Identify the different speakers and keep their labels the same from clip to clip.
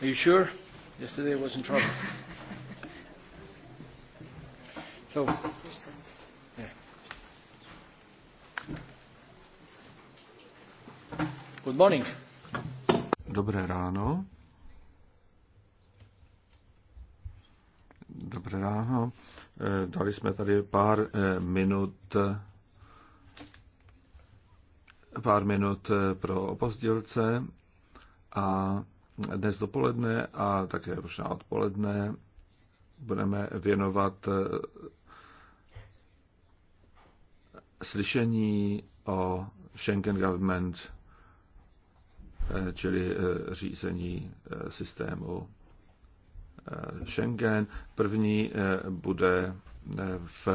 Speaker 1: Are you sure? Yesterday I was in trouble. so, yeah. Good morning. Dobré ráno. Dobré ráno. Eh, dali jsme tady pár eh, minut pár minut eh, pro opozdělce a dnes dopoledne a také možná odpoledne budeme věnovat eh, slyšení o Schengen Government, eh, čili eh, řízení systému Schengen. První bude v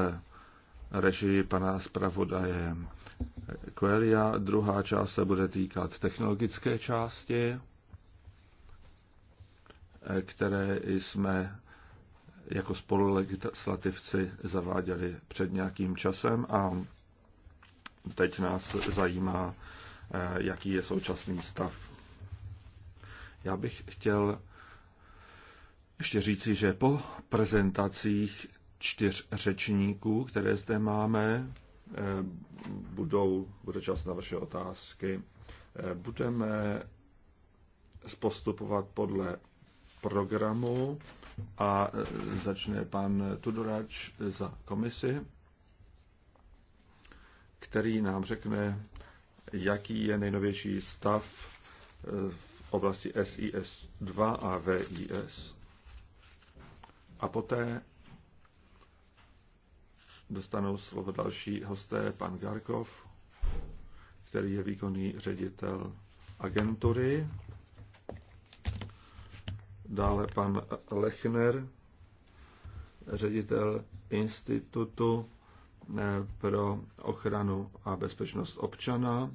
Speaker 1: režii pana zpravodaje Coelia. Druhá část se bude týkat technologické části Eh, které jsme jako spolulegislativci zaváděli před nějakým časem a teď nás zajímá, eh, jaký je současný stav. Já bych chtěl ještě říci, že po prezentacích čtyř řečníků, které zde máme, eh, budou, bude čas na vaše otázky. Budeme postupovat podle programu a e, začne pan Tudorač za komisi, který nám řekne, jaký je nejnovější stav e, v oblasti SIS 2 a VIS. A poté dostanou slovo další hosté, pan Garkov, který je výkonný ředitel agentury dále pan Lechner, ředitel Institutu eh, pro ochranu a bezpečnost občana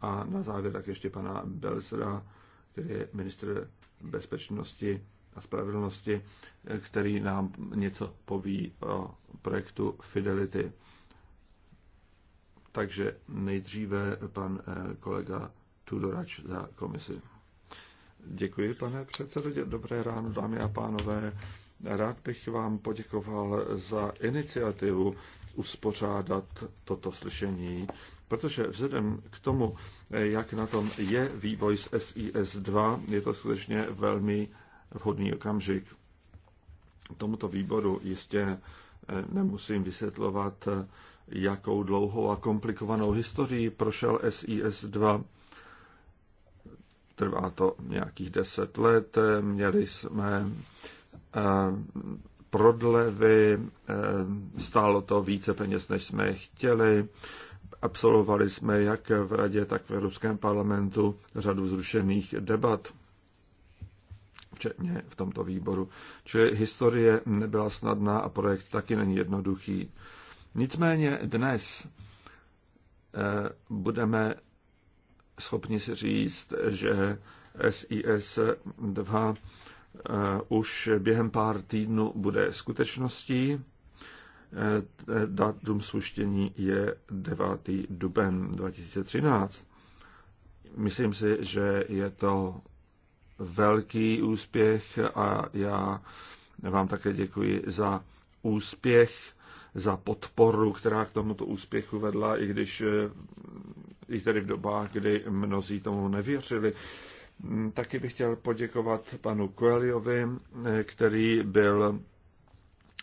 Speaker 1: a na závěr tak ještě pana Belsera, který je ministr bezpečnosti a spravedlnosti, eh, který nám něco poví o projektu Fidelity. Takže nejdříve pan eh, kolega Tudorač za komisi. Děkuji, pane předsedo. Dobré ráno, dámy a pánové. Rád bych vám poděkoval za iniciativu uspořádat toto slyšení, protože vzhledem k tomu, jak na tom je vývoj z SIS 2, je to skutečně velmi vhodný okamžik. Tomuto výboru jistě eh, nemusím vysvětlovat, jakou dlouhou a komplikovanou historii prošel SIS 2 trvá to nějakých deset let, měli jsme eh, prodlevy, eh, stálo to více peněz, než jsme chtěli, absolvovali jsme jak v Radě, tak v Evropském parlamentu řadu zrušených debat, včetně v tomto výboru. Čili historie nebyla snadná a projekt taky není jednoduchý. Nicméně dnes eh, budeme schopni si říct, že SIS 2 eh, už během pár týdnů bude skutečností. Eh, datum spuštění je 9. duben 2013. Myslím si, že je to velký úspěch a já vám také děkuji za úspěch za podporu, která k tomuto úspěchu vedla, i když eh, i tedy v dobách, kdy mnozí tomu nevěřili. Mm, taky bych chtěl poděkovat panu Coeliovi, eh, který byl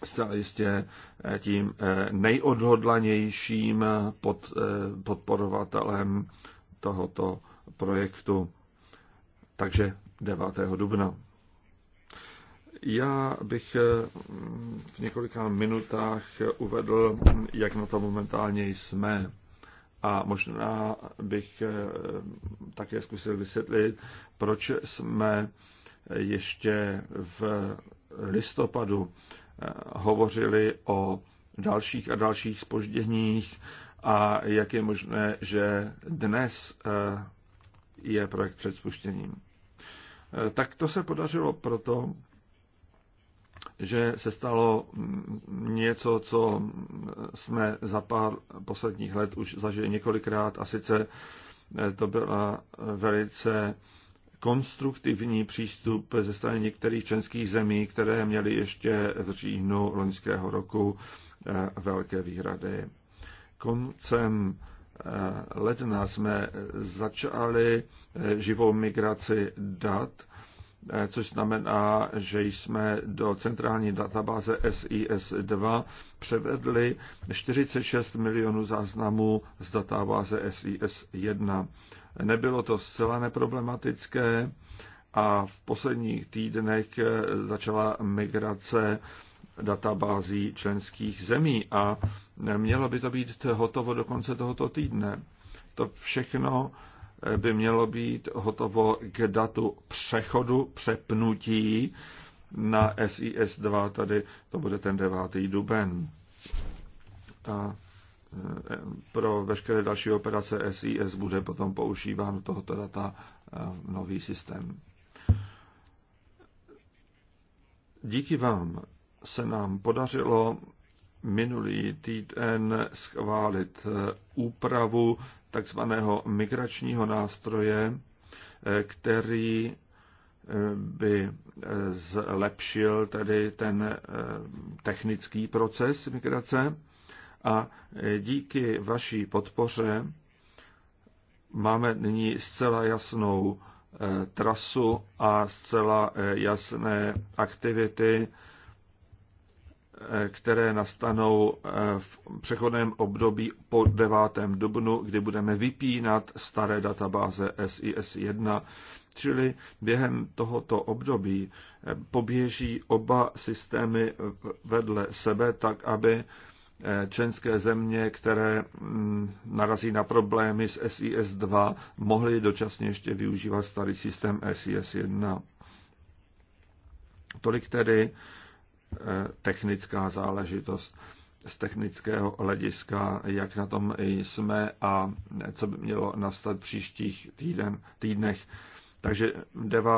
Speaker 1: zcela jistě eh, tím nejodhodlanějším pod, podporovatelem tohoto projektu. Takže 9. dubna. Já bych eh, v několika minutách uvedl, jak na to momentálně jsme. A možná bych eh, také zkusil vysvětlit, proč jsme eh, ještě v listopadu hovořili o dalších a dalších spožděních a jak je možné, že dnes je projekt před spuštěním. Tak to se podařilo proto, že se stalo mm, něco, co jsme za pár posledních let už zažili několikrát a sice e, to byla velice konstruktivní přístup ze strany některých členských zemí, které měly ještě v říjnu loňského roku e, velké výhrady. Koncem e, ledna jsme začali živou migraci dat, Eh, což znamená, že jsme do centrální databáze SIS-2 převedli 46 milionů záznamů z databáze SIS-1. Nebylo to zcela neproblematické a v posledních týdnech eh, začala migrace databází členských zemí a mělo by to být hotovo do konce tohoto týdne. To všechno by mělo být hotovo k datu přechodu, přepnutí na SIS 2, tady to bude ten 9. duben. A e, pro veškeré další operace SIS bude potom používán tohoto data e, nový systém. Díky vám se nám podařilo minulý týden schválit eh, úpravu takzvaného migračního nástroje, eh, který eh, by zlepšil tedy ten technický proces migrace a díky vaší podpoře máme nyní zcela jasnou trasu a zcela jasné aktivity které nastanou eh, v přechodném období po 9. dubnu, kdy budeme vypínat staré databáze SIS-1. Čili během tohoto období eh, poběží oba systémy vedle sebe, tak aby eh, členské země, které mm, narazí na problémy s SIS-2, mohly dočasně ještě využívat starý systém SIS-1. Tolik tedy Eh, technická záležitost z technického hlediska, jak na tom jsme a co by mělo nastat příštích týden, týdnech. Takže 9.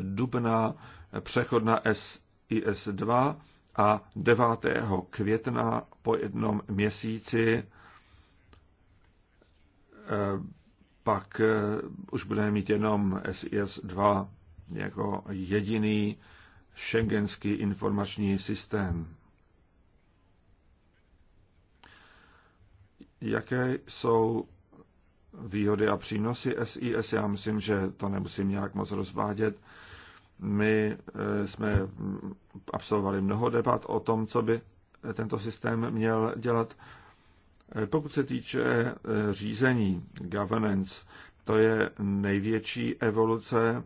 Speaker 1: dubna přechod na SIS-2 a 9. května po jednom měsíci eh, pak eh, už budeme mít jenom SIS-2 jako jediný Schengenský informační systém. Jaké jsou výhody a přínosy SIS? Já myslím, že to nemusím nějak moc rozvádět. My eh, jsme absolvovali mnoho debat o tom, co by eh, tento systém měl dělat. Eh, pokud se týče řízení, governance, to je největší evoluce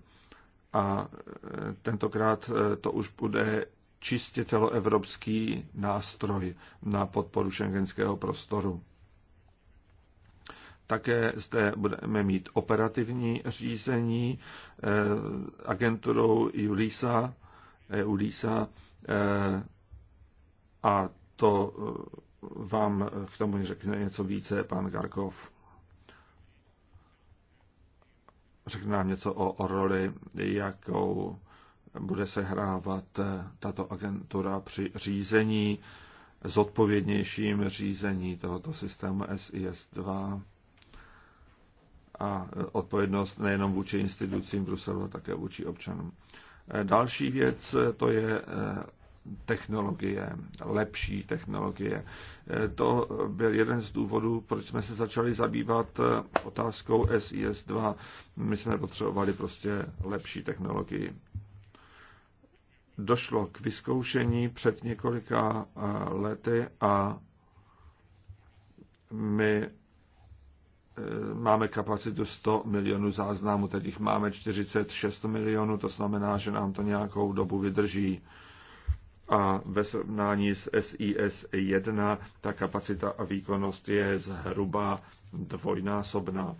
Speaker 1: a e, tentokrát e, to už bude čistě celoevropský nástroj na podporu šengenského prostoru. Také zde budeme mít operativní řízení e, agenturou EULISA, EULISA a to vám k tomu řekne něco více pan Garkov. řekne nám něco o roli, jakou bude se hrávat eh, tato agentura při řízení, zodpovědnějším řízení tohoto systému SIS-2 a eh, odpovědnost nejenom vůči institucím Bruselu, ale také vůči občanům. Eh, další věc to je technologie, lepší technologie. To byl jeden z důvodů, proč jsme se začali zabývat otázkou SIS-2. My jsme potřebovali prostě lepší technologii. Došlo k vyzkoušení před několika eh, lety a my eh, máme kapacitu 100 milionů záznamů, teď jich máme 46 milionů, to znamená, že nám to nějakou dobu vydrží a ve srovnání s SIS 1 ta kapacita a výkonnost je zhruba dvojnásobná,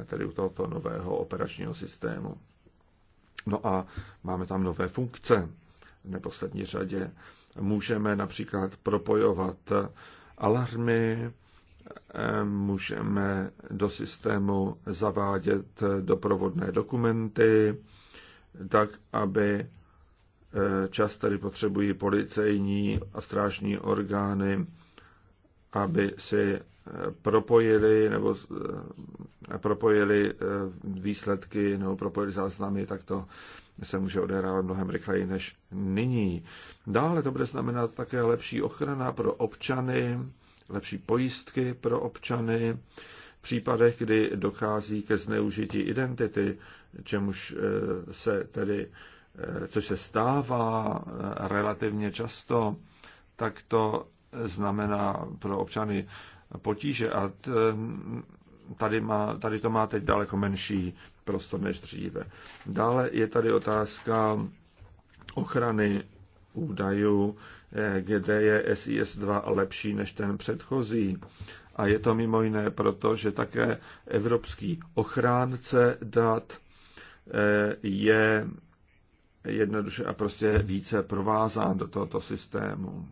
Speaker 1: eh, tedy u tohoto nového operačního systému. No a máme tam nové funkce v neposlední řadě. Můžeme například propojovat alarmy, eh, můžeme do systému zavádět doprovodné dokumenty, tak aby Eh, čas tedy potřebují policejní a strážní orgány, aby si eh, propojili nebo eh, propojili výsledky nebo propojili záznamy, tak to se může odehrávat mnohem rychleji než nyní. Dále to bude znamenat také lepší ochrana pro občany, lepší pojistky pro občany v případech, kdy dochází ke zneužití identity, čemuž se tedy což se stává eh, relativně často, tak to znamená pro občany potíže a eh, tady, má, tady to má teď daleko menší prostor než dříve. Dále je tady otázka ochrany údajů, eh, kde je SIS-2 lepší než ten předchozí. A je to mimo jiné proto, že také evropský ochránce dat je jednoduše a prostě více provázán do tohoto systému.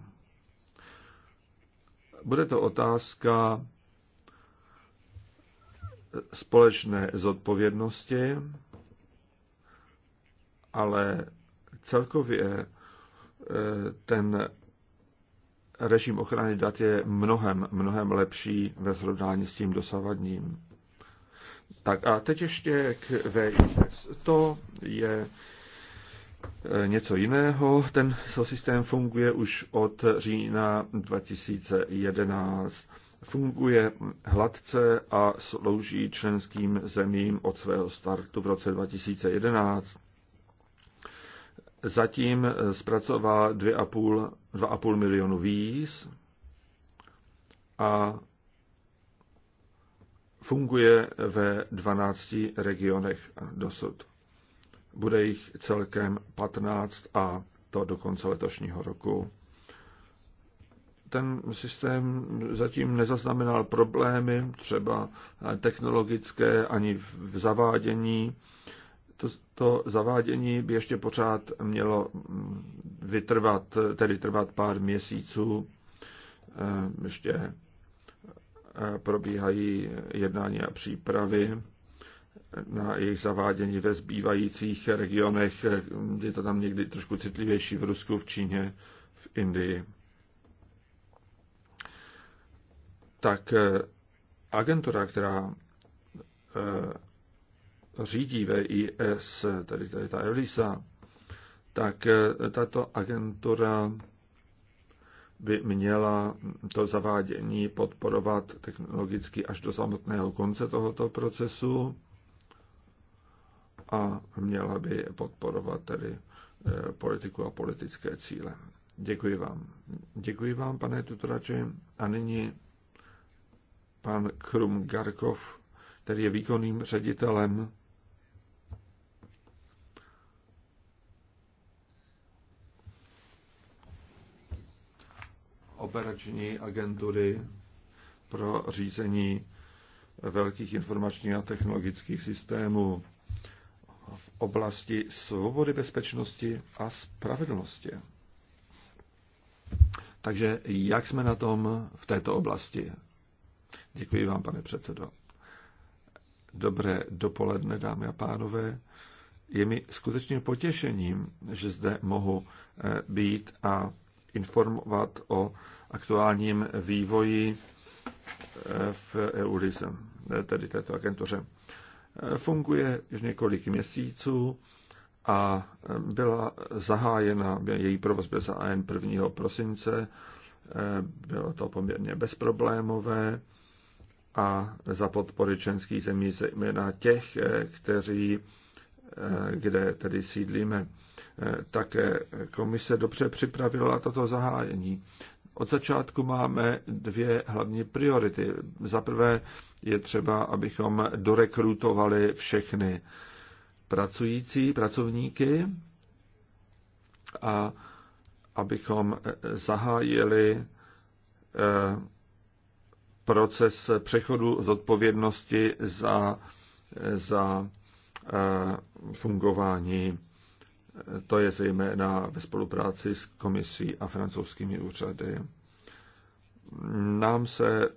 Speaker 1: Bude to otázka společné zodpovědnosti, ale celkově eh, ten režim ochrany dat je mnohem, mnohem lepší ve srovnání s tím dosavadním. Tak a teď ještě k VIS. To je E, něco jiného. Ten systém funguje už od října 2011. Funguje hladce a slouží členským zemím od svého startu v roce 2011. Zatím zpracová 2,5 milionu víz a funguje ve 12 regionech dosud. Bude jich celkem 15 a to do konce letošního roku. Ten systém zatím nezaznamenal problémy, třeba technologické, ani v zavádění. To, to zavádění by ještě pořád mělo vytrvat, tedy trvat pár měsíců. Ještě eh, probíhají jednání a přípravy na jejich zavádění ve zbývajících regionech, je to tam někdy trošku citlivější v Rusku, v Číně, v Indii. Tak eh, agentura, která eh, řídí VIS, tedy tady ta ELISA, tak eh, tato agentura by měla to zavádění podporovat technologicky až do samotného konce tohoto procesu a měla by podporovat tedy eh, politiku a politické cíle. Děkuji vám. Děkuji vám, pane tutorači. A nyní pan Krum Garkov, který je výkonným ředitelem operační agentury pro řízení velkých informačních a technologických systémů v oblasti svobody, bezpečnosti a spravedlnosti. Takže jak jsme na tom v této oblasti? Děkuji vám, pane předsedo. Dobré dopoledne, dámy a pánové. Je mi skutečně potěšením, že zde mohu eh, být a informovat o aktuálním vývoji eh, v EULISE, eh, tedy této agentuře. Eh, funguje už několik měsíců a eh, byla zahájena, její provoz byl zahájen 1. prosince, eh, bylo to poměrně bezproblémové a za podpory členských zemí, zejména těch, kteří, kde tedy sídlíme. Také komise dobře připravila toto zahájení. Od začátku máme dvě hlavní priority. Za prvé je třeba, abychom dorekrutovali všechny pracující, pracovníky a abychom zahájili eh, proces přechodu z odpovědnosti za, za eh, fungování to je zejména ve spolupráci s komisí a francouzskými úřady. Nám se,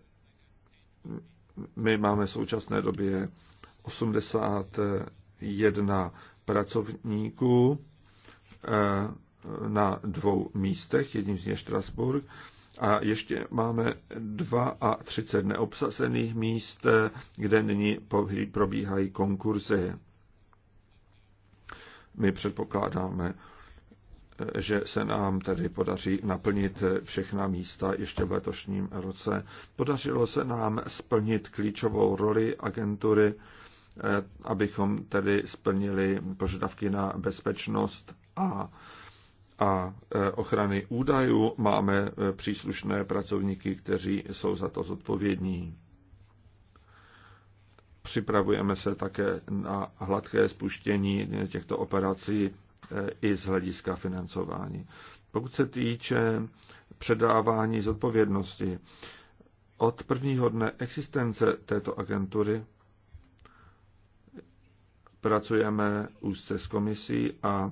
Speaker 1: my máme v současné době 81 pracovníků eh, na dvou místech, jedním z nich je a ještě máme 32 neobsazených míst, eh, kde nyní probíhají konkurzy. My předpokládáme, že se nám tedy podaří naplnit všechna místa ještě v letošním roce. Podařilo se nám splnit klíčovou roli agentury, eh, abychom tedy splnili požadavky na bezpečnost a, a eh, ochrany údajů. Máme eh, příslušné pracovníky, kteří jsou za to zodpovědní připravujeme se také na hladké spuštění těchto operací eh, i z hlediska financování. Pokud se týče předávání zodpovědnosti, od prvního dne existence této agentury pracujeme úzce s komisí a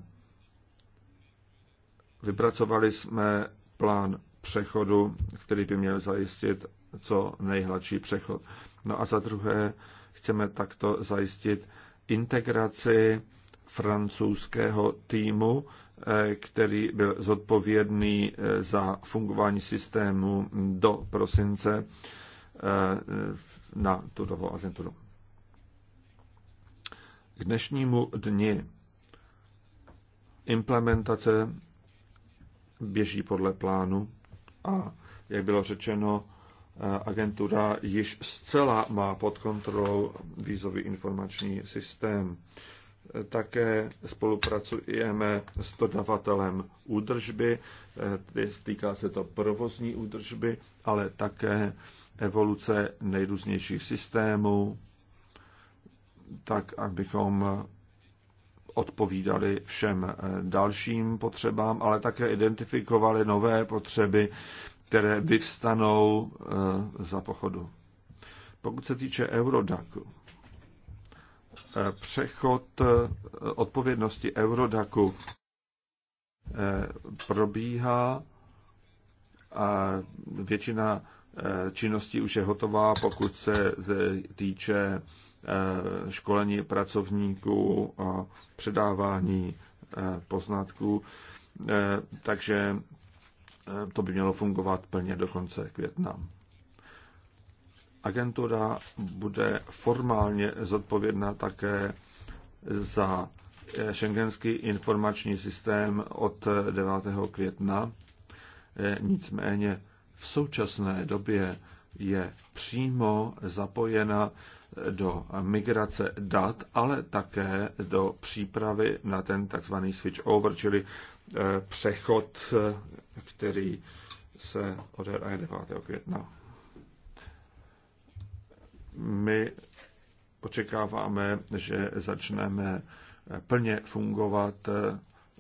Speaker 1: vypracovali jsme plán přechodu, který by měl zajistit co nejhladší přechod. No a za druhé Chceme takto zajistit integraci francouzského týmu, eh, který byl zodpovědný eh, za fungování systému do prosince eh, na tuto agenturu. K dnešnímu dni implementace běží podle plánu a, jak bylo řečeno, Eh, agentura již zcela má pod kontrolou vízový informační systém. Eh, také spolupracujeme s dodavatelem údržby, eh, týká se to provozní údržby, ale také evoluce nejrůznějších systémů, tak abychom odpovídali všem dalším potřebám, ale také identifikovali nové potřeby které vyvstanou eh, za pochodu. Pokud se týče Eurodaku, eh, přechod eh, odpovědnosti Eurodaku probíhá a většina činností už je hotová, pokud se týče školení pracovníků a předávání poznatků. Takže Eh, to by mělo fungovat plně do konce května. Agentura bude formálně zodpovědná také za šengenský eh, informační systém od 9. Eh, května. Nicméně v současné době je přímo zapojena do migrace dat, ale také do přípravy na ten tzv. switch over, čili Eh, přechod, eh, který se odehraje 9. května. My očekáváme, že začneme eh, plně fungovat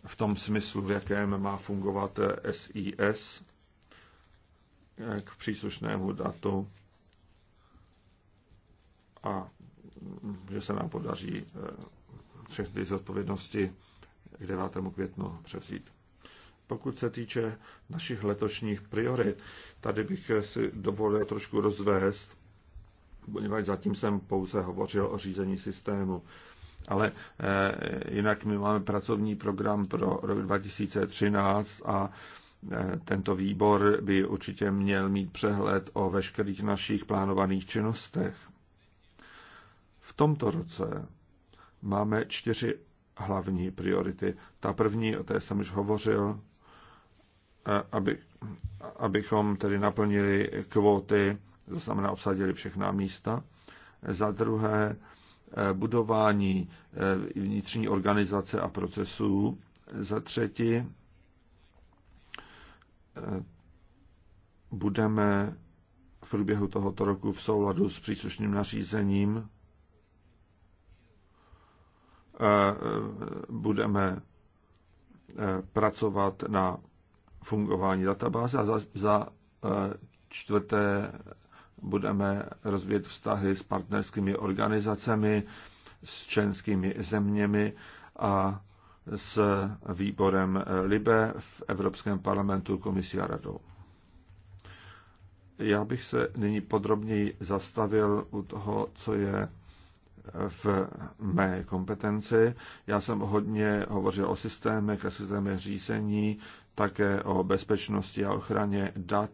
Speaker 1: v tom smyslu, v jakém má fungovat SIS k příslušnému datu a mm, že se nám podaří všechny zodpovědnosti k 9. květnu převzít. Pokud se týče našich letošních priorit, tady bych si dovolil trošku rozvést, poněvadž zatím jsem pouze hovořil o řízení systému. Ale eh, jinak my máme pracovní program pro rok 2013 a eh, tento výbor by určitě měl mít přehled o veškerých našich plánovaných činnostech. V tomto roce máme čtyři hlavní priority. Ta první, o té jsem už hovořil, aby, abychom tedy naplnili kvóty, to znamená obsadili všechna místa. Za druhé, e, budování e, vnitřní organizace a procesů. Za třetí, e, budeme v průběhu tohoto roku v souladu s příslušným nařízením Eh, budeme eh, pracovat na fungování databáze a za, za eh, čtvrté budeme rozvíjet vztahy s partnerskými organizacemi, s členskými zeměmi a s výborem LIBE v Evropském parlamentu, komisí a radou. Já bych se nyní podrobněji zastavil u toho, co je v mé kompetenci. Já jsem hodně hovořil o systémech a systémech řízení, také o bezpečnosti a ochraně dat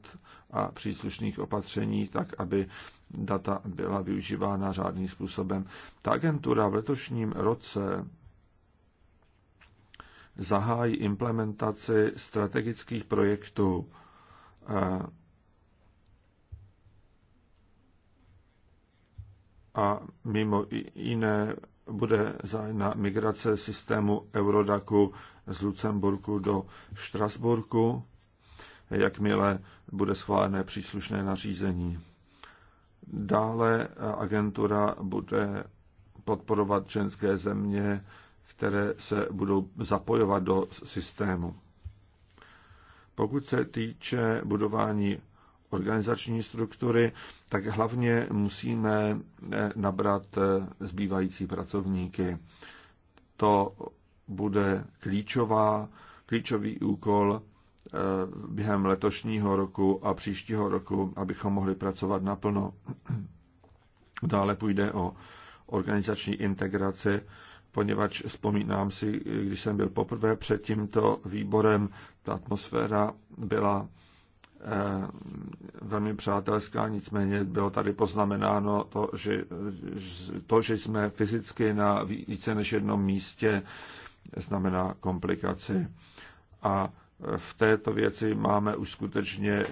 Speaker 1: a příslušných opatření, tak aby data byla využívána řádným způsobem. Ta agentura v letošním roce zahájí implementaci strategických projektů eh, a mimo jiné bude zájna migrace systému Eurodaku z Lucemburku do Štrasburku, jakmile bude schválené příslušné nařízení. Dále agentura bude podporovat členské země, které se budou zapojovat do systému. Pokud se týče budování organizační struktury, tak hlavně musíme eh, nabrat eh, zbývající pracovníky. To bude klíčová, klíčový úkol eh, během letošního roku a příštího roku, abychom mohli pracovat naplno. Dále půjde o organizační integraci, poněvadž vzpomínám si, když jsem byl poprvé před tímto výborem, ta atmosféra byla Eh, velmi přátelská, nicméně bylo tady poznamenáno to, že, to, že jsme fyzicky na více než jednom místě, znamená komplikaci. A v této věci máme už skutečně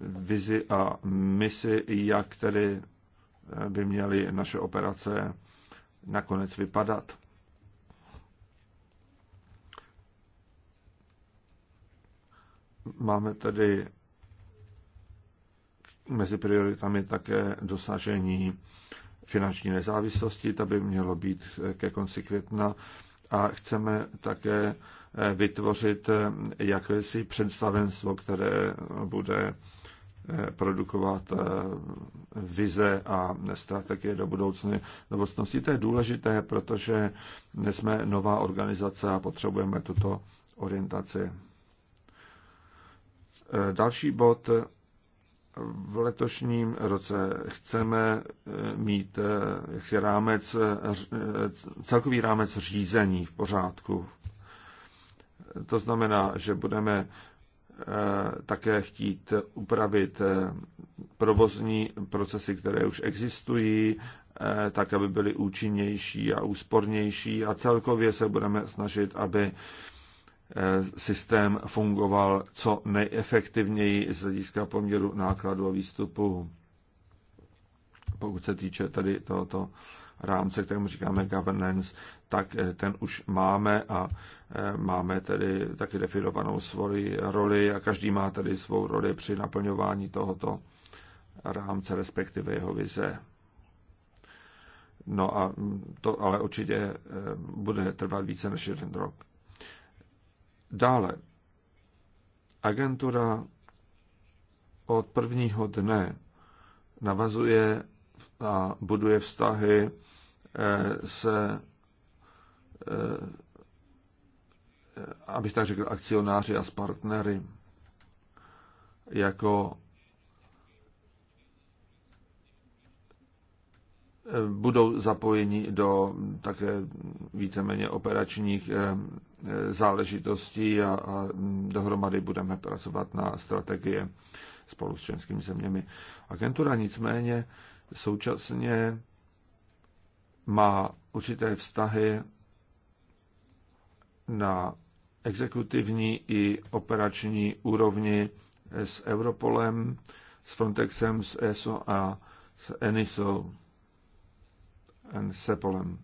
Speaker 1: vizi a misi, jak tedy eh, by měly naše operace nakonec vypadat. Máme tedy mezi prioritami také dosažení finanční nezávislosti, to by mělo být eh, ke konci května a chceme také eh, vytvořit eh, jakési představenstvo, které bude produkovat vize a strategie do budoucny, do budoucnosti. To je důležité, protože jsme nová organizace a potřebujeme tuto orientaci. Další bod v letošním roce chceme eh, mít eh, jaksi rámec, eh, celkový rámec řízení v pořádku. To znamená, že budeme také chtít upravit provozní procesy, které už existují, tak, aby byly účinnější a úspornější a celkově se budeme snažit, aby Eh, systém fungoval co nejefektivněji z hlediska poměru nákladu a výstupu. Pokud se týče tady tohoto rámce, kterému říkáme governance, tak eh, ten už máme a eh, máme tedy taky definovanou svoji roli a každý má tedy svou roli při naplňování tohoto rámce, respektive jeho vize. No a to ale určitě bude trvat více než jeden rok. Dále, agentura od prvního dne navazuje a buduje vztahy eh, se, eh, eh, abych tak řekl, akcionáři a s partnery jako budou zapojeni do také víceméně operačních eh, eh, záležitostí a, a dohromady budeme pracovat na strategie spolu s členskými zeměmi. Agentura nicméně současně má určité vztahy na exekutivní i operační úrovni s Europolem, s Frontexem, s ESO a s ENISO. Sepolem.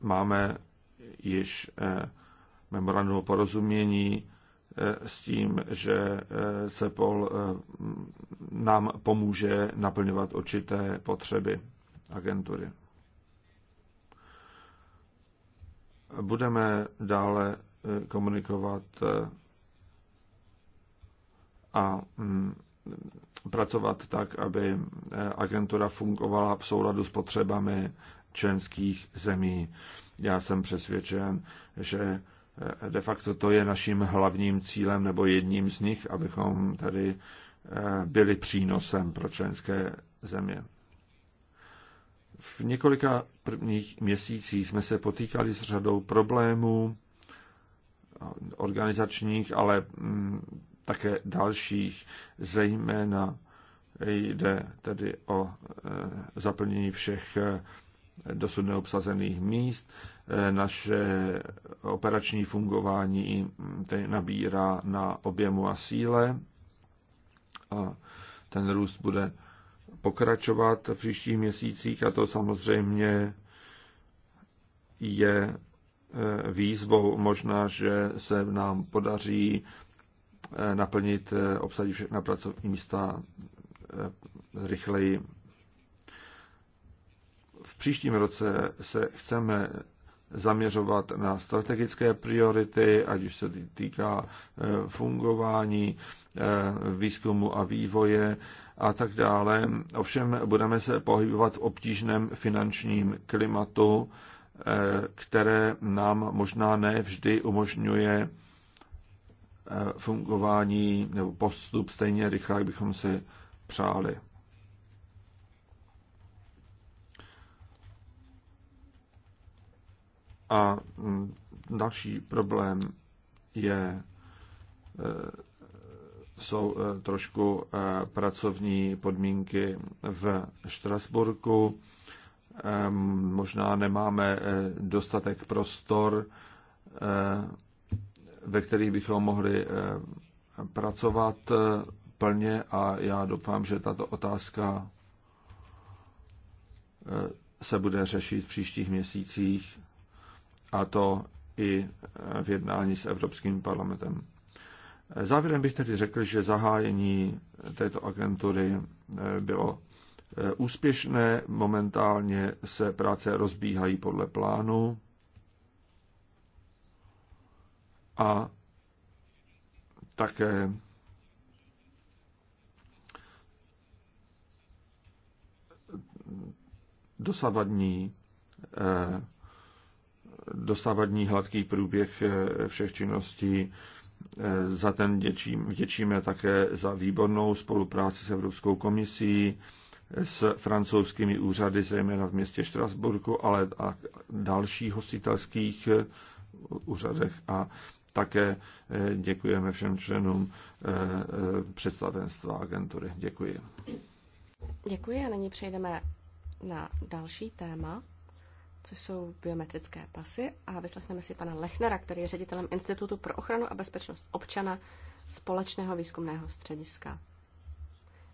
Speaker 1: Máme již eh, memorandum o porozumění eh, s tím, že eh, CEPOL nám pomůže naplňovat určité potřeby agentury. Budeme dále komunikovat a mm, pracovat tak, aby eh, agentura fungovala v souladu s potřebami členských zemí. Já jsem přesvědčen, že eh, de facto to je naším hlavním cílem nebo jedním z nich, abychom tady eh, byli přínosem pro členské země. V několika prvních měsících jsme se potýkali s řadou problémů organizačních, ale mm, také dalších, zejména jde tedy o eh, zaplnění všech eh, dosud neobsazených míst. Eh, naše operační fungování nabírá na objemu a síle a ten růst bude pokračovat v příštích měsících a to samozřejmě je výzvou. Možná, že se nám podaří Eh, naplnit, eh, obsadit všechna pracovní místa eh, rychleji. V příštím roce se chceme zaměřovat na strategické priority, ať už se týká fungování, výzkumu a vývoje a tak dále. Ovšem budeme se pohybovat v obtížném finančním klimatu, které nám možná ne vždy umožňuje Eh, fungování nebo postup stejně rychle, jak bychom si přáli. A mm, další problém je, eh, jsou eh, trošku pracovní podmínky v Štrasburku. Možná nemáme dostatek prostor ve kterých bychom mohli eh, pracovat eh, plně a já doufám, že tato otázka eh, se bude řešit v příštích měsících a to i v jednání s Evropským parlamentem. Závěrem bych tedy řekl, že zahájení této agentury bylo úspěšné. Momentálně se práce rozbíhají podle plánu a také dosavadní eh, dosavadní hladký průběh eh, všech činností. Eh, za ten děčím, vděčíme také za výbornou spolupráci s Evropskou komisí, s francouzskými úřady, zejména v městě Štrasburku, ale a dalších hostitelských úřadech a také eh, děkujeme všem členům eh, eh, představenstva agentury. Děkuji.
Speaker 2: Děkuji a nyní přejdeme na další téma, což jsou biometrické pasy a vyslechneme si pana Lechnera, který je ředitelem Institutu pro ochranu a bezpečnost občana Společného výzkumného střediska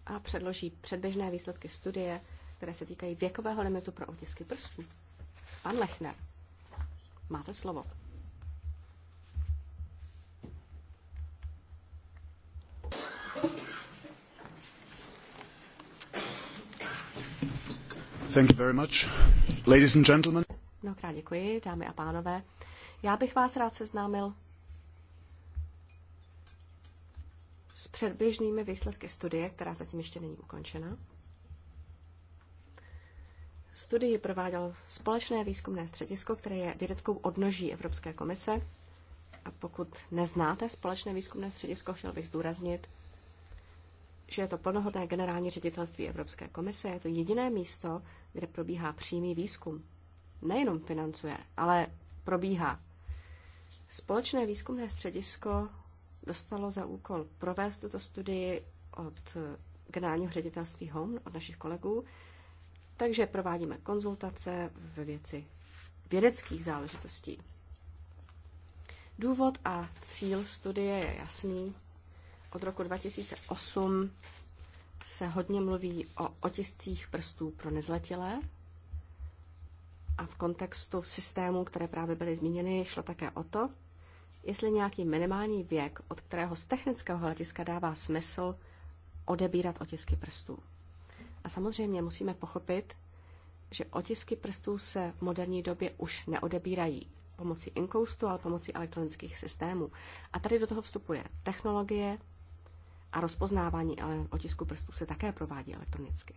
Speaker 2: a předloží předběžné výsledky studie, které se týkají věkového limitu pro otisky prstů. Pan Lechner, máte slovo. Mnohokrát děkuji, dámy a pánové. Já bych vás rád seznámil s předběžnými výsledky studie, která zatím ještě není ukončena. Studii prováděl společné výzkumné středisko, které je vědeckou odnoží Evropské komise. A pokud neznáte společné výzkumné středisko, chtěl bych zdůraznit, že je to plnohodné generální ředitelství Evropské komise, je to jediné místo, kde probíhá přímý výzkum. Nejenom financuje, ale probíhá. Společné výzkumné středisko dostalo za úkol provést tuto studii od eh, generálního ředitelství HOME, od našich kolegů, takže provádíme konzultace ve věci vědeckých záležitostí. Důvod a cíl studie je jasný od roku 2008 se hodně mluví o otiscích prstů pro nezletilé a v kontextu systémů, které právě byly zmíněny, šlo také o to, jestli nějaký minimální věk, od kterého z technického hlediska dává smysl odebírat otisky prstů. A samozřejmě musíme pochopit, že otisky prstů se v moderní době už neodebírají pomocí inkoustu, ale pomocí elektronických systémů. A tady do toho vstupuje technologie, a rozpoznávání ale otisku prstů se také provádí elektronicky.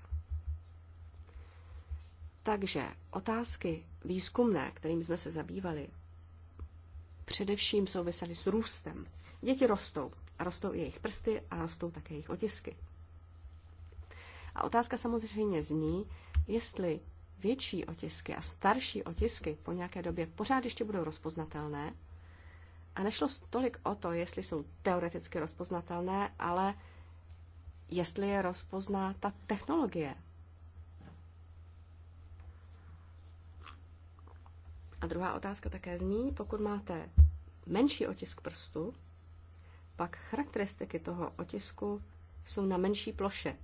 Speaker 2: Takže otázky výzkumné, kterým jsme se zabývali, především souvisely s růstem. Děti rostou a rostou i jejich prsty a rostou také jejich otisky. A otázka samozřejmě zní, jestli větší otisky a starší otisky po nějaké době pořád ještě budou rozpoznatelné a nešlo tolik o to, jestli jsou teoreticky rozpoznatelné, ale jestli je rozpozná ta technologie. A druhá otázka také zní, pokud máte menší otisk prstu, pak charakteristiky toho otisku jsou na menší ploše.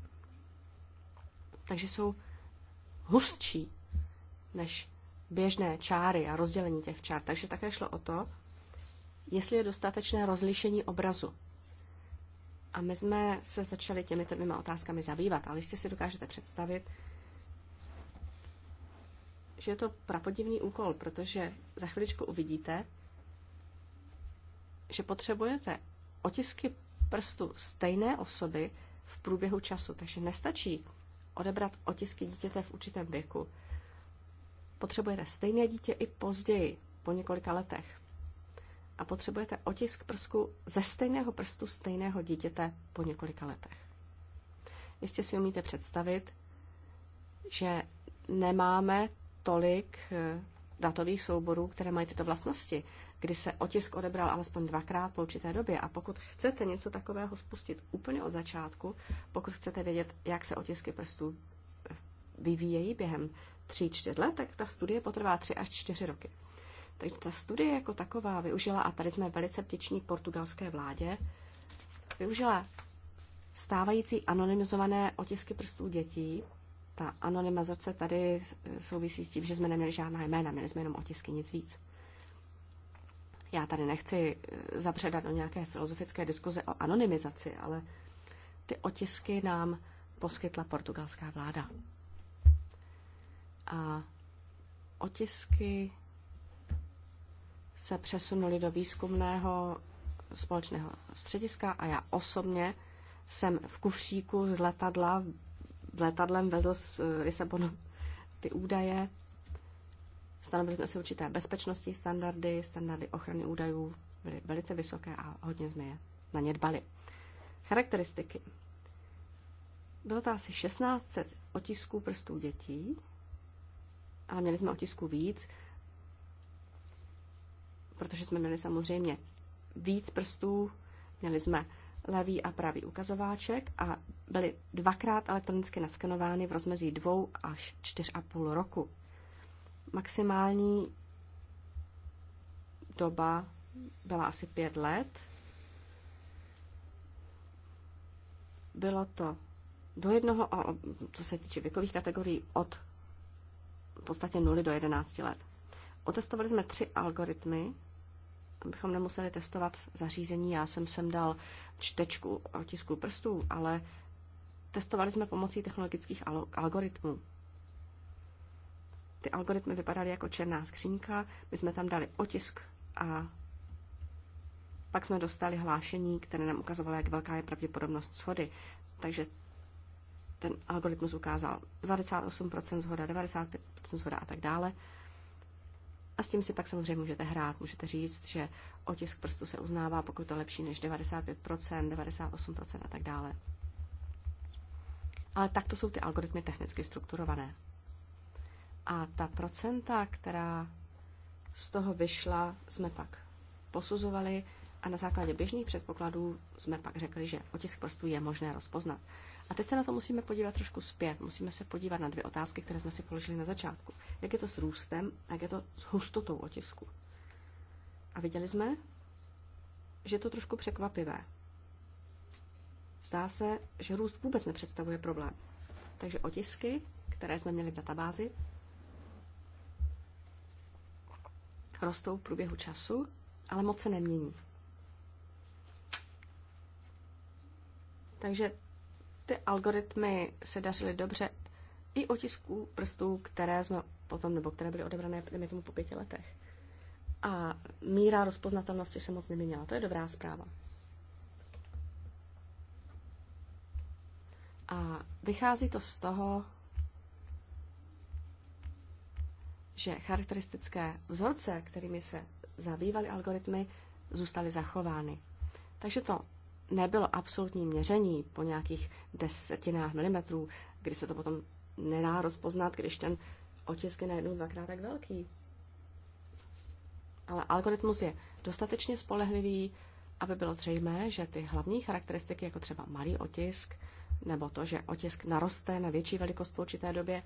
Speaker 2: Takže jsou hustší než běžné čáry a rozdělení těch čár. Takže také šlo o to, jestli je dostatečné rozlišení obrazu. A my jsme se začali těmito dvěma otázkami zabývat, ale jestli si dokážete představit, že je to prapodivný úkol, protože za chviličku uvidíte, že potřebujete otisky prstu stejné osoby v průběhu času. Takže nestačí odebrat otisky dítěte v určitém věku. Potřebujete stejné dítě i později, po několika letech a potřebujete otisk prsku ze stejného prstu stejného dítěte po několika letech. Jistě si umíte představit, že nemáme tolik eh, datových souborů, které mají tyto vlastnosti, kdy se otisk odebral alespoň dvakrát po určité době. A pokud chcete něco takového spustit úplně od začátku, pokud chcete vědět, jak se otisky prstů eh, vyvíjejí během tří, čtyř let, tak ta studie potrvá tři až čtyři roky. Takže ta studie jako taková využila, a tady jsme velice vděční portugalské vládě, využila stávající anonymizované otisky prstů dětí. Ta anonymizace tady souvisí s tím, že jsme neměli žádná jména, měli jsme jenom otisky, nic víc. Já tady nechci eh, zapředat do nějaké filozofické diskuze o anonymizaci, ale ty otisky nám poskytla portugalská vláda. A otisky se přesunuli do výzkumného společného střediska a já osobně jsem v kufříku z letadla, v letadlem vezl z eh, Lisabonu ty údaje. Stanovili jsme si určité bezpečnostní standardy, standardy ochrany údajů byly velice vysoké a hodně jsme je na ně dbali. Charakteristiky. Bylo to asi 1600 otisků prstů dětí, ale měli jsme otisků víc, protože jsme měli samozřejmě víc prstů, měli jsme levý a pravý ukazováček a byly dvakrát elektronicky naskenovány v rozmezí dvou až čtyř a půl roku. Maximální doba byla asi pět let. Bylo to do jednoho, a co se týče věkových kategorií, od v podstatě 0 do 11 let. Otestovali jsme tři algoritmy, abychom nemuseli testovat v zařízení. Já jsem sem dal čtečku otisku prstů, ale testovali jsme pomocí technologických algoritmů. Ty algoritmy vypadaly jako černá skřínka, my jsme tam dali otisk a pak jsme dostali hlášení, které nám ukazovalo, jak velká je pravděpodobnost shody. Takže ten algoritmus ukázal 98% zhoda, 95% zhoda a tak dále. A s tím si pak samozřejmě můžete hrát. Můžete říct, že otisk prstu se uznává, pokud to je lepší než 95%, 98% a tak dále. Ale takto jsou ty algoritmy technicky strukturované. A ta procenta, která z toho vyšla, jsme pak posuzovali a na základě běžných předpokladů jsme pak řekli, že otisk prstů je možné rozpoznat. A teď se na to musíme podívat trošku zpět. Musíme se podívat na dvě otázky, které jsme si položili na začátku. Jak je to s růstem a jak je to s hustotou otisku. A viděli jsme, že je to trošku překvapivé. Zdá se, že růst vůbec nepředstavuje problém. Takže otisky, které jsme měli v databázi, rostou v průběhu času, ale moc se nemění. Takže ty algoritmy se dařily dobře i otisků prstů, které jsme potom, nebo které byly odebrané, dejme tomu, po pěti letech. A míra rozpoznatelnosti se moc neměnila. To je dobrá zpráva. A vychází to z toho, že charakteristické vzorce, kterými se zabývaly algoritmy, zůstaly zachovány. Takže to nebylo absolutní měření po nějakých desetinách milimetrů, kdy se to potom nedá rozpoznat, když ten otisk je najednou dvakrát tak velký. Ale algoritmus je dostatečně spolehlivý, aby bylo zřejmé, že ty hlavní charakteristiky, jako třeba malý otisk, nebo to, že otisk naroste na větší velikost po určité době,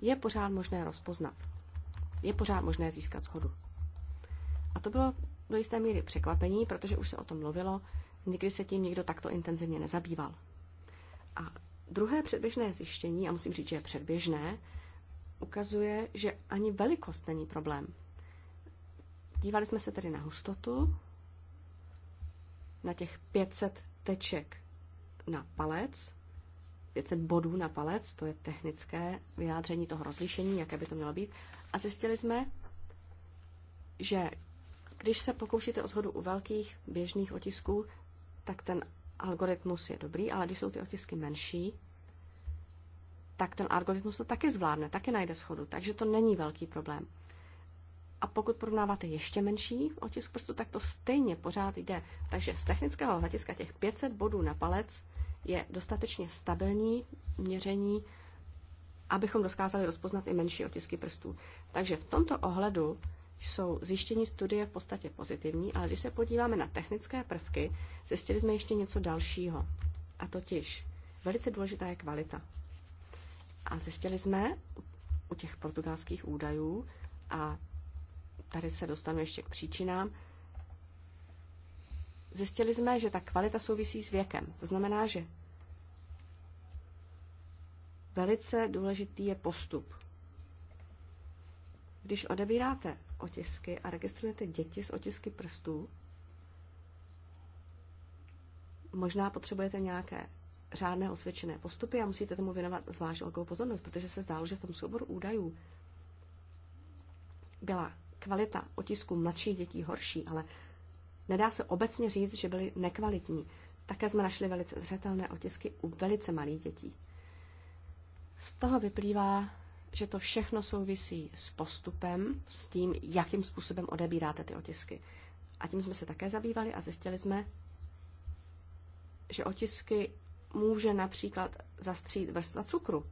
Speaker 2: je pořád možné rozpoznat. Je pořád možné získat shodu. A to bylo do jisté míry překvapení, protože už se o tom mluvilo, Nikdy se tím nikdo takto intenzivně nezabýval. A druhé předběžné zjištění, a musím říct, že je předběžné, ukazuje, že ani velikost není problém. Dívali jsme se tedy na hustotu, na těch 500 teček na palec, 500 bodů na palec, to je technické vyjádření toho rozlišení, jaké by to mělo být. A zjistili jsme, že když se pokoušíte o shodu u velkých běžných otisků, tak ten algoritmus je dobrý, ale když jsou ty otisky menší, tak ten algoritmus to taky zvládne, taky najde schodu, takže to není velký problém. A pokud porovnáváte ještě menší otisk prstu, tak to stejně pořád jde. Takže z technického hlediska těch 500 bodů na palec je dostatečně stabilní měření, abychom dokázali rozpoznat i menší otisky prstů. Takže v tomto ohledu jsou zjištění studie v podstatě pozitivní, ale když se podíváme na technické prvky, zjistili jsme ještě něco dalšího. A totiž velice důležitá je kvalita. A zjistili jsme u těch portugalských údajů, a tady se dostanu ještě k příčinám, zjistili jsme, že ta kvalita souvisí s věkem. To znamená, že velice důležitý je postup. Když odebíráte otisky a registrujete děti s otisky prstů, možná potřebujete nějaké řádné osvědčené postupy a musíte tomu věnovat zvlášť velkou pozornost, protože se zdálo, že v tom souboru údajů byla kvalita otisku mladších dětí horší, ale nedá se obecně říct, že byly nekvalitní. Také jsme našli velice zřetelné otisky u velice malých dětí. Z toho vyplývá, že to všechno souvisí s postupem, s tím, jakým způsobem odebíráte ty otisky. A tím jsme se také zabývali a zjistili jsme, že otisky může například zastřít vrstva cukru.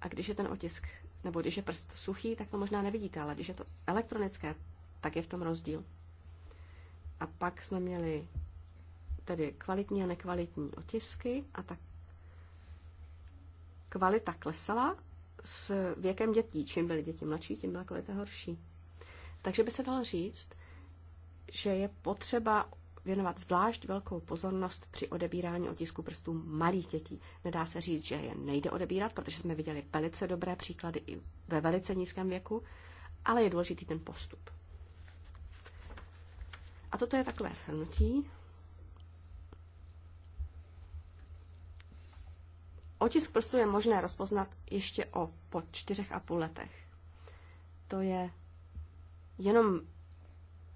Speaker 2: A když je ten otisk, nebo když je prst suchý, tak to možná nevidíte, ale když je to elektronické, tak je v tom rozdíl. A pak jsme měli tedy kvalitní a nekvalitní otisky a tak kvalita klesala s věkem dětí. Čím byly děti mladší, tím byla kvalita horší. Takže by se dalo říct, že je potřeba věnovat zvlášť velkou pozornost při odebírání otisku prstů malých dětí. Nedá se říct, že je nejde odebírat, protože jsme viděli velice dobré příklady i ve velice nízkém věku, ale je důležitý ten postup. A toto je takové shrnutí. Otisk prstu je možné rozpoznat ještě o po čtyřech a půl letech. To je jenom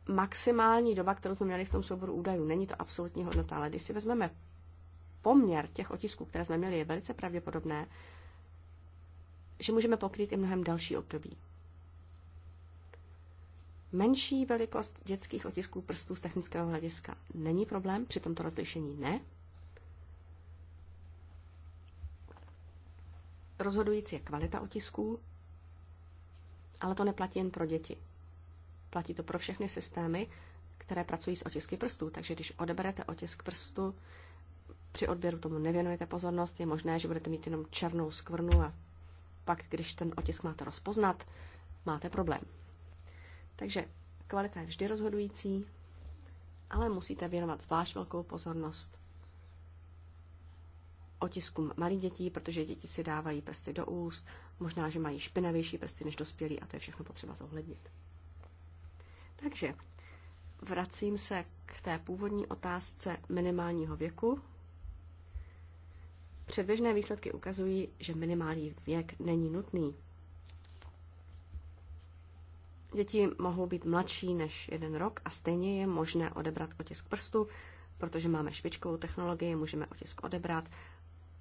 Speaker 2: maximální doba, kterou jsme měli v tom souboru údajů. Není to absolutní hodnota, ale když si vezmeme poměr těch otisků, které jsme měli, je velice pravděpodobné, že můžeme pokrýt i mnohem další období. Menší velikost dětských otisků prstů z technického hlediska není problém, při tomto rozlišení ne. Rozhodující je kvalita otisků, ale to neplatí jen pro děti. Platí to pro všechny systémy, které pracují s otisky prstů. Takže když odeberete otisk prstu, při odběru tomu nevěnujete pozornost, je možné, že budete mít jenom černou skvrnu a pak, když ten otisk máte rozpoznat, máte problém. Takže kvalita je vždy rozhodující, ale musíte věnovat zvlášť velkou pozornost otiskům malých dětí, protože děti si dávají prsty do úst, možná, že mají špinavější prsty než dospělí a to je všechno potřeba zohlednit. Takže vracím se k té původní otázce minimálního věku. Předběžné výsledky ukazují, že minimální věk není nutný. Děti mohou být mladší než jeden rok a stejně je možné odebrat otisk prstu, protože máme špičkovou technologii, můžeme otisk odebrat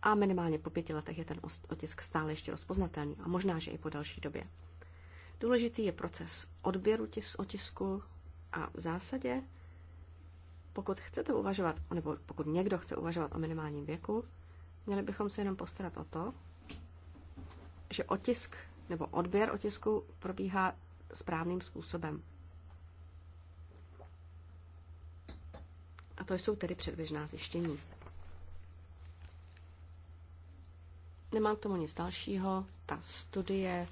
Speaker 2: a minimálně po pěti letech je ten otisk stále ještě rozpoznatelný a možná, že i po další době. Důležitý je proces odběru tis otisku a v zásadě, pokud chcete uvažovat, nebo pokud někdo chce uvažovat o minimálním věku, měli bychom se jenom postarat o to, že otisk nebo odběr otisku probíhá správným způsobem. A to jsou tedy předběžná zjištění. Nemám k tomu nic dalšího. Ta studie,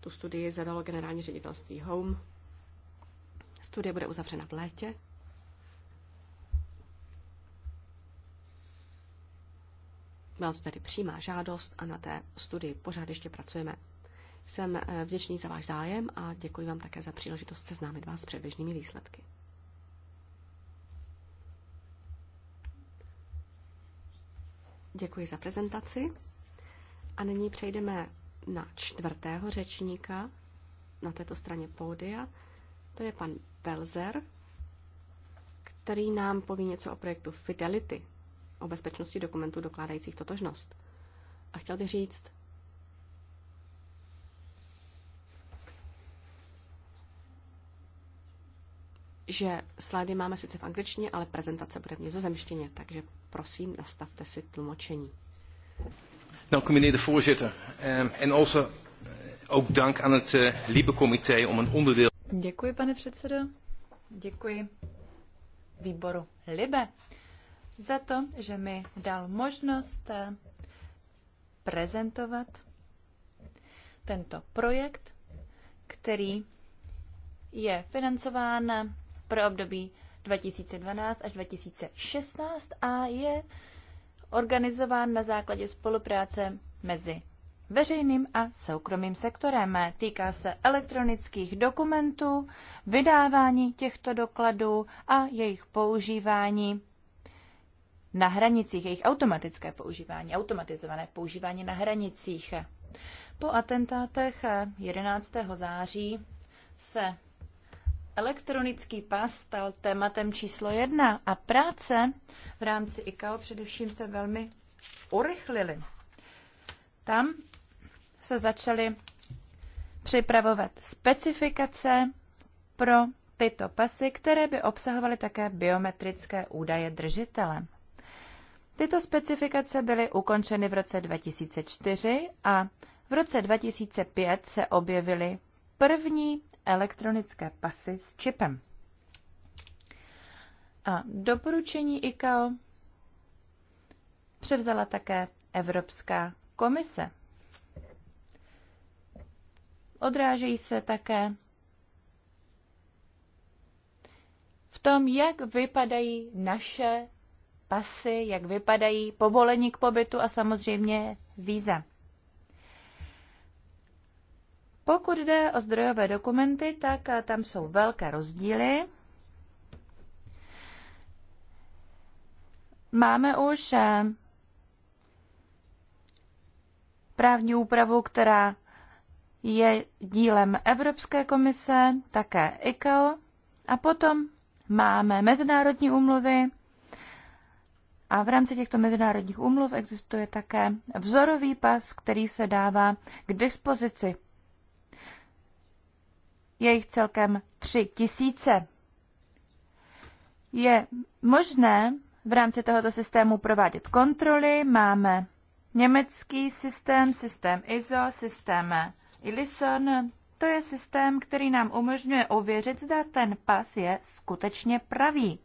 Speaker 2: tu studii zadalo generální ředitelství Home. Studie bude uzavřena v létě. Byla to tedy přímá žádost a na té studii pořád ještě pracujeme. Jsem eh, vděčný za váš zájem a děkuji vám také za příležitost seznámit vás s předběžnými výsledky. Děkuji za prezentaci. A nyní přejdeme na čtvrtého řečníka na této straně pódia. To je pan Belzer, který nám poví něco o projektu Fidelity, o bezpečnosti dokumentů dokládajících totožnost. A chtěl bych říct, že slidy máme sice v angličtině, ale prezentace bude v nizozemštině, takže prosím, nastavte si tlumočení.
Speaker 1: Dank u meneer de voorzitter. Ehm, en also eh, ook dank
Speaker 2: aan het eh, Libe-comité om een onderdeel...
Speaker 3: Děkuji, pane předsedo. Děkuji výboru Libe za to, že mi dal možnost eh, prezentovat tento projekt, který je financován pro období 2012 až 2016 a je organizován na základě spolupráce mezi veřejným a soukromým sektorem. Týká se elektronických dokumentů, vydávání těchto dokladů a jejich používání na hranicích, jejich automatické používání, automatizované používání na hranicích. Po atentátech 11. září se Elektronický pas stal tématem číslo jedna a práce v rámci ICAO především se velmi urychlily. Tam se začaly připravovat specifikace pro tyto pasy, které by obsahovaly také biometrické údaje držitele. Tyto specifikace byly ukončeny v roce 2004 a v roce 2005 se objevily první elektronické pasy s čipem. A doporučení ICAO převzala také Evropská komise. Odrážejí se také v tom, jak vypadají naše pasy, jak vypadají povolení k pobytu a samozřejmě víza. Pokud jde o zdrojové dokumenty, tak eh, tam jsou velké rozdíly. Máme už eh, právní úpravu, která je dílem Evropské komise, také ICAO, a potom máme mezinárodní úmluvy, a v rámci těchto mezinárodních úmluv existuje také vzorový pas, který se dává k dispozici je jich celkem tři tisíce. Je možné v rámci tohoto systému provádět kontroly. Máme německý systém, systém ISO, systém ILISON. To je systém, který nám umožňuje ověřit, zda ten pas je skutečně pravý.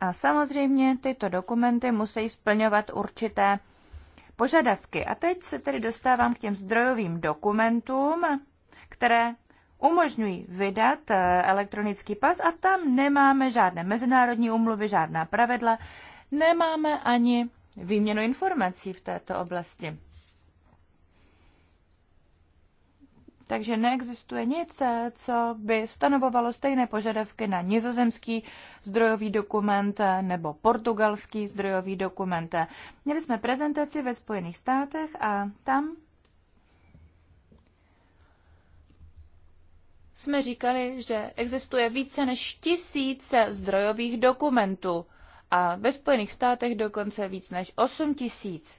Speaker 3: A samozřejmě tyto dokumenty musí splňovat určité požadavky. A teď se tedy dostávám k těm zdrojovým dokumentům, které umožňují vydat eh, elektronický pas a tam nemáme žádné mezinárodní umluvy, žádná pravidla, nemáme ani výměnu informací v této oblasti. Takže neexistuje nic, eh, co by stanovovalo stejné požadavky na nizozemský zdrojový dokument eh, nebo portugalský zdrojový dokument. Měli jsme prezentaci ve Spojených státech a tam jsme říkali, že existuje více než tisíce zdrojových dokumentů a ve Spojených státech dokonce víc než 8 tisíc.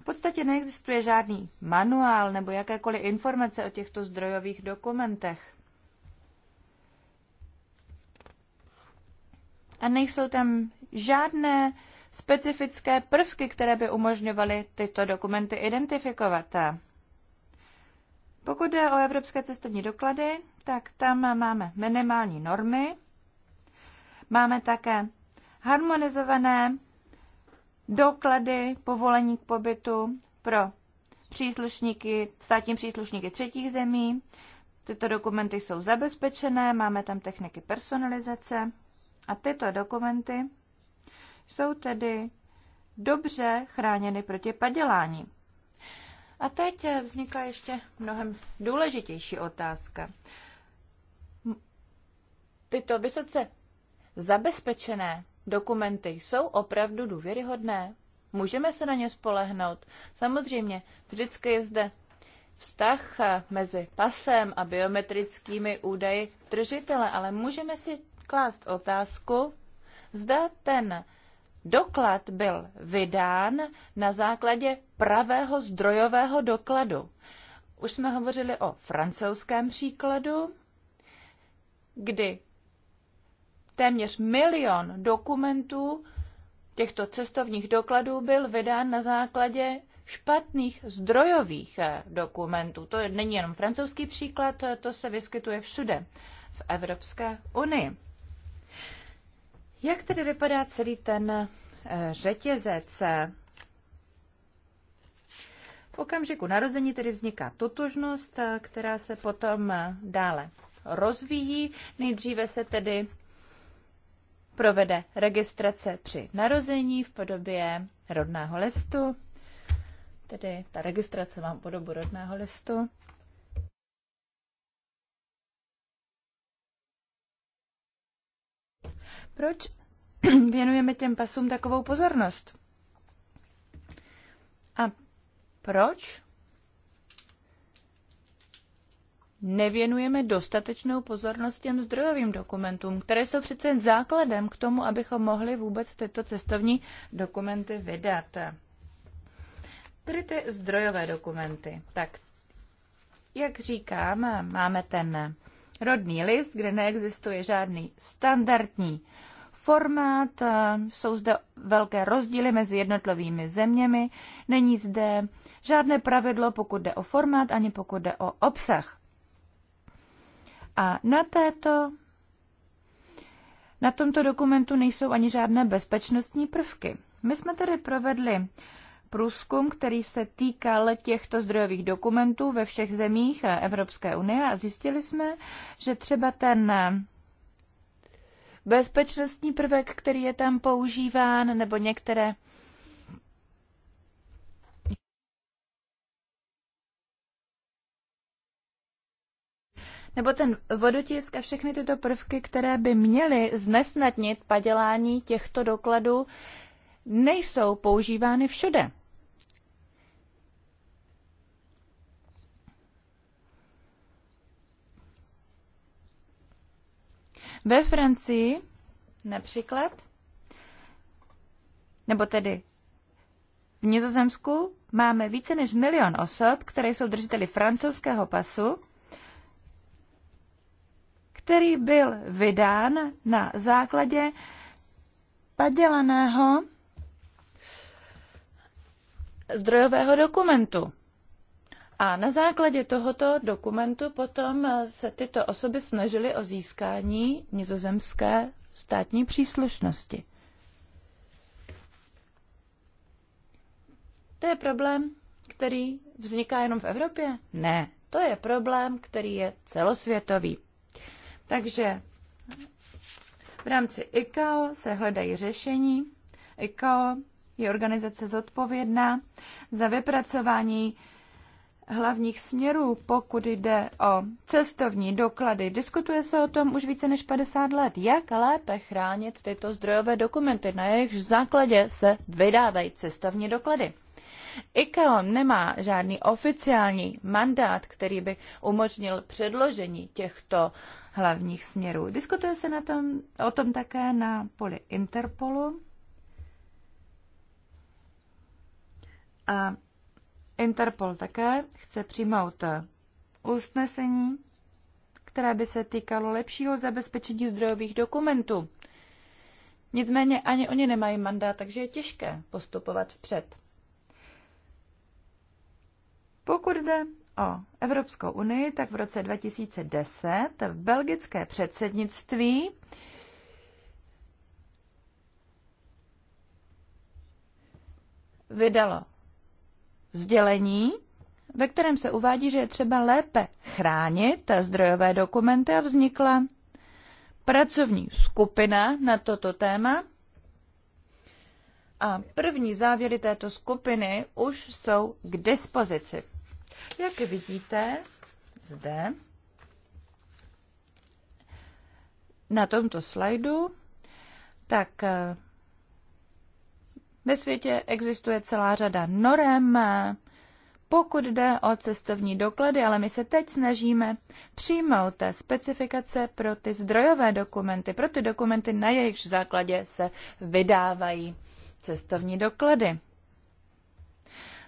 Speaker 3: V podstatě neexistuje žádný manuál nebo jakékoliv informace o těchto zdrojových dokumentech. A nejsou tam žádné specifické prvky, které by umožňovaly tyto dokumenty identifikovat. Pokud jde o evropské cestovní doklady, tak tam máme minimální normy. Máme také harmonizované doklady povolení k pobytu pro příslušníky, státní příslušníky třetích zemí. Tyto dokumenty jsou zabezpečené, máme tam techniky personalizace a tyto dokumenty jsou tedy dobře chráněny proti padělání. A teď eh, vzniká ještě mnohem důležitější otázka. Tyto vysoce zabezpečené dokumenty jsou opravdu důvěryhodné? Můžeme se na ně spolehnout? Samozřejmě, vždycky je zde vztah eh, mezi pasem a biometrickými údaji držitele, ale můžeme si klást otázku, zda ten Doklad byl vydán na základě pravého zdrojového dokladu. Už jsme hovořili o francouzském příkladu, kdy téměř milion dokumentů těchto cestovních dokladů byl vydán na základě špatných zdrojových eh, dokumentů. To není jenom francouzský příklad, eh, to se vyskytuje všude v Evropské unii. Jak tedy vypadá celý ten eh, řetězec? V okamžiku narození tedy vzniká totožnost, eh, která se potom eh, dále rozvíjí. Nejdříve se tedy provede registrace při narození v podobě rodného listu, tedy ta registrace má podobu rodného listu. Proč věnujeme těm pasům takovou pozornost? A proč nevěnujeme dostatečnou pozornost těm zdrojovým dokumentům, které jsou přece jen základem k tomu, abychom mohli vůbec tyto cestovní dokumenty vydat. Tedy ty zdrojové dokumenty. Tak, jak říkám, máme ten rodný list, kde neexistuje žádný standardní formát, jsou zde velké rozdíly mezi jednotlivými zeměmi, není zde žádné pravidlo, pokud jde o formát, ani pokud jde o obsah. A na této na tomto dokumentu nejsou ani žádné bezpečnostní prvky. My jsme tedy provedli průzkum, který se týkal těchto zdrojových dokumentů ve všech zemích Evropské unie a zjistili jsme, že třeba ten bezpečnostní prvek, který je tam používán, nebo některé nebo ten vodotisk a všechny tyto prvky, které by měly znesnadnit padělání těchto dokladů, nejsou používány všude. Ve Francii například, nebo tedy v Nizozemsku máme více než milion osob, které jsou držiteli francouzského pasu, který byl vydán na základě padělaného zdrojového dokumentu. A na základě tohoto dokumentu potom eh, se tyto osoby snažily o získání nizozemské státní příslušnosti. To je problém, který vzniká jenom v Evropě? Ne, to je problém, který je celosvětový. Takže v rámci ICAO se hledají řešení. ICAO je organizace zodpovědná za vypracování hlavních směrů, pokud jde o cestovní doklady. Diskutuje se o tom už více než 50 let. Jak lépe chránit tyto zdrojové dokumenty, na jejichž základě se vydávají cestovní doklady? ICAO nemá žádný oficiální mandát, který by umožnil předložení těchto hlavních směrů. Diskutuje se na tom, o tom také na poli Interpolu. A Interpol také chce přijmout usnesení, které by se týkalo lepšího zabezpečení zdrojových dokumentů. Nicméně ani oni nemají mandát, takže je těžké postupovat vpřed. Pokud jde o Evropskou unii, tak v roce 2010 v belgické předsednictví vydalo sdělení, ve kterém se uvádí, že je třeba lépe chránit zdrojové dokumenty a vznikla pracovní skupina na toto téma. A první závěry této skupiny už jsou k dispozici. Jak vidíte zde na tomto slajdu, tak eh, ve světě existuje celá řada norem, pokud jde o cestovní doklady, ale my se teď snažíme přijmout té specifikace pro ty zdrojové dokumenty, pro ty dokumenty, na jejichž základě se vydávají cestovní doklady.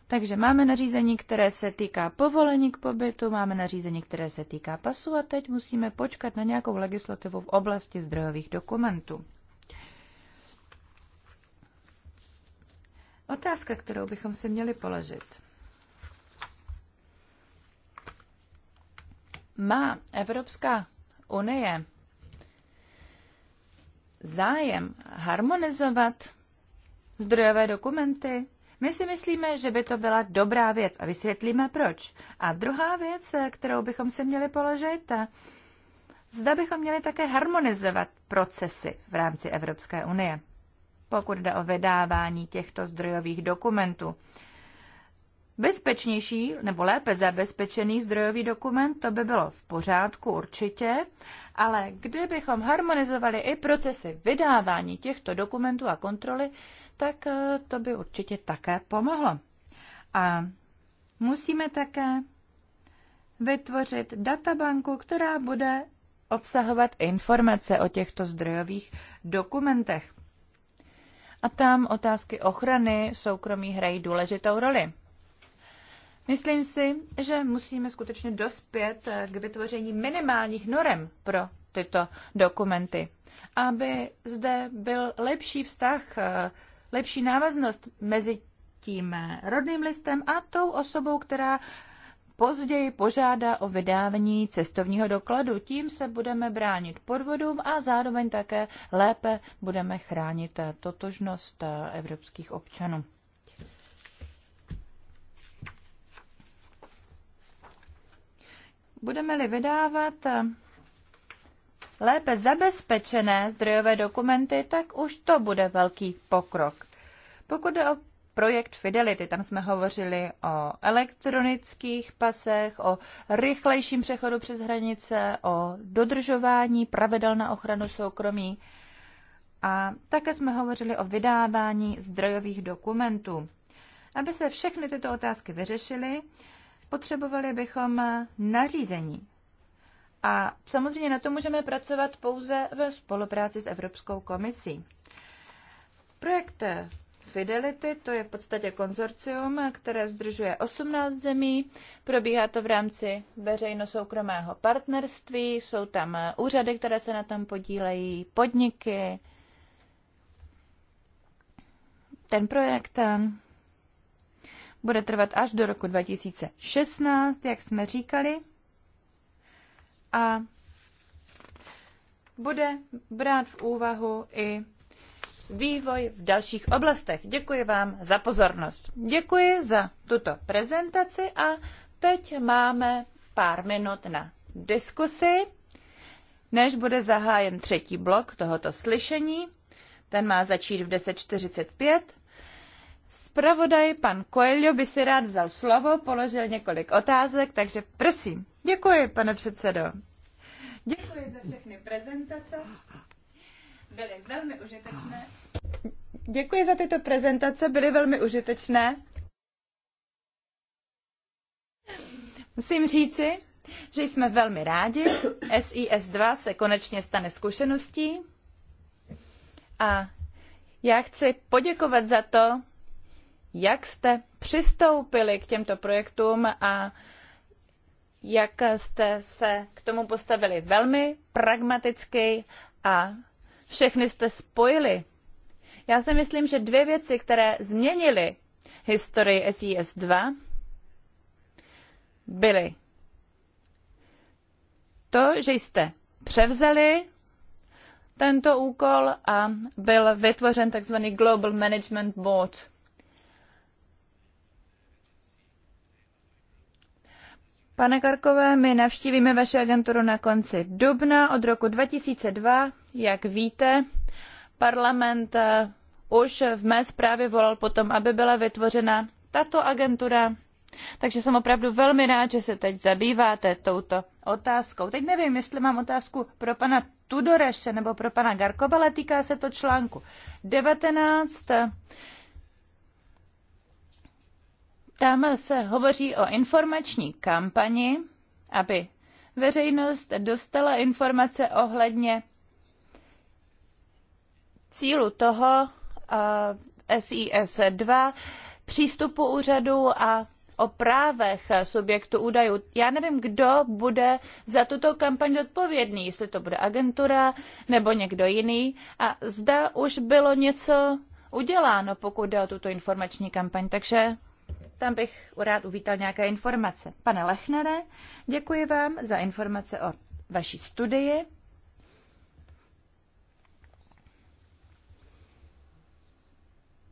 Speaker 3: Takže máme nařízení, které se týká povolení k pobytu, máme nařízení, které se týká pasu a teď musíme počkat na nějakou legislativu v oblasti zdrojových dokumentů. Otázka, kterou bychom si měli položit. Má Evropská unie zájem harmonizovat zdrojové dokumenty? My si myslíme, že by to byla dobrá věc a vysvětlíme proč. A druhá věc, kterou bychom si měli položit, zda bychom měli také harmonizovat procesy v rámci Evropské unie pokud jde o vydávání těchto zdrojových dokumentů. Bezpečnější nebo lépe zabezpečený zdrojový dokument, to by bylo v pořádku určitě, ale kdybychom harmonizovali i procesy vydávání těchto dokumentů a kontroly, tak eh, to by určitě také pomohlo. A musíme také vytvořit databanku, která bude obsahovat informace o těchto zdrojových dokumentech a tam otázky ochrany soukromí hrají důležitou roli. Myslím si, že musíme skutečně dospět eh, k vytvoření minimálních norem pro tyto dokumenty, aby zde byl lepší vztah, eh, lepší návaznost mezi tím eh, rodným listem a tou osobou, která později požádá o vydávání cestovního dokladu. Tím se budeme bránit podvodům a zároveň také lépe budeme chránit totožnost evropských občanů. Budeme-li vydávat lépe zabezpečené zdrojové dokumenty, tak už to bude velký pokrok. Pokud jde o projekt Fidelity. Tam jsme hovořili o elektronických pasech, o rychlejším přechodu přes hranice, o dodržování pravidel na ochranu soukromí. A také jsme hovořili o vydávání zdrojových dokumentů. Aby se všechny tyto otázky vyřešily, potřebovali bychom nařízení. A samozřejmě na to můžeme pracovat pouze ve spolupráci s Evropskou komisí. Projekt Fidelity, to je v podstatě konzorcium, které združuje 18 zemí. Probíhá to v rámci veřejno-soukromého partnerství, jsou tam úřady, které se na tom podílejí, podniky. Ten projekt bude trvat až do roku 2016, jak jsme říkali. A bude brát v úvahu i vývoj v dalších oblastech. Děkuji vám za pozornost. Děkuji za tuto prezentaci a teď máme pár minut na diskusi, než bude zahájen třetí blok tohoto slyšení. Ten má začít v 10.45. Spravodaj pan Coelho by si rád vzal slovo, položil několik otázek, takže prosím. Děkuji, pane předsedo. Děkuji za všechny prezentace byly velmi užitečné. Děkuji za tyto prezentace, byly velmi užitečné. Musím říci, že jsme velmi rádi. SIS-2 se konečně stane zkušeností. A já chci poděkovat za to, jak jste přistoupili k těmto projektům a jak jste se k tomu postavili velmi pragmaticky a všechny jste spojili. Já si myslím, že dvě věci, které změnily historii SIS 2, byly to, že jste převzali tento úkol a byl vytvořen tzv. Global Management Board. Pane Karkové, my navštívíme vaši agenturu na konci dubna. Od roku 2002, jak víte, parlament eh, už v mé zprávě volal potom, aby byla vytvořena tato agentura. Takže jsem opravdu velmi rád, že se teď zabýváte touto otázkou. Teď nevím, jestli mám otázku pro pana Tudoreše nebo pro pana Garkobala, týká se to článku 19 tam se hovoří o informační kampani, aby veřejnost dostala informace ohledně cílu toho SIS 2, přístupu úřadu a o právech subjektu údajů. Já nevím, kdo bude za tuto kampaň odpovědný, jestli to bude agentura nebo někdo jiný. A zda už bylo něco uděláno, pokud jde o tuto informační kampaň. Takže tam bych rád uvítal nějaké informace. Pane Lechnere, děkuji vám za informace o vaší studii.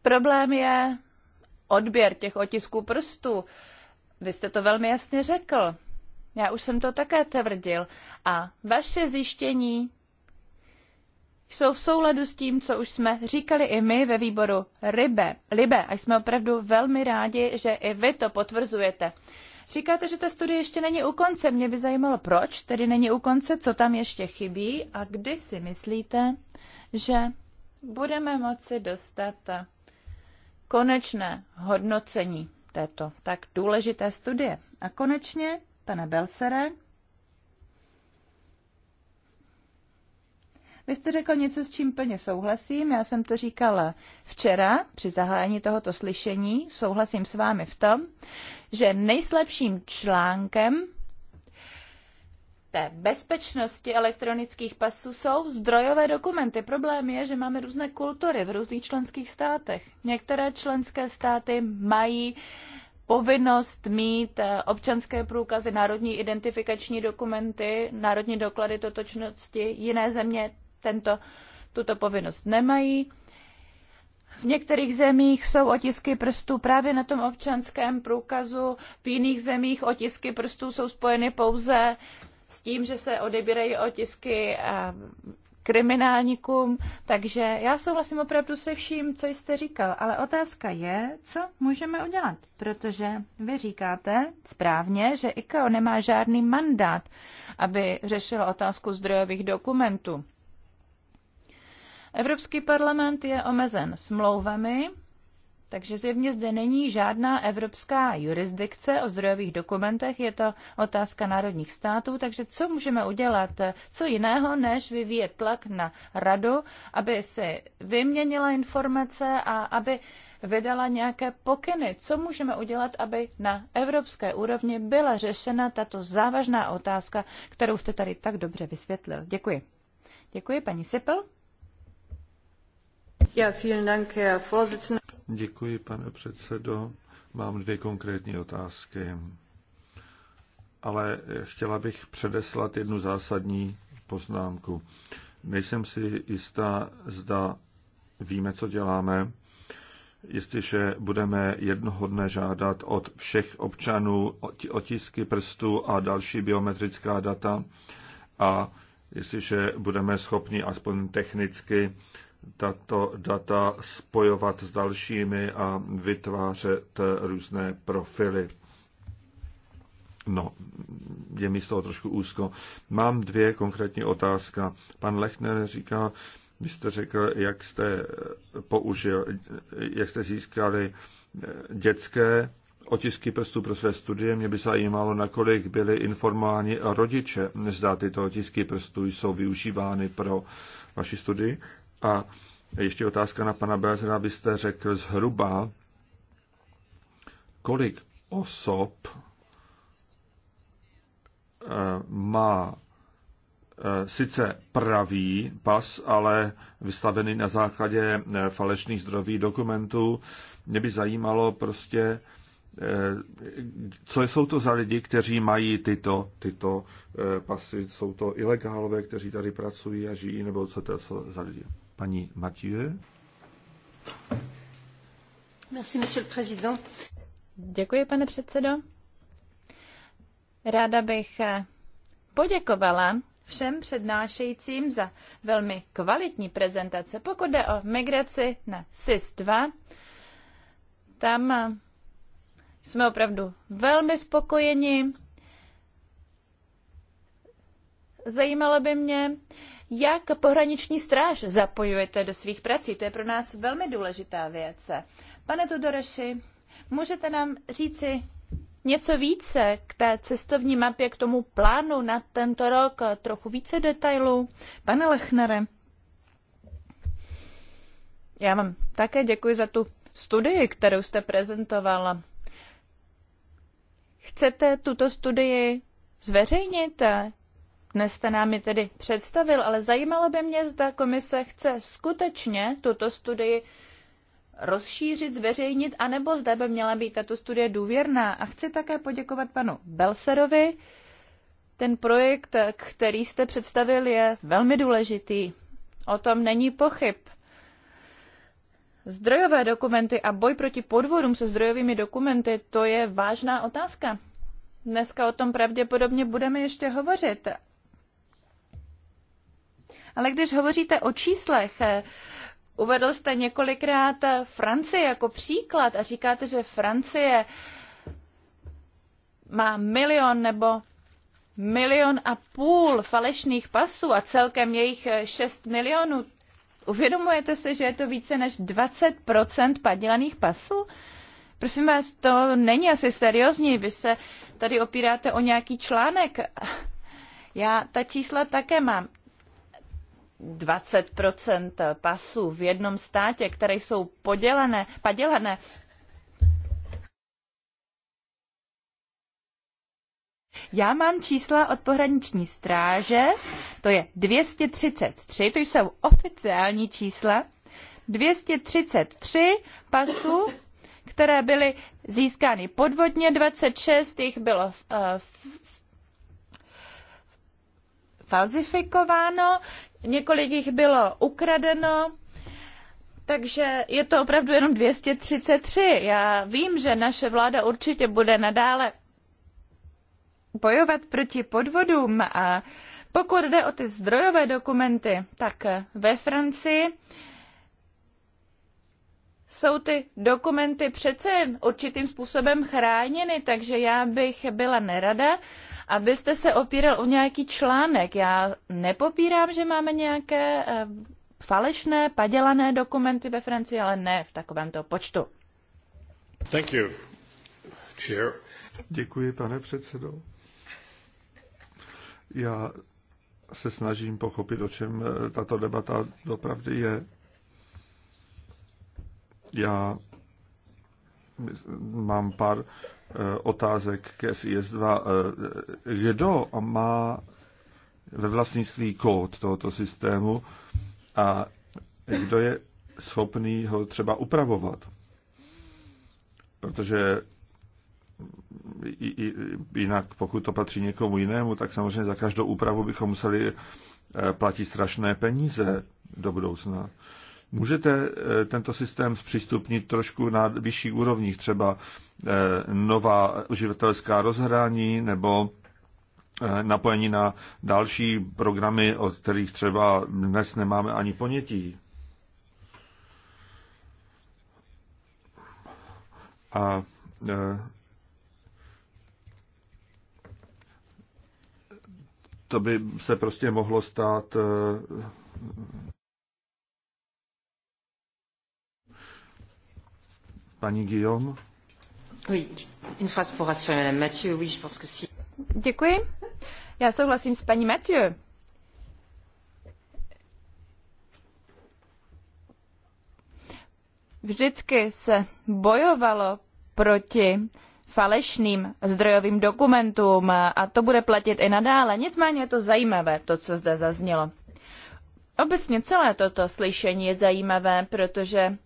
Speaker 3: Problém je odběr těch otisků prstů. Vy jste to velmi jasně řekl. Já už jsem to také tvrdil. A vaše zjištění jsou v souladu s tím, co už jsme říkali i my ve výboru Ribe, Libe a jsme opravdu velmi rádi, že i vy to potvrzujete. Říkáte, že ta studie ještě není u konce. Mě by zajímalo, proč tedy není u konce, co tam ještě chybí a kdy si myslíte, že budeme moci dostat konečné hodnocení této tak důležité studie. A konečně, pane Belsere, Vy jste řekl něco, s čím plně souhlasím. Já jsem to říkala včera při zahájení tohoto slyšení. Souhlasím s vámi v tom, že nejslabším článkem té bezpečnosti elektronických pasů jsou zdrojové dokumenty. Problém je, že máme různé kultury v různých členských státech. Některé členské státy mají povinnost mít eh, občanské průkazy, národní identifikační dokumenty, národní doklady totočnosti, jiné země tento, tuto povinnost nemají. V některých zemích jsou otisky prstů právě na tom občanském průkazu, v jiných zemích otisky prstů jsou spojeny pouze s tím, že se odebírají otisky eh, kriminálníkům, takže já souhlasím opravdu se vším, co jste říkal, ale otázka je, co můžeme udělat, protože vy říkáte správně, že ICAO nemá žádný mandát, aby řešilo otázku zdrojových dokumentů. Evropský parlament je omezen smlouvami, takže zjevně zde není žádná evropská jurisdikce o zdrojových dokumentech, je to otázka národních států, takže co můžeme udělat, co jiného, než vyvíjet tlak na radu, aby si vyměnila informace a aby vydala nějaké pokyny, co můžeme udělat, aby na evropské úrovni byla řešena tato závažná otázka, kterou jste tady tak dobře vysvětlil. Děkuji. Děkuji, paní Sipel.
Speaker 1: Děkuji, pane předsedo. Mám dvě konkrétní otázky. Ale chtěla bych předeslat jednu zásadní poznámku. Nejsem si jistá, zda víme, co děláme, jestliže budeme jednoho dne žádat od všech občanů otisky prstů a další biometrická data a jestliže budeme schopni aspoň technicky tato data spojovat s dalšími a vytvářet různé profily. No, je mi z toho trošku úzko. Mám dvě konkrétní otázka. Pan Lechner říká, vy jste řekl, jak jste použil, jak jste získali dětské otisky prstů pro své studie. Mě by zajímalo, nakolik byli informováni rodiče, zda tyto otisky prstů jsou využívány pro vaši studii. A ještě otázka na pana Belzera. byste řekl zhruba, kolik osob eh, má eh, sice pravý pas, ale vystavený na základě eh, falešných zdrových dokumentů. Mě by zajímalo prostě, co jsou to za lidi, kteří mají tyto, tyto pasy? Jsou to ilegálové, kteří tady pracují a žijí, nebo co to jsou za lidi? Paní Mathieu.
Speaker 3: Merci, monsieur le président. Děkuji, pane předsedo. Ráda bych eh, poděkovala všem přednášejícím za velmi kvalitní prezentace. Pokud jde o migraci na SIS-2, tam eh, jsme opravdu velmi spokojeni. Zajímalo by mě, jak pohraniční stráž zapojujete do svých prací. To je pro nás velmi důležitá věc. Pane Tudoreši, můžete nám říci něco více k té cestovní mapě, k tomu plánu na tento rok, trochu více detailů? Pane Lechnere, já vám také děkuji za tu studii, kterou jste prezentovala. Chcete tuto studii zveřejnit? Dnes jste nám ji tedy představil, ale zajímalo by mě, zda komise chce skutečně tuto studii rozšířit, zveřejnit, anebo zda by měla být tato studie důvěrná. A chci také poděkovat panu Belserovi. Ten projekt, který jste představil, je velmi důležitý. O tom není pochyb. Zdrojové dokumenty a boj proti podvodům se zdrojovými dokumenty, to je vážná otázka. Dneska o tom pravděpodobně budeme ještě hovořit ale když hovoříte o číslech, eh, uvedl jste několikrát eh, Francii jako příklad a říkáte, že Francie má milion nebo milion a půl falešných pasů a celkem jejich 6 eh, milionů. Uvědomujete se, že je to více než 20% padělaných pasů? Prosím vás, to není asi seriózní. Vy se tady opíráte o nějaký článek. Já ta čísla také mám. 20 pasů v jednom státě, které jsou podělené, padělané, Já mám čísla od pohraniční stráže, to je 233, to jsou oficiální čísla, 233 pasů, které byly získány podvodně, 26 jich bylo uh, falzifikováno, několik jich bylo ukradeno, takže je to opravdu jenom 233. Já vím, že naše vláda určitě bude nadále bojovat proti podvodům a pokud jde o ty zdrojové dokumenty, tak ve Francii jsou ty dokumenty přece určitým způsobem chráněny, takže já bych byla nerada, abyste se opíral o nějaký článek. Já nepopírám, že máme nějaké eh, falešné, padělané dokumenty ve Francii, ale ne v takovémto počtu.
Speaker 1: Thank you. Chair. Děkuji, pane předsedo. Já se snažím pochopit, o čem eh, tato debata dopravdy je. Já mám pár Eh, otázek k SIS-2. Eh, kdo má ve vlastnictví kód tohoto systému a kdo je schopný ho třeba upravovat? Protože jinak, pokud to patří někomu jinému, tak samozřejmě za každou úpravu bychom museli eh, platit strašné peníze do budoucna. Můžete eh, tento systém zpřístupnit trošku na vyšší úrovních, třeba eh, nová uživatelská rozhraní nebo eh, napojení na další programy, od kterých třeba dnes nemáme ani ponětí. A to by se prostě mohlo stát Paní Guillaume?
Speaker 3: Oui, une phrase pour rassurer Madame Mathieu, oui, je pense que si. Děkuji. Já souhlasím s paní Mathieu. Vždycky se bojovalo proti falešným zdrojovým dokumentům a to bude platit i nadále. Nicméně je to zajímavé, to, co zde zaznělo. Obecně celé toto slyšení je zajímavé, protože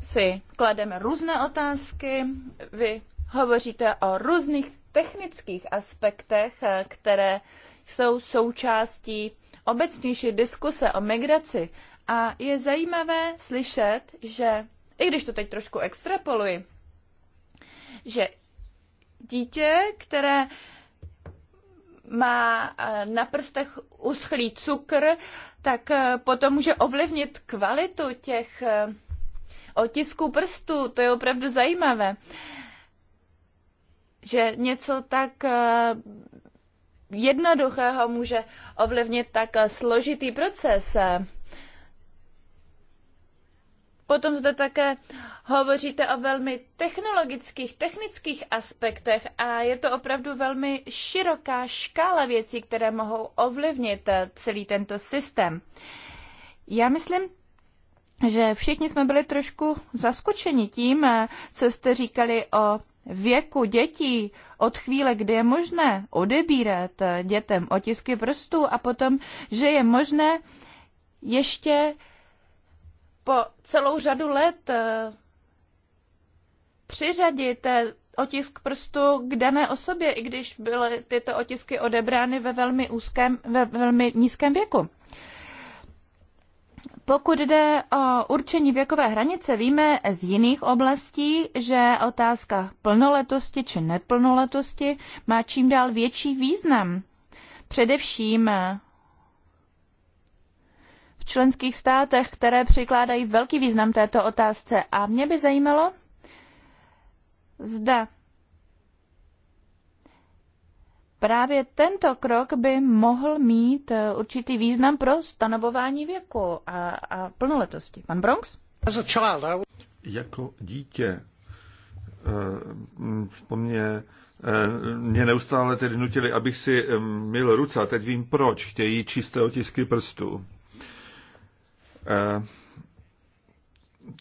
Speaker 3: si klademe různé otázky, vy hovoříte o různých technických aspektech, eh, které jsou součástí obecnější diskuse o migraci. A je zajímavé slyšet, že, i když to teď trošku extrapoluji, že dítě, které má eh, na prstech uschlý cukr, tak eh, potom může ovlivnit kvalitu těch otisku prstů. To je opravdu zajímavé, že něco tak eh, jednoduchého může ovlivnit tak eh, složitý proces. Potom zde také hovoříte o velmi technologických, technických aspektech a je to opravdu velmi široká škála věcí, které mohou ovlivnit eh, celý tento systém. Já myslím, že všichni jsme byli trošku zaskočeni tím, eh, co jste říkali o věku dětí od chvíle, kdy je možné odebírat eh, dětem otisky prstů a potom, že je možné ještě po celou řadu let eh, přiřadit otisk prstu k dané osobě, i když byly tyto otisky odebrány ve velmi, úzkém, ve velmi nízkém věku. Pokud jde o určení věkové hranice, víme z jiných oblastí, že otázka plnoletosti či neplnoletosti má čím dál větší význam. Především v členských státech, které přikládají velký význam této otázce. A mě by zajímalo, zda Právě tento krok by mohl mít eh, určitý význam pro stanovování věku a, a plnoletosti. Pan
Speaker 1: Bronx? Jako dítě eh, mm, po mně, eh, mě neustále tedy nutili, abych si mil ruce a teď vím proč, chtějí čisté otisky prstů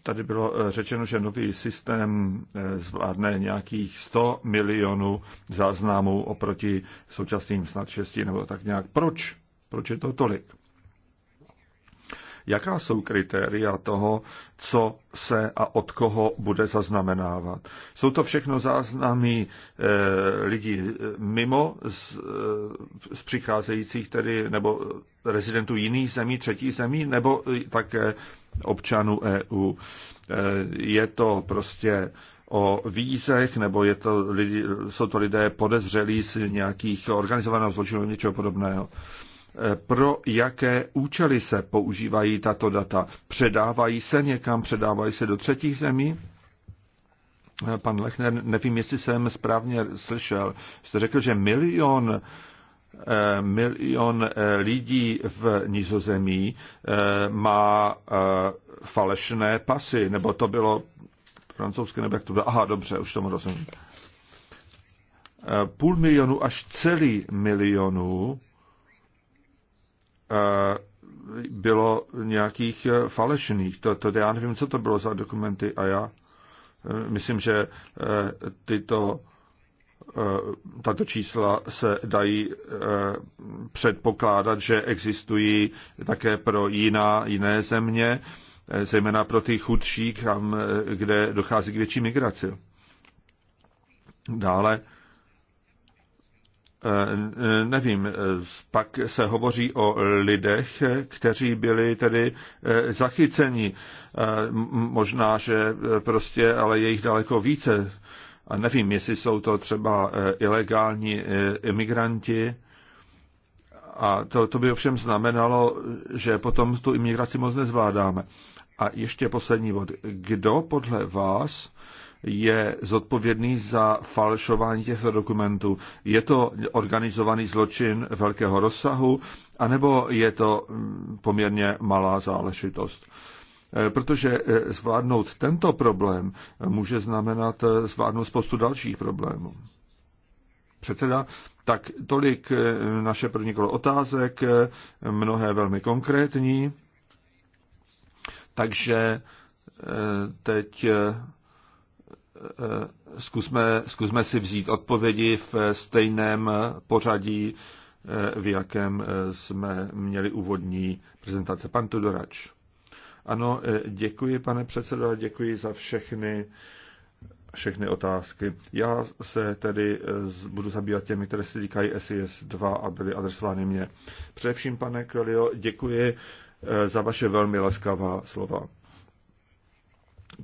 Speaker 1: tady bylo eh, řečeno, že nový systém eh, zvládne nějakých 100 milionů záznamů oproti současným snad 6 nebo tak nějak. Proč? Proč je to tolik? Jaká jsou kritéria toho, co se a od koho bude zaznamenávat? Jsou to všechno záznamy e, lidí mimo z, e, z přicházejících tedy nebo rezidentů jiných zemí, třetí zemí, nebo také občanů EU. E, je to prostě o vízech, nebo je to lidi, jsou to lidé podezřelí z nějakých organizovaného zločinu nebo něčeho podobného. E, pro jaké účely se používají tato data? Předávají se někam, předávají se do třetích zemí? E, pan Lechner, nevím, jestli jsem správně slyšel, jste řekl, že milion milion eh, lidí v Nizozemí eh, má eh, falešné pasy, nebo to bylo francouzské, nebo jak to bylo. Aha, dobře, už tomu rozumím. Půl milionu až celý milionu bylo nějakých falešných. To, to já nevím, co to bylo za dokumenty a já myslím, že tyto Eh, tato čísla se dají eh, předpokládat, že existují také pro jiná, jiné země, eh, zejména pro ty chudší, kam, kde dochází k větší migraci. Dále, nevím, pak se hovoří o lidech, kteří byli tedy zachyceni. Možná, že prostě, ale je jich daleko více a nevím, jestli jsou to třeba eh, ilegální eh, imigranti, a to, to by ovšem znamenalo, že potom tu imigraci moc nezvládáme. A ještě poslední bod. Kdo podle vás je zodpovědný za falšování těchto dokumentů? Je to organizovaný zločin velkého rozsahu, anebo je to hm, poměrně malá záležitost? Eh, protože eh, zvládnout tento problém může znamenat eh, zvládnout spoustu dalších problémů. Předseda, tak tolik naše první kolo otázek, mnohé velmi konkrétní. Takže teď zkusme, zkusme si vzít odpovědi v stejném pořadí, v jakém jsme měli úvodní prezentace. Pan Tudorač. Ano, e, děkuji, pane předsedo, děkuji za všechny všechny otázky. Já se tedy e, budu zabývat těmi, které se týkají SIS 2 a byly adresovány mě. Především, pane Coelho, děkuji e, za vaše velmi laskavá slova.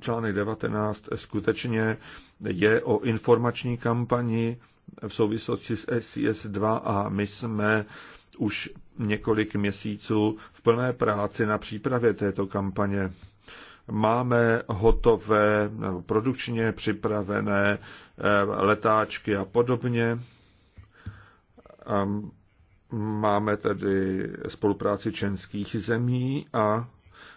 Speaker 1: Článek 19 skutečně je o informační kampani v souvislosti s SIS 2 a my jsme už několik měsíců v plné práci na přípravě této kampaně. Máme hotové, produkčně připravené eh, letáčky a podobně. Máme tedy spolupráci českých zemí a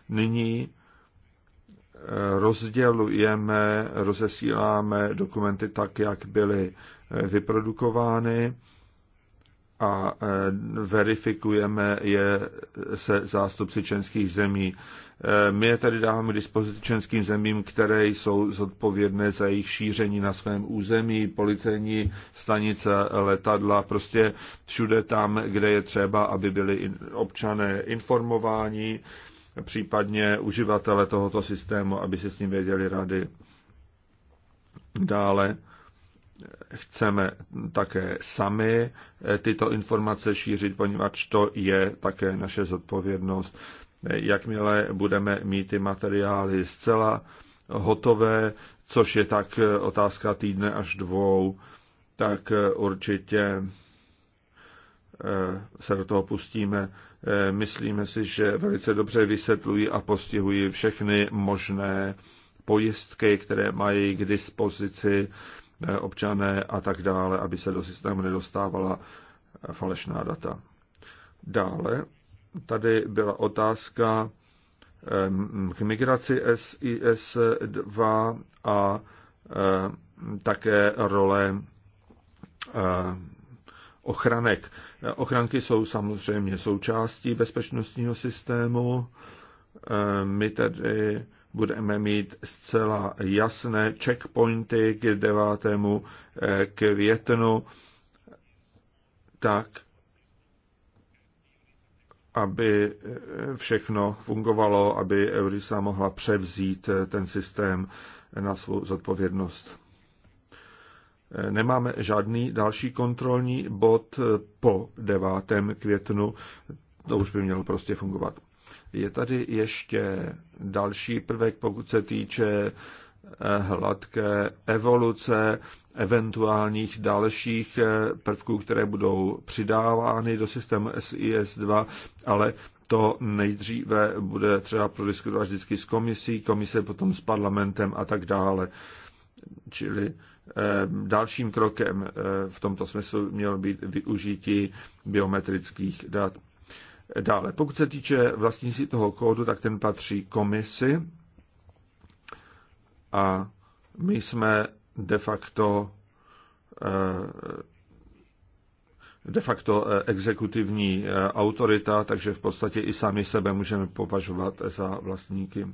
Speaker 1: nyní eh, rozdělujeme, rozesíláme dokumenty tak, jak byly eh, vyprodukovány a e, verifikujeme je se zástupci členských zemí. E, my je tady dáváme k dispozici členským zemím, které jsou zodpovědné za jejich šíření na svém území, policejní stanice, letadla, prostě všude tam, kde je třeba, aby byli občané informováni, případně uživatele tohoto systému, aby si s ním věděli rady. Dále chceme také sami eh, tyto informace šířit, poněvadž to je také naše zodpovědnost. Eh, jakmile budeme mít ty materiály zcela hotové, což je tak eh, otázka týdne až dvou, tak určitě se do toho pustíme. Myslíme si, že velice dobře vysvětlují a postihují všechny možné pojistky, které mají k dispozici Eh, občané a tak dále, aby se do systému nedostávala eh, falešná data. Dále tady byla otázka eh, k migraci SIS-2 a také role ochranek. Ochranky jsou samozřejmě součástí bezpečnostního systému. My tedy budeme mít zcela jasné checkpointy k 9. Eh, květnu, tak aby eh, všechno fungovalo, aby Eurisa mohla převzít eh, ten systém na svou zodpovědnost. Nemáme žádný další kontrolní bod po 9. květnu. To už by mělo prostě fungovat. Je tady ještě další prvek, pokud se týče eh, hladké evoluce, eventuálních dalších eh, prvků, které budou přidávány do systému SIS-2, ale to nejdříve bude třeba prodiskutovat vždycky s komisí, komise potom s parlamentem a tak dále. Čili eh, dalším krokem v tomto smyslu mělo být využití biometrických dat. Dále, pokud se týče vlastnictví toho kódu, tak ten patří komisi a my jsme de facto eh, de facto eh, exekutivní eh, autorita, takže v podstatě i sami sebe můžeme považovat za vlastníky.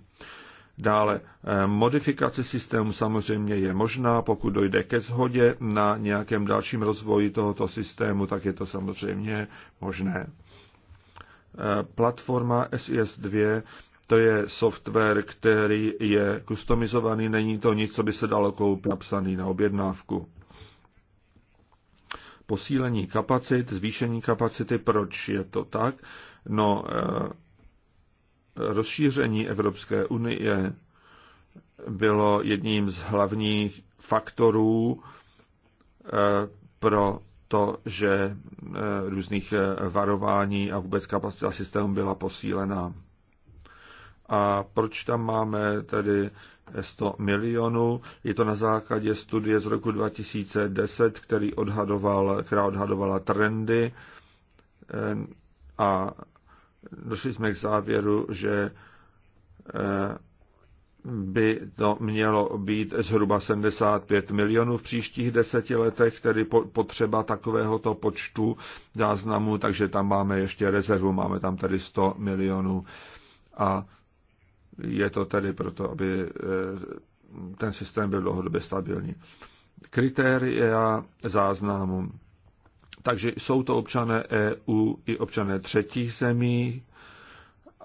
Speaker 1: Dále, modifikace systému samozřejmě je možná, pokud dojde ke shodě na nějakém dalším rozvoji tohoto systému, tak je to samozřejmě možné. Eh, platforma SIS2 to je software, který je customizovaný, není to nic, co by se dalo koupit napsaný na objednávku. Posílení kapacit, zvýšení kapacity, proč je to tak? No, eh, rozšíření Evropské unie bylo jedním z hlavních faktorů eh, pro to, že eh, různých eh, varování a vůbec kapacita systému byla posílena. A proč tam máme tedy 100 milionů? Je to na základě studie z roku 2010, který odhadoval, která odhadovala trendy eh, a došli jsme k závěru, že by to mělo být zhruba 75 milionů v příštích deseti letech, tedy potřeba takovéhoto počtu záznamů, takže tam máme ještě rezervu, máme tam tedy 100 milionů a je to tedy proto, aby eh, ten systém byl dlouhodobě stabilní. Kritéria záznamu. Takže jsou to občané EU i občané třetích zemí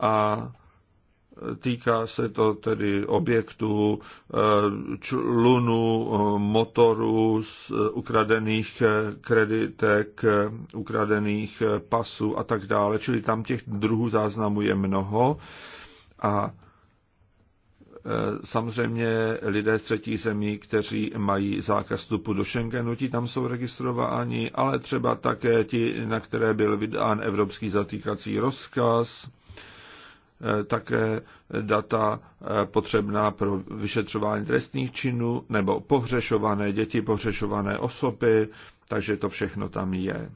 Speaker 1: a Týká se to tedy objektů, eh, lunu, eh, motoru, z ukradených eh, kreditek, ukradených pasů a tak dále. Čili tam těch druhů záznamů je mnoho. A Samozřejmě lidé z třetí zemí, kteří mají zákaz vstupu do Schengenu, ti tam jsou registrováni, ale třeba také ti, na které byl vydán evropský zatýkací rozkaz, Eh, také data eh, potřebná pro vyšetřování trestných činů nebo pohřešované děti, pohřešované osoby, takže to všechno tam je.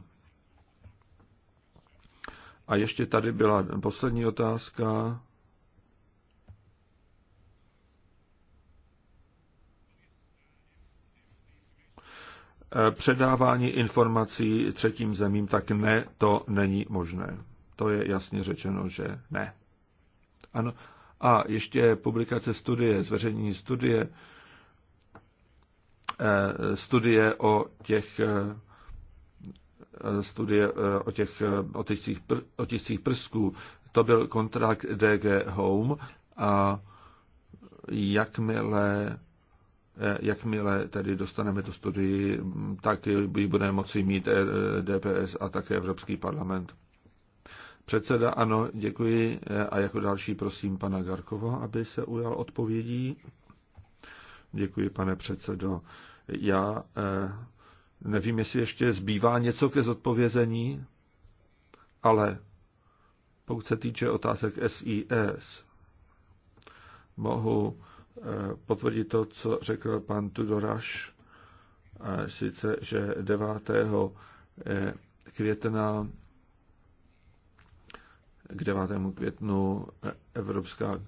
Speaker 1: A ještě tady byla poslední otázka. Eh, předávání informací třetím zemím, tak ne, to není možné. To je jasně řečeno, že ne. Ano. A ještě publikace studie, zveřejnění studie, eh, studie o těch eh, studie eh, o těch otiscích, otiscích prsků. To byl kontrakt DG Home a jakmile, jakmile tedy dostaneme tu studii, tak ji budeme moci mít DPS a také Evropský parlament. Předseda, ano, děkuji. A jako další prosím pana Garkova, aby se ujal odpovědí. Děkuji, pane předsedo. Já eh, nevím, jestli ještě zbývá něco ke zodpovězení, ale pokud se týče otázek SIS, mohu eh, potvrdit to, co řekl pan Tudoraš, eh, sice, že 9. května k 9. květnu Evropská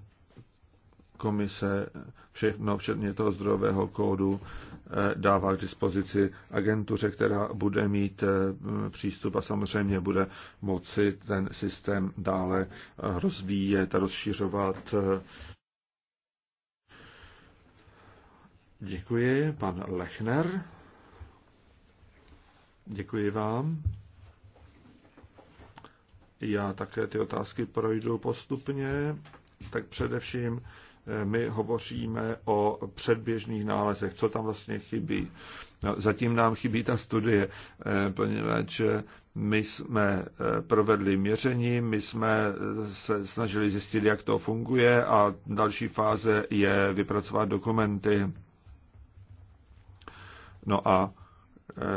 Speaker 1: komise všechno, včetně toho zdrojového kódu, eh, dává k dispozici agentuře, která bude mít eh, přístup a samozřejmě bude moci ten systém dále eh, rozvíjet a rozšiřovat. Děkuji, pan Lechner. Děkuji vám. Já také ty otázky projdu postupně. Tak především eh, my hovoříme o předběžných nálezech, co tam vlastně chybí. No, zatím nám chybí ta studie, eh, poněvadž my jsme eh, provedli měření, my jsme se snažili zjistit, jak to funguje a další fáze je vypracovat dokumenty. No a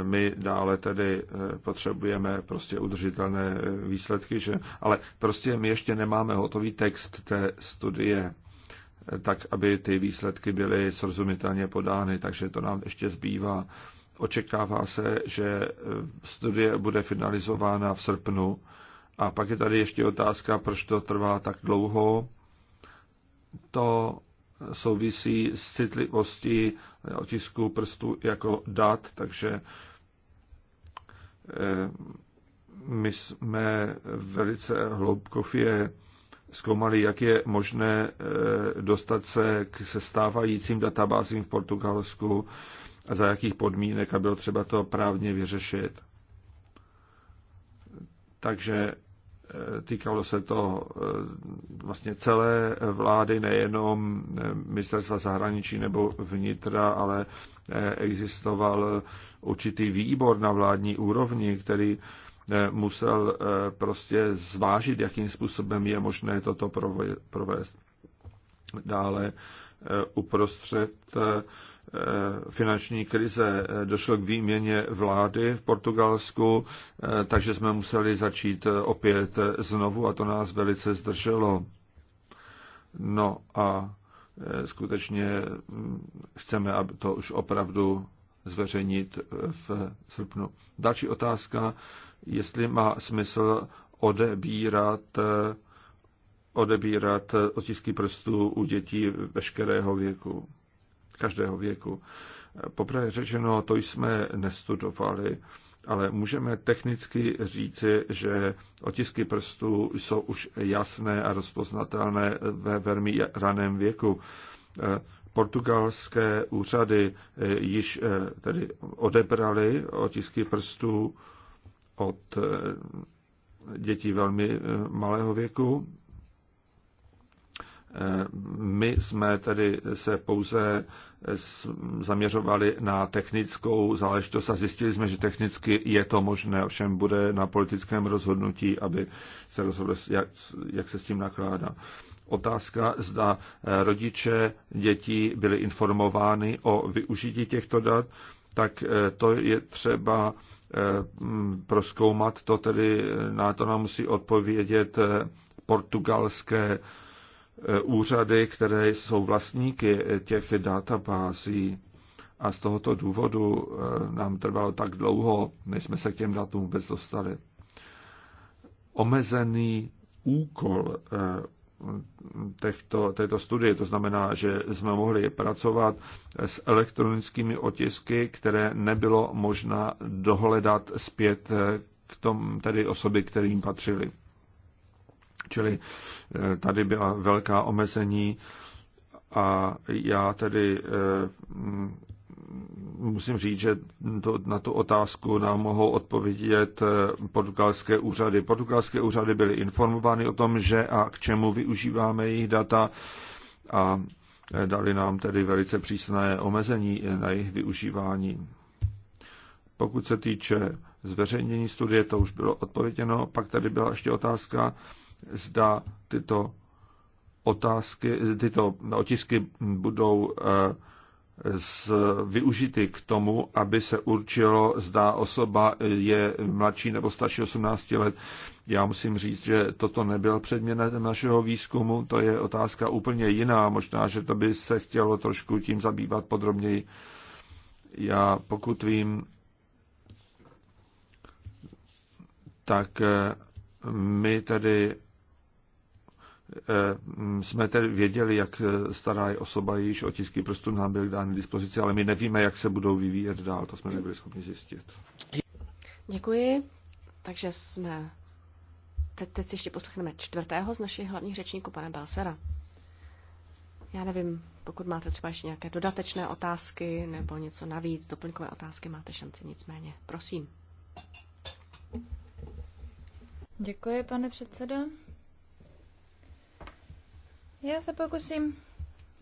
Speaker 1: my dále tedy eh, potřebujeme prostě udržitelné eh, výsledky, že, ale prostě my ještě nemáme hotový text té studie, eh, tak aby ty výsledky byly srozumitelně podány, takže to nám ještě zbývá. Očekává se, že studie bude finalizována v srpnu a pak je tady ještě otázka, proč to trvá tak dlouho. To souvisí s citlivostí Eh, otisku prstů jako dat, takže eh, my jsme velice hloubkově zkoumali, jak je možné eh, dostat se k sestávajícím databázím v Portugalsku a za jakých podmínek a bylo třeba to právně vyřešit. Takže Týkalo se to eh, vlastně celé vlády, nejenom eh, ministerstva zahraničí nebo vnitra, ale eh, existoval určitý výbor na vládní úrovni, který musel prostě zvážit, jakým způsobem je možné toto provést. Dále uprostřed Eh, finanční krize eh, došlo k výměně vlády v Portugalsku, eh, takže jsme museli začít opět znovu a to nás velice zdrželo. No a skutečně mm, chceme, aby to už opravdu zveřejnit v srpnu. Další otázka, jestli má smysl odebírat odebírat otisky prstů u dětí veškerého věku každého věku. Poprvé řečeno, to jsme nestudovali, ale můžeme technicky říci, že otisky prstů jsou už jasné a rozpoznatelné ve velmi raném věku. Portugalské úřady eh, již eh, tedy odebrali otisky prstů od eh, dětí velmi malého věku my jsme tedy se pouze zaměřovali na technickou záležitost a zjistili jsme, že technicky je to možné, ovšem bude na politickém rozhodnutí, aby se rozhodlo, jak, jak se s tím nakládá. Otázka, zda eh, rodiče dětí byly informovány o využití těchto dat, tak eh, to je třeba eh, proskoumat, to tedy na to nám musí odpovědět portugalské Eh, úřady, které jsou vlastníky eh, těch databází. A z tohoto důvodu eh, nám trvalo tak dlouho, než jsme se k těm datům vůbec dostali. Omezený úkol těchto, této studie. To znamená, že jsme mohli pracovat s elektronickými otisky, které nebylo možná dohledat zpět k tom, tedy osoby, kterým patřili. Čili eh, tady byla velká omezení a já tedy eh, mm, musím říct, že to, na tu otázku nám mohou odpovědět eh, portugalské úřady. Portugalské úřady byly informovány o tom, že a k čemu využíváme jejich data a dali nám tedy velice přísné omezení na jejich využívání. Pokud se týče zveřejnění studie, to už bylo odpověděno, pak tady byla ještě otázka, zda tyto otázky, tyto otisky budou eh, z, využity k tomu, aby se určilo, zda osoba je mladší nebo starší 18 let. Já musím říct, že toto nebyl předmětem našeho výzkumu, to je otázka úplně jiná. Možná, že to by se chtělo trošku tím zabývat podrobněji. Já pokud vím, tak eh, my tedy Eh, jsme tedy věděli, jak eh, stará je osoba, již otisky prstů nám byly dány dispozici, ale my nevíme, jak se budou vyvíjet dál, to jsme nebyli schopni zjistit.
Speaker 2: Děkuji, takže jsme teď, teď si ještě poslechneme čtvrtého z našich hlavních řečníků, pana Balsera. Já nevím, pokud máte třeba ještě nějaké dodatečné otázky nebo něco navíc, doplňkové otázky, máte šanci nicméně. Prosím.
Speaker 3: Děkuji, pane předsedo. Já se pokusím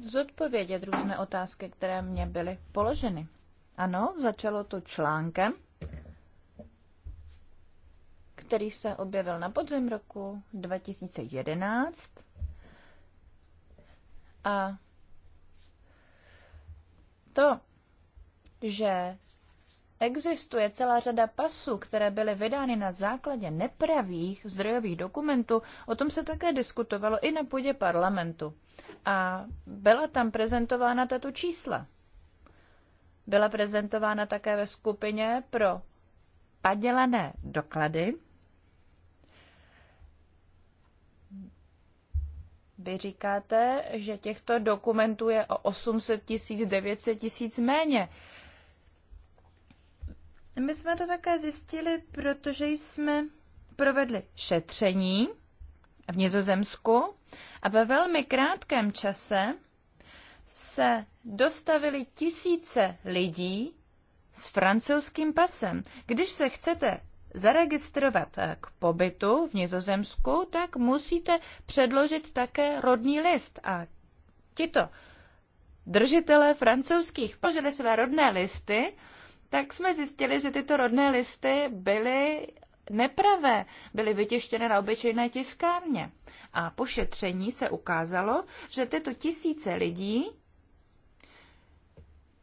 Speaker 3: zodpovědět různé otázky, které mě byly položeny. Ano, začalo to článkem, který se objevil na podzim roku 2011 a to, že existuje celá řada pasů, které byly vydány na základě nepravých zdrojových dokumentů, o tom se také diskutovalo i na půdě parlamentu. A byla tam prezentována tato čísla. Byla prezentována také ve skupině pro padělané doklady. Vy říkáte, že těchto dokumentů je o 800 tisíc, 900 tisíc méně. My jsme to také zjistili, protože jsme provedli šetření v Nizozemsku a ve velmi krátkém čase se dostavili tisíce lidí s francouzským pasem. Když se chcete zaregistrovat eh, k pobytu v Nizozemsku, tak musíte předložit také rodný list. A tito držitelé francouzských předložili své rodné listy tak jsme zjistili, že tyto rodné listy byly nepravé, byly vytištěny na obyčejné tiskárně. A po šetření se ukázalo, že tyto tisíce lidí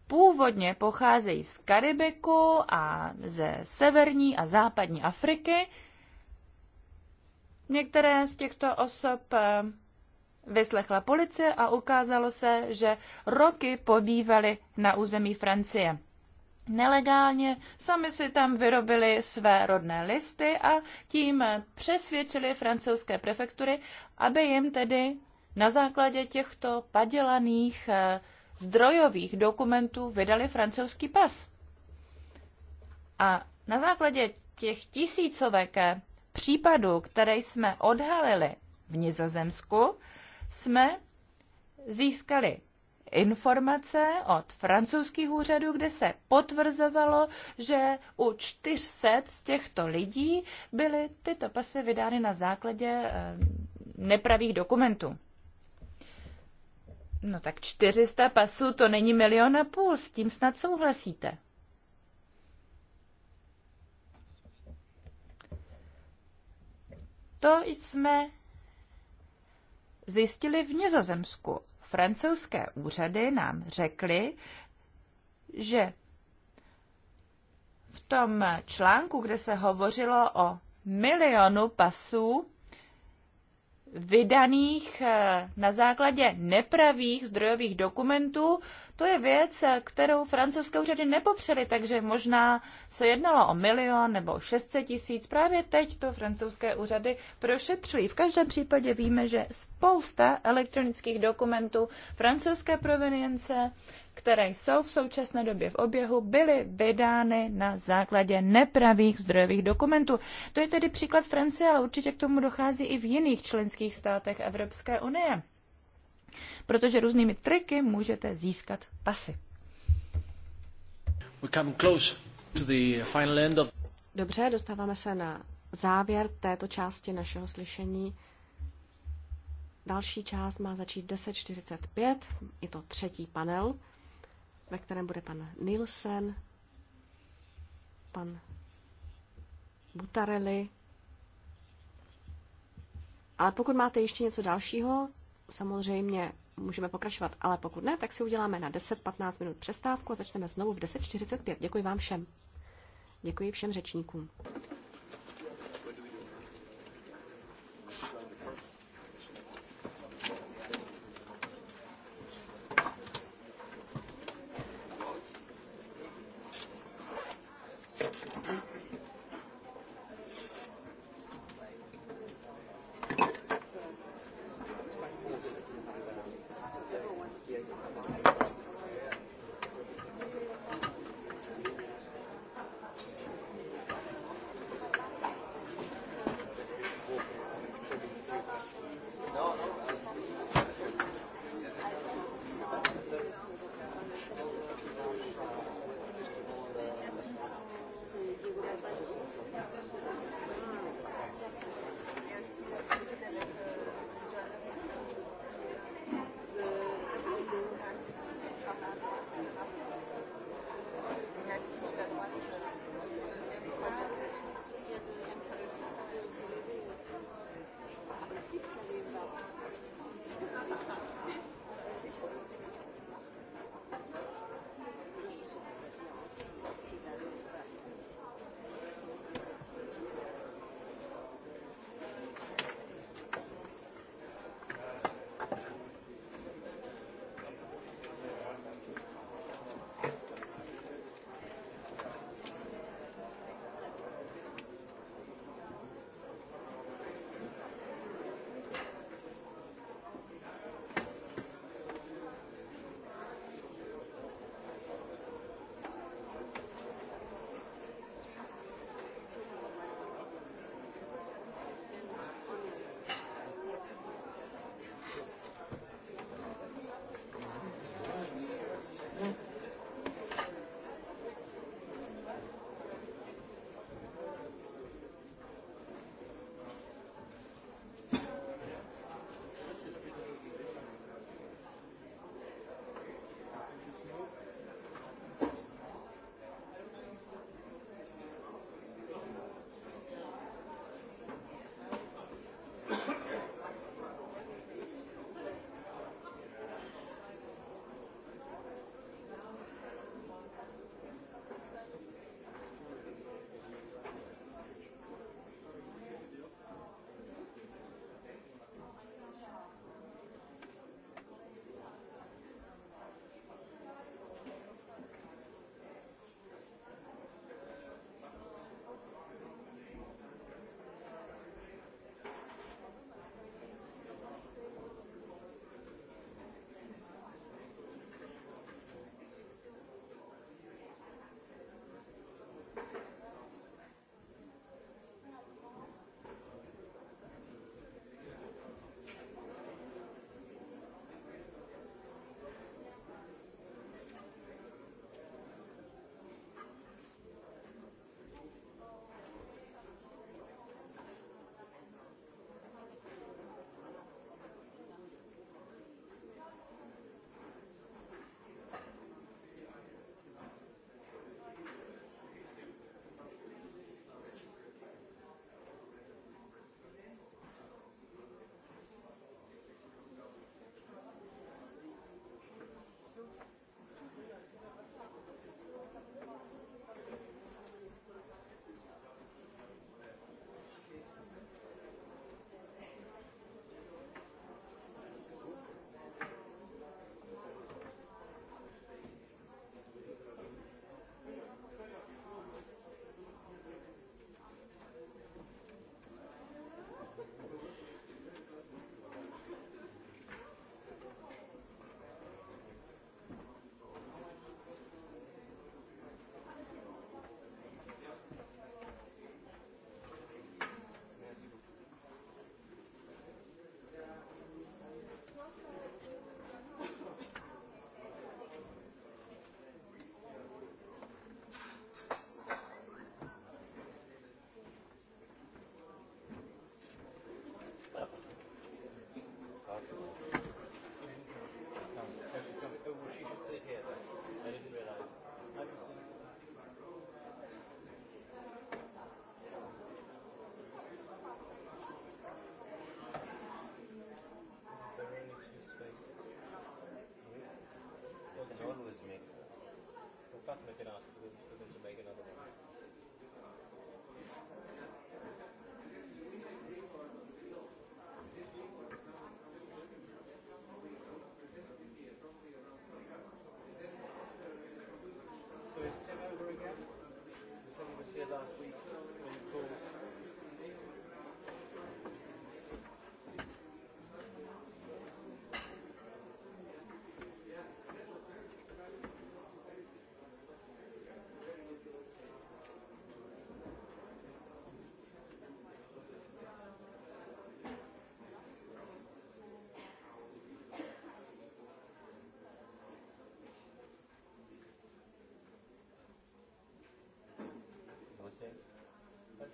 Speaker 3: původně pocházejí z Karibiku a ze severní a západní Afriky. Některé z těchto osob eh, vyslechla policie a ukázalo se, že roky pobývali na území Francie nelegálně, sami si tam vyrobili své rodné listy a tím přesvědčili francouzské prefektury, aby jim tedy na základě těchto padělaných eh, zdrojových dokumentů vydali francouzský pas. A na základě těch tisícovek eh, případů, které jsme odhalili v Nizozemsku, jsme získali informace od francouzských úřadů, kde se potvrzovalo, že u 400 z těchto lidí byly tyto pasy vydány na základě eh, nepravých dokumentů. No tak 400 pasů to není milion a půl, s tím snad souhlasíte. To jsme zjistili v Nizozemsku francouzské úřady nám řekly, že v tom článku, kde se hovořilo o milionu pasů, vydaných eh, na základě nepravých zdrojových dokumentů, to je věc, eh, kterou francouzské úřady nepopřely, takže možná se jednalo o milion nebo 600 tisíc. Právě teď to francouzské úřady prošetřují. V každém případě víme, že spousta elektronických dokumentů francouzské provenience které jsou v současné době v oběhu, byly vydány na základě nepravých zdrojových dokumentů. To je tedy příklad Francie, ale určitě k tomu dochází i v jiných členských státech Evropské unie. Protože různými triky můžete získat pasy. Dobře,
Speaker 2: dostáváme se na závěr této části našeho slyšení. Další část má začít 10.45, je to třetí panel ve kterém bude pan Nilsen, pan Butarelli. Ale pokud máte ještě něco dalšího, samozřejmě můžeme pokračovat, ale pokud ne, tak si uděláme na 10-15 minut přestávku a začneme znovu v 10.45. Děkuji vám všem. Děkuji všem řečníkům.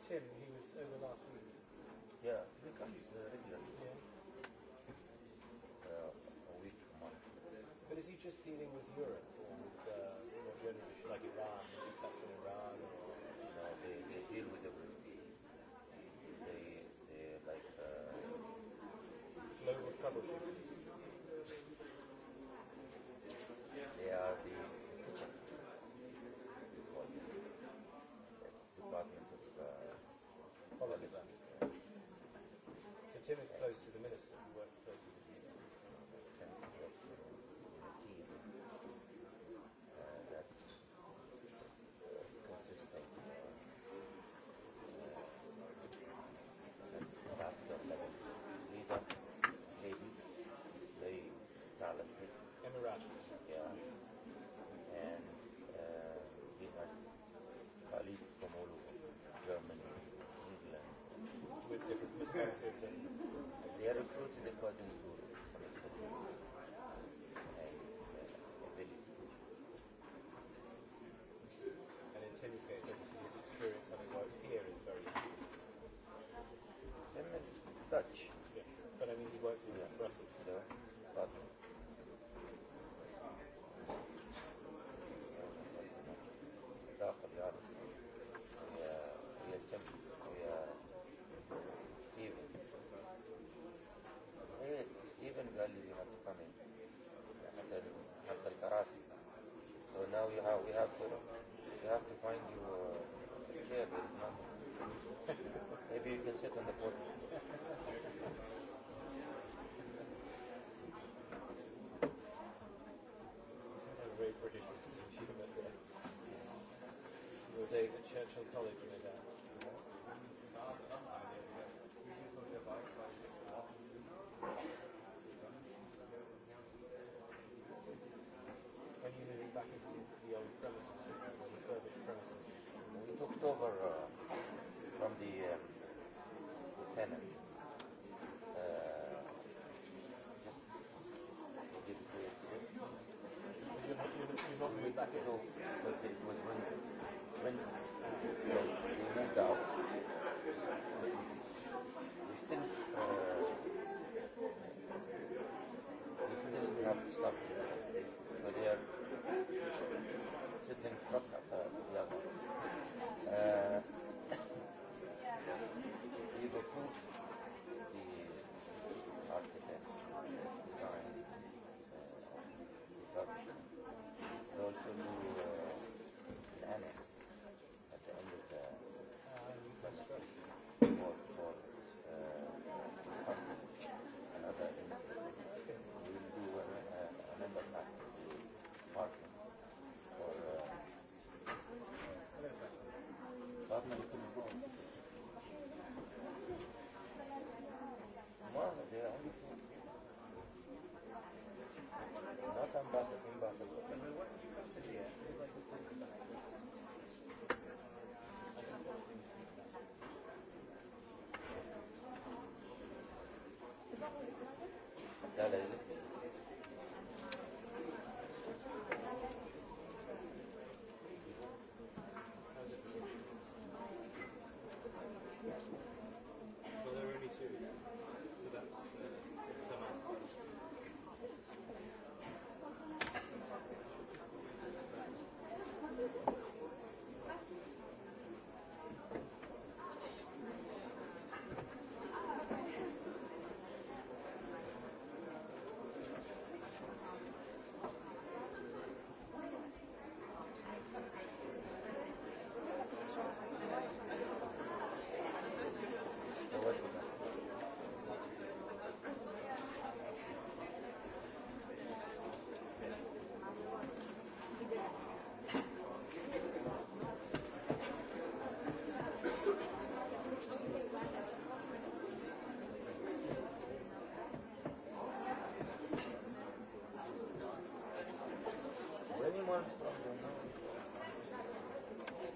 Speaker 1: Tim, he was over last week. Yeah, he comes uh, regularly. Yeah. Uh, a week, a month. But is he just dealing with Europe or with uh,
Speaker 2: you know, general issues like Iran? Is he touching Iran? Or? No, they, they deal with everything. They, they like uh, global troubleshooting. They are recruited according to
Speaker 1: days at Churchill College, no doubt. When are you moving back into
Speaker 2: the, the old premises, the refurbished premises? We took over uh,
Speaker 1: from the, um, the tenant. Uh, just you. You're not, you're not moving back at all.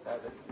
Speaker 1: avec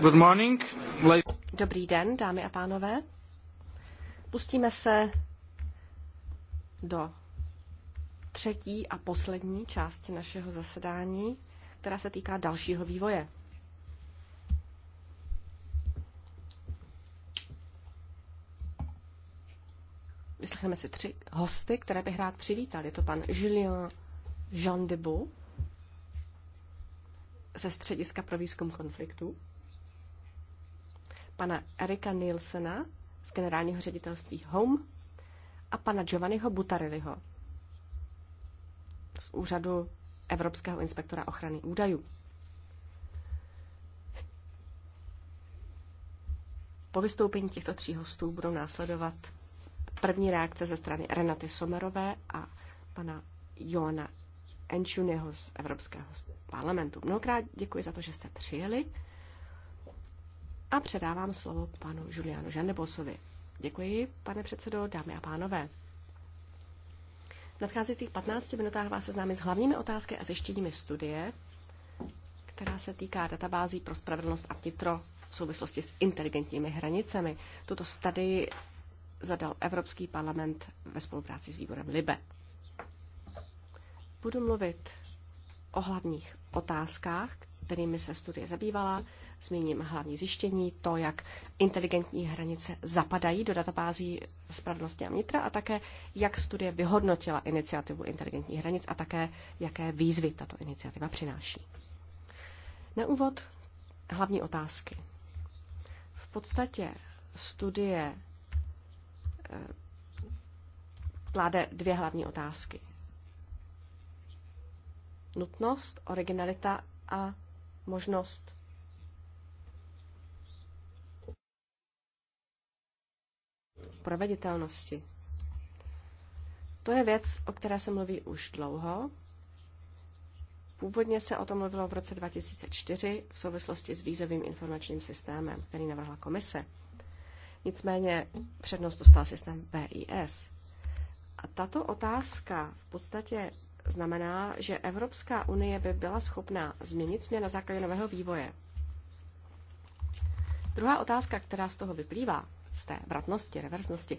Speaker 1: Good morning.
Speaker 2: Dobrý den, dámy a pánové. Pustíme se do třetí a poslední části našeho zasedání, která se týká dalšího vývoje. Vyslechneme si tři hosty, které bych rád přivítal. Je to pan Julien Jean Debou ze Střediska pro výzkum konfliktu pana Erika Nielsena z generálního ředitelství Home a pana Giovanniho Butariliho z úřadu Evropského inspektora ochrany údajů. Po vystoupení těchto tří hostů budou následovat první reakce ze strany Renaty Somerové a pana Joana Enčunyho z Evropského parlamentu. Mnohokrát děkuji za to, že jste přijeli. A předávám slovo panu Julianu Žandebosovi. Děkuji, pane předsedo, dámy a pánové. V nadcházejících 15 minutách vás seznámím s hlavními otázky a zjištěními studie, která se týká databází pro spravedlnost a vnitro v souvislosti s inteligentními hranicemi. Tuto studii zadal Evropský parlament ve spolupráci s výborem LIBE. Budu mluvit o hlavních otázkách, kterými se studie zabývala. Zmíním hlavní zjištění, to, jak inteligentní hranice zapadají do databází spravedlnosti a vnitra a také, jak studie vyhodnotila iniciativu inteligentních hranic a také, jaké výzvy tato iniciativa přináší. Na úvod hlavní otázky. V podstatě studie eh, kláde dvě hlavní otázky. Nutnost, originalita a možnost. Proveditelnosti. To je věc, o které se mluví už dlouho. Původně se o tom mluvilo v roce 2004 v souvislosti s vízovým informačním systémem, který navrhla komise. Nicméně přednost dostal systém BIS. A tato otázka v podstatě znamená, že Evropská unie by byla schopná změnit směr na základě nového vývoje. Druhá otázka, která z toho vyplývá, z té vratnosti, reverznosti,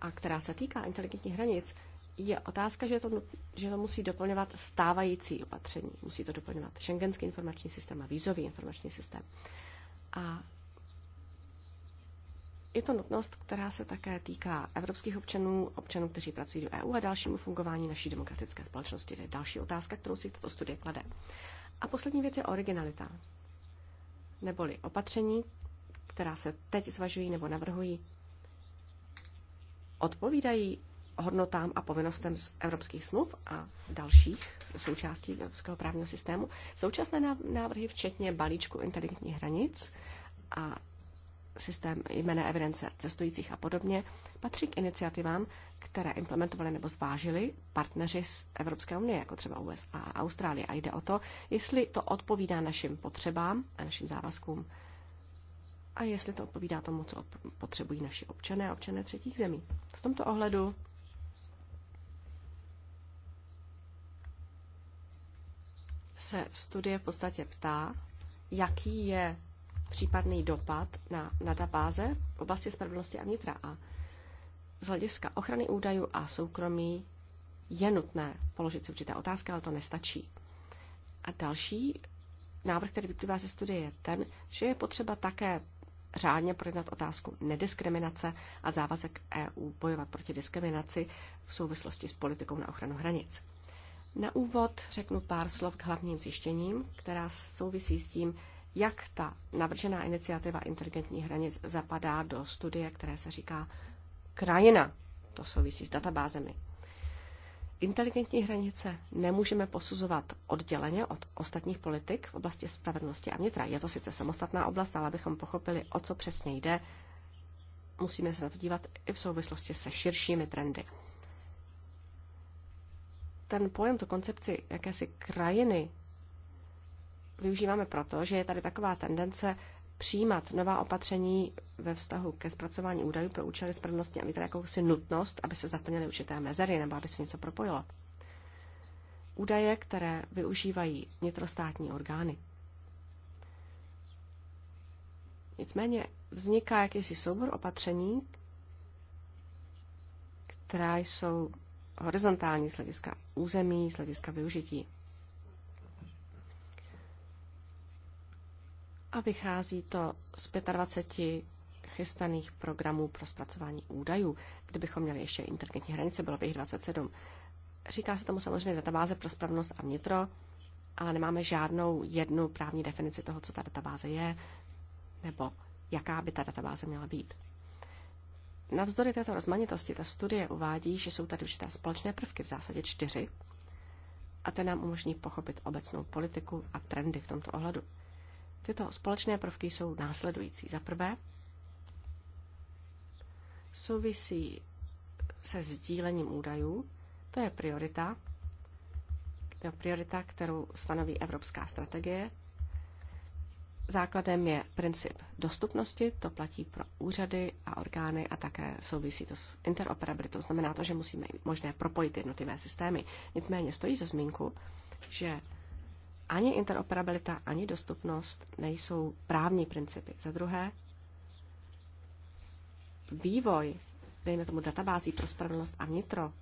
Speaker 2: a která se týká inteligentních hranic, je otázka, že to, že to musí doplňovat stávající opatření. Musí to doplňovat šengenský informační systém a vízový informační systém. A je to nutnost, která se také týká evropských občanů, občanů, kteří pracují do EU a dalšímu fungování naší demokratické společnosti. To je další otázka, kterou si tato studie klade. A poslední věc je originalita. Neboli opatření, která se teď zvažují nebo navrhují, odpovídají hodnotám a povinnostem z evropských smluv a dalších součástí evropského právního systému. Současné návrhy, včetně balíčku inteligentních hranic a systém jmené evidence cestujících a podobně, patří k iniciativám, které implementovali nebo zvážili partneři z Evropské unie, jako třeba USA a Austrálie. A jde o to, jestli to odpovídá našim potřebám a našim závazkům a jestli to odpovídá tomu, co potřebují naši občané a občané třetích zemí. V tomto ohledu se studie v podstatě ptá, jaký je případný dopad na databáze v oblasti spravedlnosti a vnitra. A z hlediska ochrany údajů a soukromí je nutné položit si určité otázky, ale to nestačí. A další návrh, který vyplývá ze studie, je ten, že je potřeba také řádně projednat otázku nediskriminace a závazek EU bojovat proti diskriminaci v souvislosti s politikou na ochranu hranic. Na úvod řeknu pár slov k hlavním zjištěním, která souvisí s tím, jak ta navržená iniciativa inteligentních hranic zapadá do studie, které se říká krajina. To souvisí s databázemi. Inteligentní hranice nemůžeme posuzovat odděleně od ostatních politik v oblasti spravedlnosti a vnitra. Je to sice samostatná oblast, ale abychom pochopili, o co přesně jde, musíme se na to dívat i v souvislosti se širšími trendy. Ten pojem, tu koncepci jakési krajiny využíváme proto, že je tady taková tendence přijímat nová opatření ve vztahu ke zpracování údajů pro účely spravedlnosti a víte jakousi nutnost, aby se zaplnily určité mezery nebo aby se něco propojilo. Údaje, které využívají vnitrostátní orgány. Nicméně vzniká jakýsi soubor opatření, která jsou horizontální z hlediska území, z hlediska využití. a vychází to z 25 chystaných programů pro zpracování údajů. Kdybychom měli ještě internetní hranice, bylo by jich 27. Říká se tomu samozřejmě databáze pro spravnost a vnitro, ale nemáme žádnou jednu právní definici toho, co ta databáze je, nebo jaká by ta databáze měla být. Navzdory této rozmanitosti ta studie uvádí, že jsou tady určité společné prvky, v zásadě čtyři, a ten nám umožní pochopit obecnou politiku a trendy v tomto ohledu. Tyto společné prvky jsou následující. Za prvé, souvisí se sdílením údajů. To je priorita. To je priorita, kterou stanoví Evropská strategie. Základem je princip dostupnosti, to platí pro úřady a orgány a také souvisí to s interoperabilitou. Znamená to, že musíme možné propojit jednotlivé systémy. Nicméně stojí za zmínku, že ani interoperabilita, ani dostupnost nejsou právní principy. Za druhé, vývoj, dejme tomu databází pro spravedlnost a vnitro,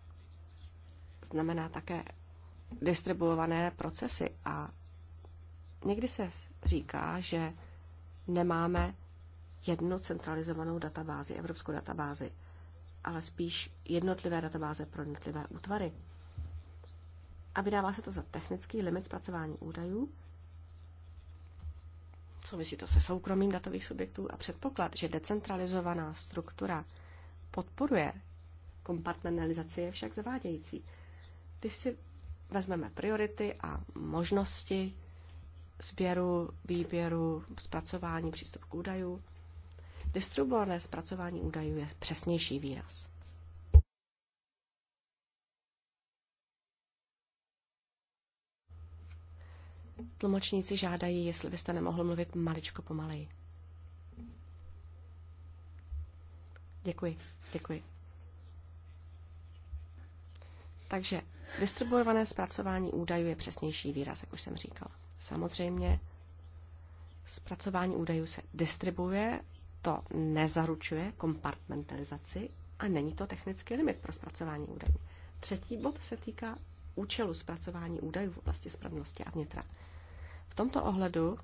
Speaker 2: znamená také distribuované procesy. A někdy se říká, že nemáme jednu centralizovanou databázi, evropskou databázi, ale spíš jednotlivé databáze pro jednotlivé útvary a vydává se to za technický limit zpracování údajů. Souvisí to se soukromím datových subjektů a předpoklad, že decentralizovaná struktura podporuje kompartmentalizaci, je však zavádějící. Když si vezmeme priority a možnosti sběru, výběru, zpracování, přístup k údajů, distribuované zpracování údajů je přesnější výraz. Tlumočníci žádají, jestli byste nemohl mluvit maličko pomaleji. Děkuji, děkuji. Takže distribuované zpracování údajů je přesnější výraz, jak už jsem říkal. Samozřejmě zpracování údajů se distribuje, to nezaručuje kompartmentalizaci a není to technický limit pro zpracování údajů. Třetí bod se týká účelu zpracování údajů v oblasti spravedlnosti a vnitra. V tomto ohledu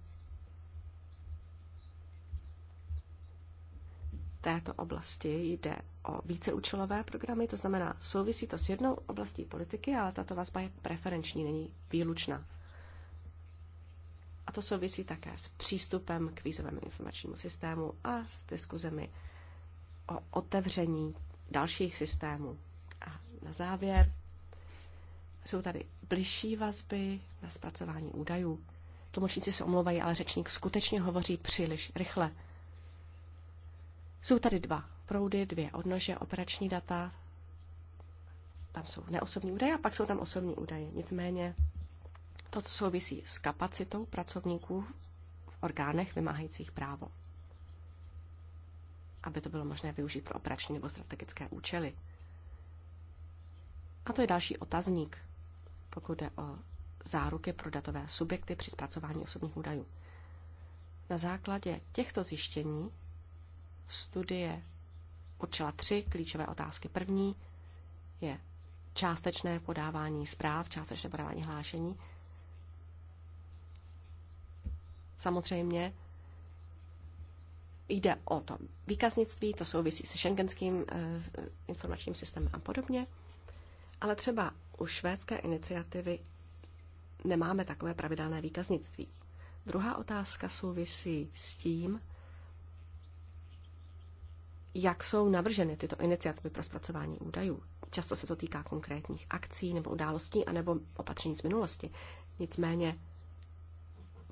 Speaker 2: této oblasti jde o víceúčelové programy, to znamená, souvisí to s jednou oblastí politiky, ale tato vazba je preferenční, není výlučná. A to souvisí také s přístupem k vízovému informačnímu systému a s diskuzemi o otevření dalších systémů. A na závěr jsou tady bližší vazby na zpracování údajů. Tlumočníci se omlouvají, ale řečník skutečně hovoří příliš rychle. Jsou tady dva proudy, dvě odnože, operační data, tam jsou neosobní údaje a pak jsou tam osobní údaje. Nicméně to, co souvisí s kapacitou pracovníků v orgánech vymáhajících právo, aby to bylo možné využít pro operační nebo strategické účely. A to je další otazník, pokud jde o záruky pro datové subjekty při zpracování osobních údajů. Na základě těchto zjištění studie určila tři klíčové otázky. První je částečné podávání zpráv, částečné podávání hlášení. Samozřejmě jde o to výkaznictví, to souvisí se šengenským eh, informačním systémem a podobně. Ale třeba u švédské iniciativy nemáme takové pravidelné výkaznictví. Druhá otázka souvisí s tím, jak jsou navrženy tyto iniciativy pro zpracování údajů. Často se to týká konkrétních akcí nebo událostí, anebo opatření z minulosti. Nicméně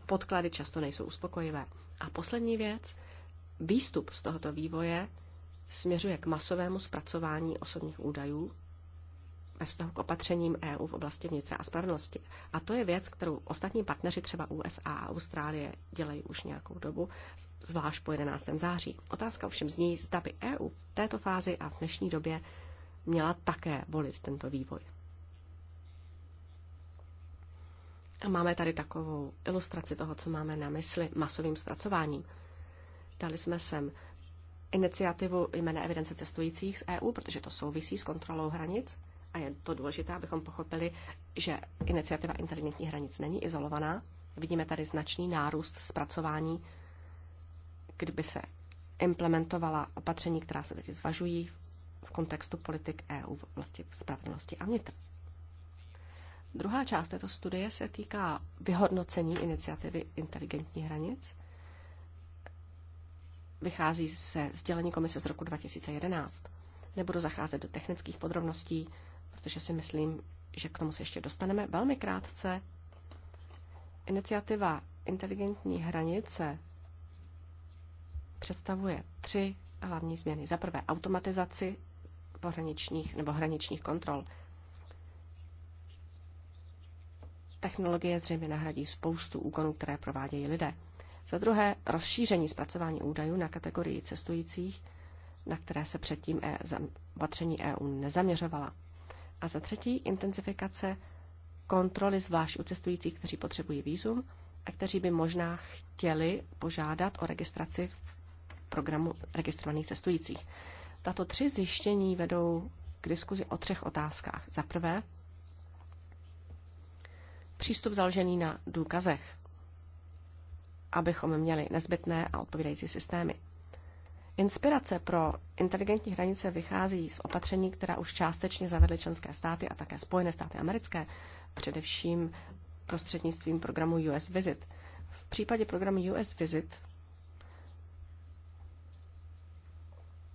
Speaker 2: podklady často nejsou uspokojivé. A poslední věc, výstup z tohoto vývoje směřuje k masovému zpracování osobních údajů ve vztahu k opatřením EU v oblasti vnitra a spravedlnosti. A to je věc, kterou ostatní partneři, třeba USA a Austrálie, dělají už nějakou dobu, zvlášť po 11. září. Otázka ovšem zní, zda by EU v této fázi a v dnešní době měla také volit tento vývoj. A máme tady takovou ilustraci toho, co máme na mysli masovým zpracováním. Dali jsme sem iniciativu jména evidence cestujících z EU, protože to souvisí s kontrolou hranic a je to důležité, abychom pochopili, že iniciativa inteligentních hranic není izolovaná. Vidíme tady značný nárůst zpracování, kdyby se implementovala opatření, která se teď zvažují v kontextu politik EU v oblasti spravedlnosti a vnitř. Druhá část této studie se týká vyhodnocení iniciativy inteligentních hranic. Vychází se sdělení komise z roku 2011. Nebudu zacházet do technických podrobností, protože si myslím, že k tomu se ještě dostaneme velmi krátce. Iniciativa inteligentní hranice představuje tři hlavní změny. Za prvé automatizaci pohraničních nebo hraničních kontrol. Technologie zřejmě nahradí spoustu úkonů, které provádějí lidé. Za druhé rozšíření zpracování údajů na kategorii cestujících, na které se předtím e- opatření EU nezaměřovala. A za třetí, intenzifikace kontroly zvlášť u cestujících, kteří potřebují výzum a kteří by možná chtěli požádat o registraci v programu registrovaných cestujících. Tato tři zjištění vedou k diskuzi o třech otázkách. Za prvé, přístup založený na důkazech, abychom měli nezbytné a odpovídající systémy. Inspirace pro inteligentní hranice vychází z opatření, která už částečně zavedly členské státy a také Spojené státy americké, především prostřednictvím programu US Visit. V případě programu US Visit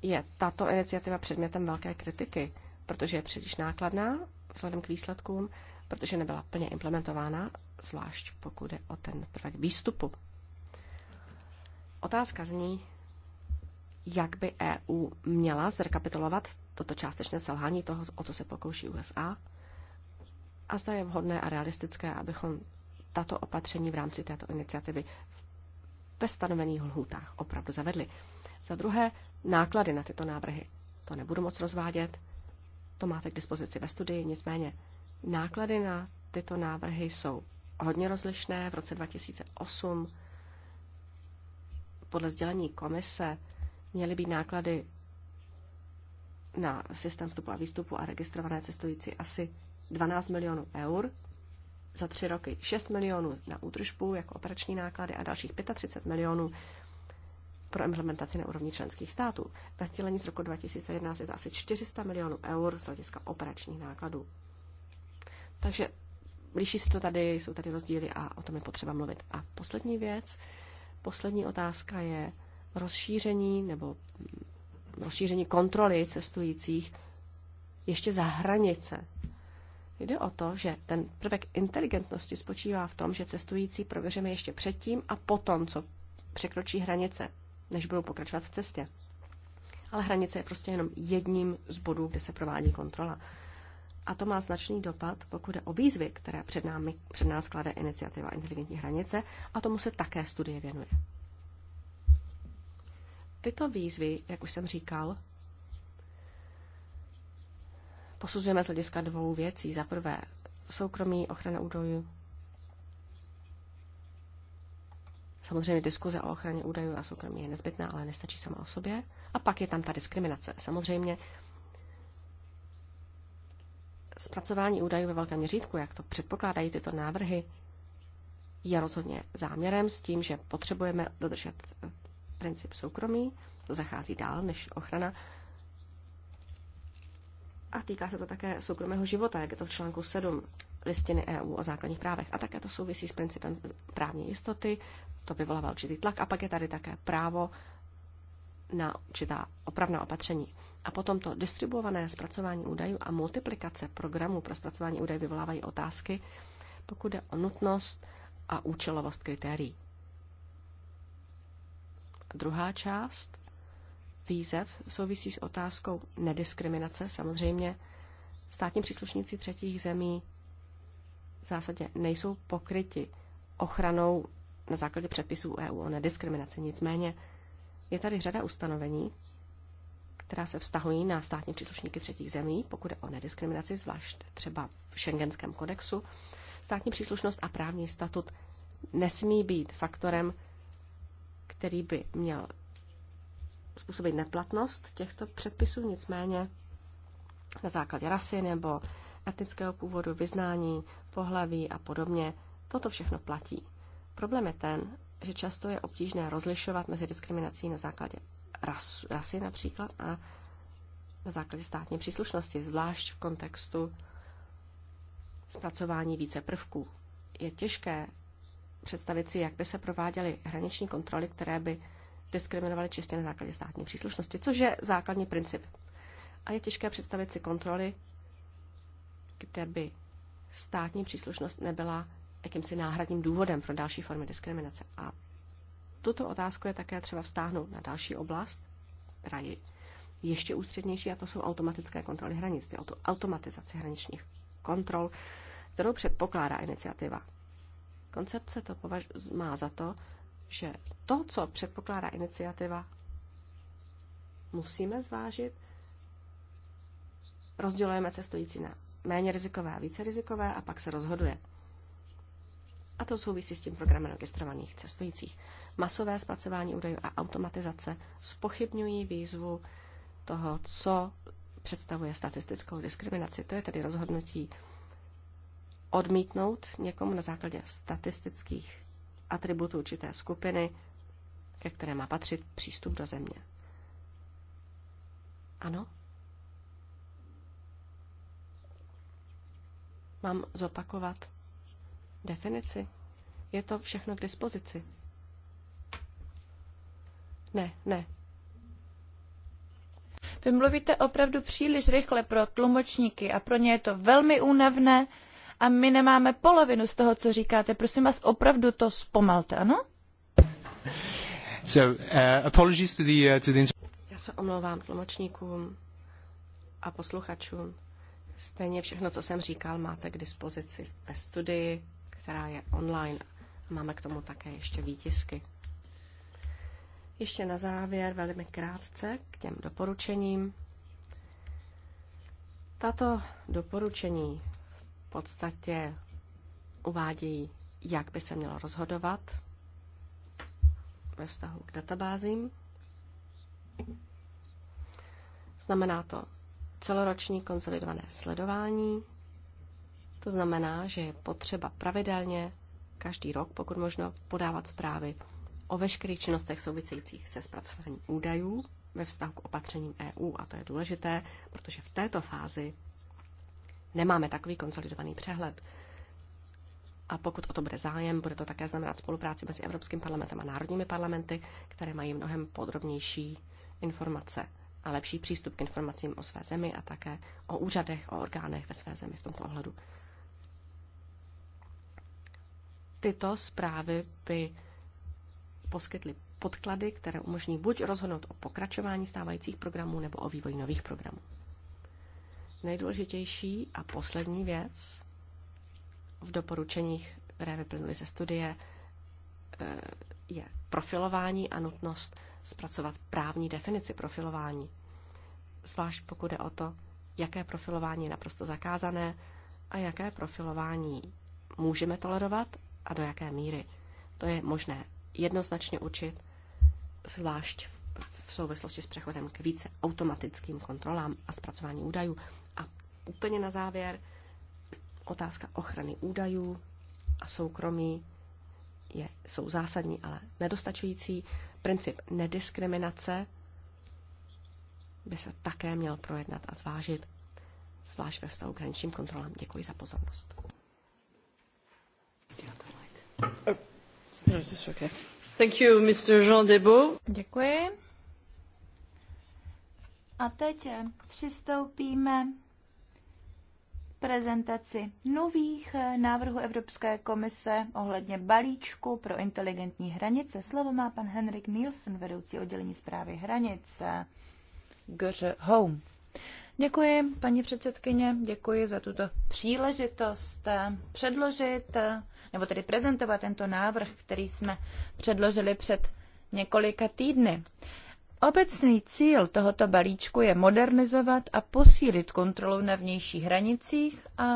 Speaker 2: je tato iniciativa předmětem velké kritiky, protože je příliš nákladná vzhledem k výsledkům, protože nebyla plně implementována, zvlášť pokud je o ten prvek výstupu. Otázka zní, jak by EU měla zrekapitulovat toto částečné selhání toho, o co se pokouší USA, a zda je vhodné a realistické, abychom tato opatření v rámci této iniciativy ve stanovených lhůtách opravdu zavedli. Za druhé, náklady na tyto návrhy. To nebudu moc rozvádět, to máte k dispozici ve studii, nicméně náklady na tyto návrhy jsou hodně rozlišné. V roce 2008 podle sdělení komise měly být náklady na systém vstupu a výstupu a registrované cestující asi 12 milionů eur, za tři roky 6 milionů na údržbu jako operační náklady a dalších 35 milionů pro implementaci na úrovni členských států. Ve sdělení z roku 2011 je to asi 400 milionů eur z hlediska operačních nákladů. Takže blíží se to tady, jsou tady rozdíly a o tom je potřeba mluvit. A poslední věc, poslední otázka je, rozšíření nebo rozšíření kontroly cestujících ještě za hranice. Jde o to, že ten prvek inteligentnosti spočívá v tom, že cestující prověříme ještě předtím a potom, co překročí hranice, než budou pokračovat v cestě. Ale hranice je prostě jenom jedním z bodů, kde se provádí kontrola. A to má značný dopad, pokud je o výzvy, které před, námi, před nás klade iniciativa Inteligentní hranice, a tomu se také studie věnuje. Tyto výzvy, jak už jsem říkal, posuzujeme z hlediska dvou věcí. Za prvé, soukromí ochrana údajů. Samozřejmě diskuze o ochraně údajů a soukromí je nezbytná, ale nestačí sama o sobě. A pak je tam ta diskriminace. Samozřejmě zpracování údajů ve velkém měřítku, jak to předpokládají tyto návrhy, je rozhodně záměrem s tím, že potřebujeme dodržet princip soukromí, to zachází dál než ochrana. A týká se to také soukromého života, jak je to v článku 7 listiny EU o základních právech. A také to souvisí s principem právní jistoty, to vyvolává určitý tlak. A pak je tady také právo na určitá opravná opatření. A potom to distribuované zpracování údajů a multiplikace programů pro zpracování údajů vyvolávají otázky, pokud je o nutnost a účelovost kritérií. A druhá část výzev souvisí s otázkou nediskriminace. Samozřejmě státní příslušníci třetích zemí v zásadě nejsou pokryti ochranou na základě předpisů EU o nediskriminaci. Nicméně je tady řada ustanovení, která se vztahují na státní příslušníky třetích zemí, pokud je o nediskriminaci, zvlášť třeba v šengenském kodexu. Státní příslušnost a právní statut nesmí být faktorem, který by měl způsobit neplatnost těchto předpisů, nicméně na základě rasy nebo etnického původu, vyznání, pohlaví a podobně, toto všechno platí. Problém je ten, že často je obtížné rozlišovat mezi diskriminací na základě ras, rasy například a na základě státní příslušnosti, zvlášť v kontextu zpracování více prvků. Je těžké představit si, jak by se prováděly hraniční kontroly, které by diskriminovaly čistě na základě státní příslušnosti, což je základní princip. A je těžké představit si kontroly, kde by státní příslušnost nebyla jakýmsi náhradním důvodem pro další formy diskriminace. A tuto otázku je také třeba vztáhnout na další oblast, která je ještě ústřednější, a to jsou automatické kontroly hranic, ty automatizace hraničních kontrol, kterou předpokládá iniciativa Koncepce to považ- má za to, že to, co předpokládá iniciativa, musíme zvážit. Rozdělujeme cestující na méně rizikové a více rizikové a pak se rozhoduje. A to souvisí s tím programem registrovaných cestujících. Masové zpracování údajů a automatizace spochybňují výzvu toho, co představuje statistickou diskriminaci. To je tedy rozhodnutí odmítnout někomu na základě statistických atributů určité skupiny, ke které má patřit přístup do země. Ano? Mám zopakovat definici? Je to všechno k
Speaker 3: dispozici? Ne, ne. Vy mluvíte opravdu příliš rychle pro tlumočníky a pro ně je to velmi únavné a my nemáme polovinu z toho, co říkáte. Prosím vás, opravdu to zpomalte, ano?
Speaker 2: So, uh, apologies to the, uh, to the... Já se omlouvám tlumočníkům a posluchačům. Stejně všechno, co jsem říkal, máte k dispozici ve studii, která je online. Máme k tomu také ještě výtisky. Ještě na závěr velmi krátce k těm doporučením. Tato doporučení podstatě uvádějí, jak by se mělo rozhodovat ve vztahu k databázím. Znamená to celoroční konsolidované sledování. To znamená, že je potřeba pravidelně každý rok, pokud možno, podávat zprávy o veškerých činnostech souvisejících se zpracováním údajů ve vztahu k opatřením EU. A to je důležité, protože v této fázi Nemáme takový konsolidovaný přehled. A pokud o to bude zájem, bude to také znamenat spolupráci mezi Evropským parlamentem a národními parlamenty, které mají mnohem podrobnější informace a lepší přístup k informacím o své zemi a také o úřadech, o orgánech ve své zemi v tomto ohledu. Tyto zprávy by poskytly podklady, které umožní buď rozhodnout o pokračování stávajících programů nebo o vývoji nových programů. Nejdůležitější a poslední věc v doporučeních, které vyplynuly ze studie, eh, je profilování a nutnost zpracovat právní definici profilování. Zvlášť pokud je o to, jaké profilování je naprosto zakázané a jaké profilování můžeme tolerovat a do jaké míry. To je možné jednoznačně učit, zvlášť v souvislosti s přechodem k více automatickým kontrolám a zpracování údajů úplně na závěr otázka ochrany údajů a soukromí je, jsou zásadní, ale nedostačující. Princip nediskriminace by se také měl projednat a zvážit, zvlášť ve vztahu k hraničním kontrolám. Děkuji za pozornost. Thank you, Mr. Jean
Speaker 3: Děkuji. A teď přistoupíme prezentaci nových eh, návrhů Evropské komise ohledně balíčku pro inteligentní hranice. Slovo má pan Henrik Nielsen, vedoucí oddělení zprávy hranic. GŘ Home. Děkuji, paní předsedkyně, děkuji za tuto příležitost eh, předložit, eh, nebo tedy prezentovat tento návrh, který jsme předložili před několika týdny. Obecný cíl tohoto balíčku je modernizovat a posílit kontrolu na vnějších hranicích a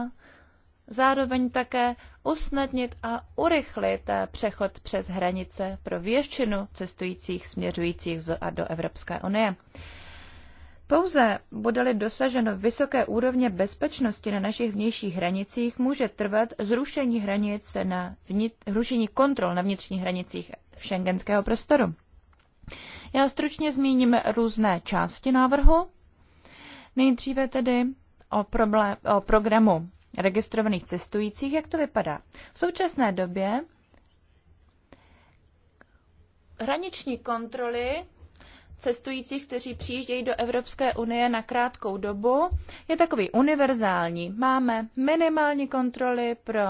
Speaker 3: zároveň také usnadnit a urychlit přechod přes hranice pro většinu cestujících směřujících z a do Evropské unie. Pouze bude-li dosaženo vysoké úrovně bezpečnosti na našich vnějších hranicích, může trvat zrušení hranic na vnit, zrušení kontrol na vnitřních hranicích v šengenského prostoru. Já stručně zmíním různé části návrhu. Nejdříve tedy o, problém, o programu registrovaných cestujících, jak to vypadá. V současné době hraniční kontroly cestujících, kteří přijíždějí do Evropské unie na krátkou dobu, je takový univerzální. Máme minimální kontroly pro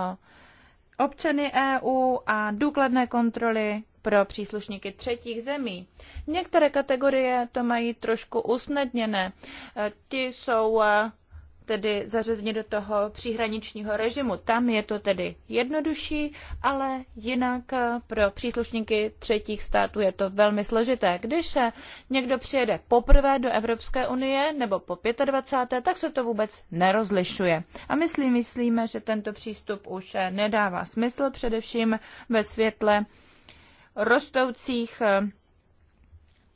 Speaker 3: občany EU a důkladné kontroly pro příslušníky třetích zemí. Některé kategorie to mají trošku usnadněné. E, ti jsou e, tedy zařazeni do toho příhraničního režimu. Tam je to tedy jednodušší, ale jinak e, pro příslušníky třetích států je to velmi složité. Když se někdo přijede poprvé do Evropské unie nebo po 25., tak se to vůbec nerozlišuje. A myslí, myslíme, že tento přístup už nedává smysl, především ve světle rostoucích eh,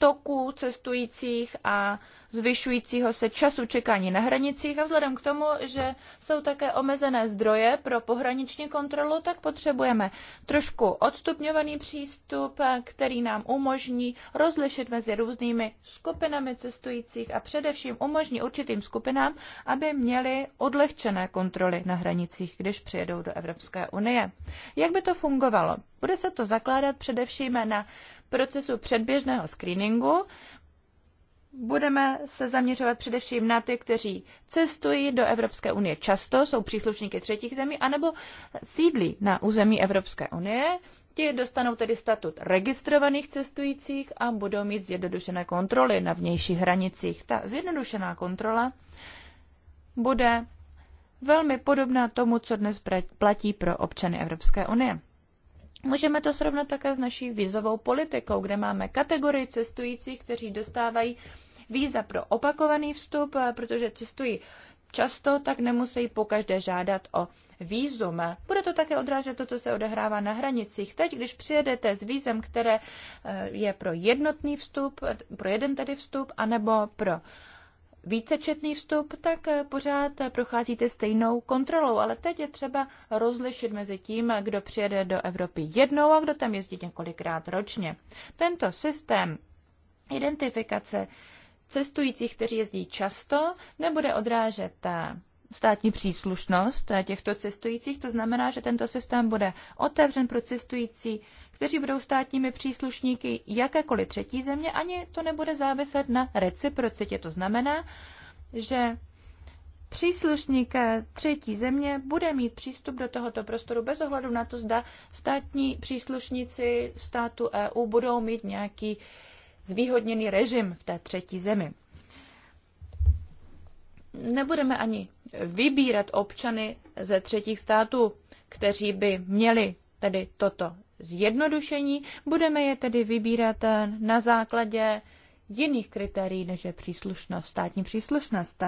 Speaker 3: toků cestujících a zvyšujícího se času čekání na hranicích a vzhledem k tomu, že jsou také omezené zdroje pro pohraniční kontrolu, tak potřebujeme trošku odstupňovaný přístup, který nám umožní rozlišit mezi různými skupinami cestujících a především umožní určitým skupinám, aby měli odlehčené kontroly na hranicích, když přijedou do Evropské unie. Jak by to fungovalo? Bude se to zakládat především na procesu předběžného screeningu budeme se zaměřovat především na ty, kteří cestují do Evropské unie často, jsou příslušníky třetích zemí, anebo sídlí na území Evropské unie. Ti dostanou tedy statut registrovaných cestujících a budou mít zjednodušené kontroly na vnějších hranicích. Ta zjednodušená kontrola bude velmi podobná tomu, co dnes platí pro občany Evropské unie. Můžeme to srovnat také s naší vízovou politikou, kde máme kategorii cestujících, kteří dostávají víza pro opakovaný vstup, eh, protože cestují často, tak nemusí pokaždé žádat o vízum. Bude to také odrážet to, co se odehrává na hranicích. Teď, když přijedete s vízem, které eh, je pro jednotný vstup, pro jeden tedy vstup, anebo pro vícečetný vstup, tak eh, pořád eh, procházíte stejnou kontrolou, ale teď je třeba rozlišit mezi tím, eh, kdo přijede do Evropy jednou a kdo tam jezdí několikrát ročně. Tento systém identifikace cestujících, kteří jezdí často, nebude odrážet státní příslušnost eh, těchto cestujících. To znamená, že tento systém bude otevřen pro cestující, kteří budou státními příslušníky jakékoliv třetí země, ani to nebude záviset na reciprocitě. To znamená, že příslušník třetí země bude mít přístup do tohoto prostoru bez ohledu na to, zda státní příslušníci státu EU budou mít nějaký zvýhodněný režim v té třetí zemi nebudeme ani vybírat občany ze třetích států, kteří by měli tedy toto zjednodušení, budeme je tedy vybírat eh, na základě jiných kritérií, než je příslušnost, státní příslušnost.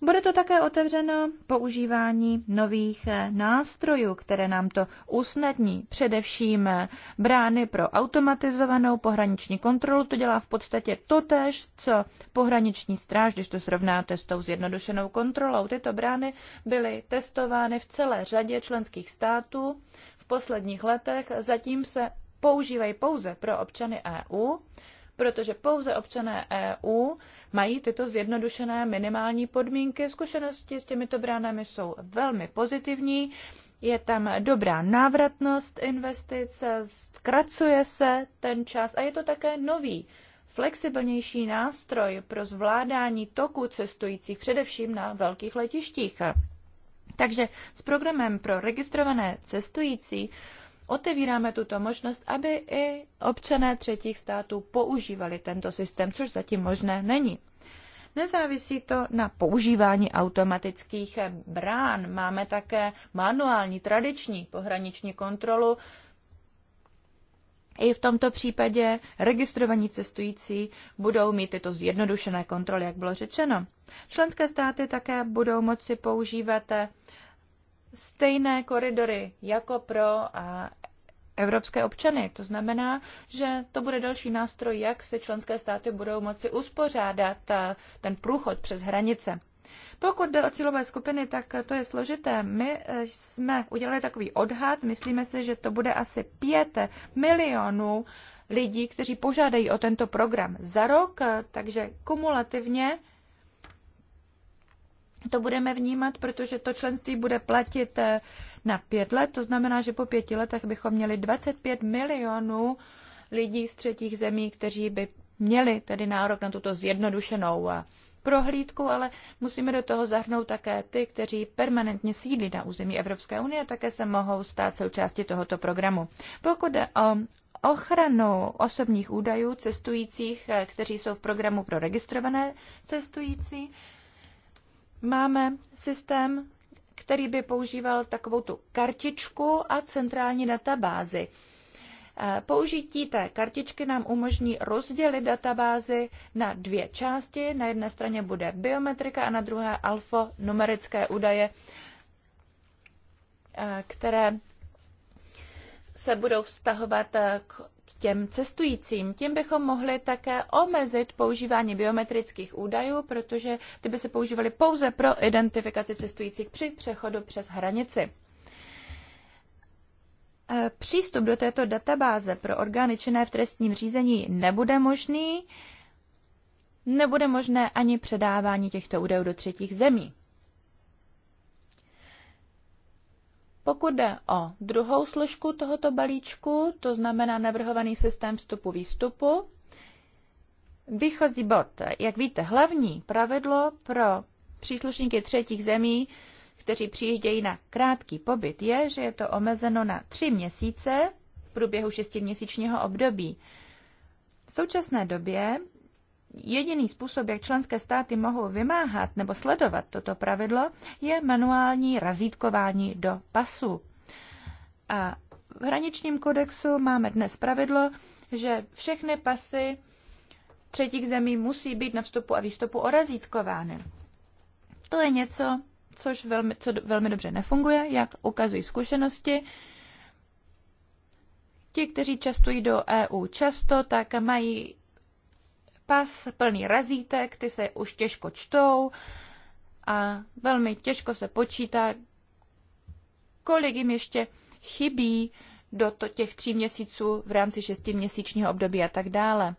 Speaker 3: Bude to také otevřeno používání nových eh, nástrojů, které nám to usnadní. Především eh, brány pro automatizovanou pohraniční kontrolu. To dělá v podstatě totéž, co pohraniční stráž, když to srovnáte s tou zjednodušenou kontrolou. Tyto brány byly testovány v celé řadě členských států v posledních letech. Zatím se používají pouze pro občany EU, protože pouze občané EU mají tyto zjednodušené minimální podmínky. Zkušenosti s těmito bránami jsou velmi pozitivní. Je tam dobrá návratnost investic, zkracuje se ten čas a je to také nový flexibilnější nástroj pro zvládání toku cestujících především na velkých letištích. Takže s programem pro registrované cestující otevíráme tuto možnost, aby i občané třetích států používali tento systém, což zatím možné není. Nezávisí to na používání automatických brán. Máme také manuální, tradiční pohraniční kontrolu. I v tomto případě registrovaní cestující budou mít tyto zjednodušené kontroly, jak bylo řečeno. Členské státy také budou moci používat stejné koridory jako pro evropské občany. To znamená, že to bude další nástroj, jak se členské státy budou moci uspořádat eh, ten průchod přes hranice. Pokud jde o cílové skupiny, tak eh, to je složité. My eh, jsme udělali takový odhad, myslíme si, že to bude asi 5 milionů lidí, kteří požádají o tento program za rok, takže kumulativně to budeme vnímat, protože to členství bude platit eh, na pět let, to znamená, že po pěti letech bychom měli 25 milionů lidí z třetích zemí, kteří by měli tedy nárok na tuto zjednodušenou eh, prohlídku, ale musíme do toho zahrnout také ty, kteří permanentně sídlí na území Evropské unie a také se mohou stát součástí tohoto programu. Pokud jde o ochranu osobních údajů cestujících, eh, kteří jsou v programu pro registrované cestující, máme systém, který by používal takovou tu kartičku a centrální databázi. Eh, použití té kartičky nám umožní rozdělit databázi na dvě části. Na jedné straně bude biometrika a na druhé alfonumerické údaje, eh, které se budou vztahovat eh, k těm cestujícím. Tím bychom mohli také omezit používání biometrických údajů, protože ty by se používaly pouze pro identifikaci cestujících při přechodu přes hranici. E, přístup do této databáze pro orgány činné v trestním řízení nebude možný, nebude možné ani předávání těchto údajů do třetích zemí. Pokud jde o druhou složku tohoto balíčku, to znamená navrhovaný systém vstupu-výstupu, výchozí bod, jak víte, hlavní pravidlo pro příslušníky třetích zemí, kteří přijíždějí na krátký pobyt, je, že je to omezeno na tři měsíce v průběhu šestiměsíčního období. V současné době jediný způsob, jak členské státy mohou vymáhat nebo sledovat toto pravidlo, je manuální razítkování do pasu. A v hraničním kodexu máme dnes pravidlo, že všechny pasy třetích zemí musí být na vstupu a výstupu orazítkovány. To je něco, což velmi, co velmi dobře nefunguje, jak ukazují zkušenosti. Ti, kteří častují do EU často, tak mají pas plný razítek, ty se už těžko čtou a velmi těžko se počítá, kolik jim ještě chybí do těch tří měsíců v rámci šestiměsíčního období a tak dále.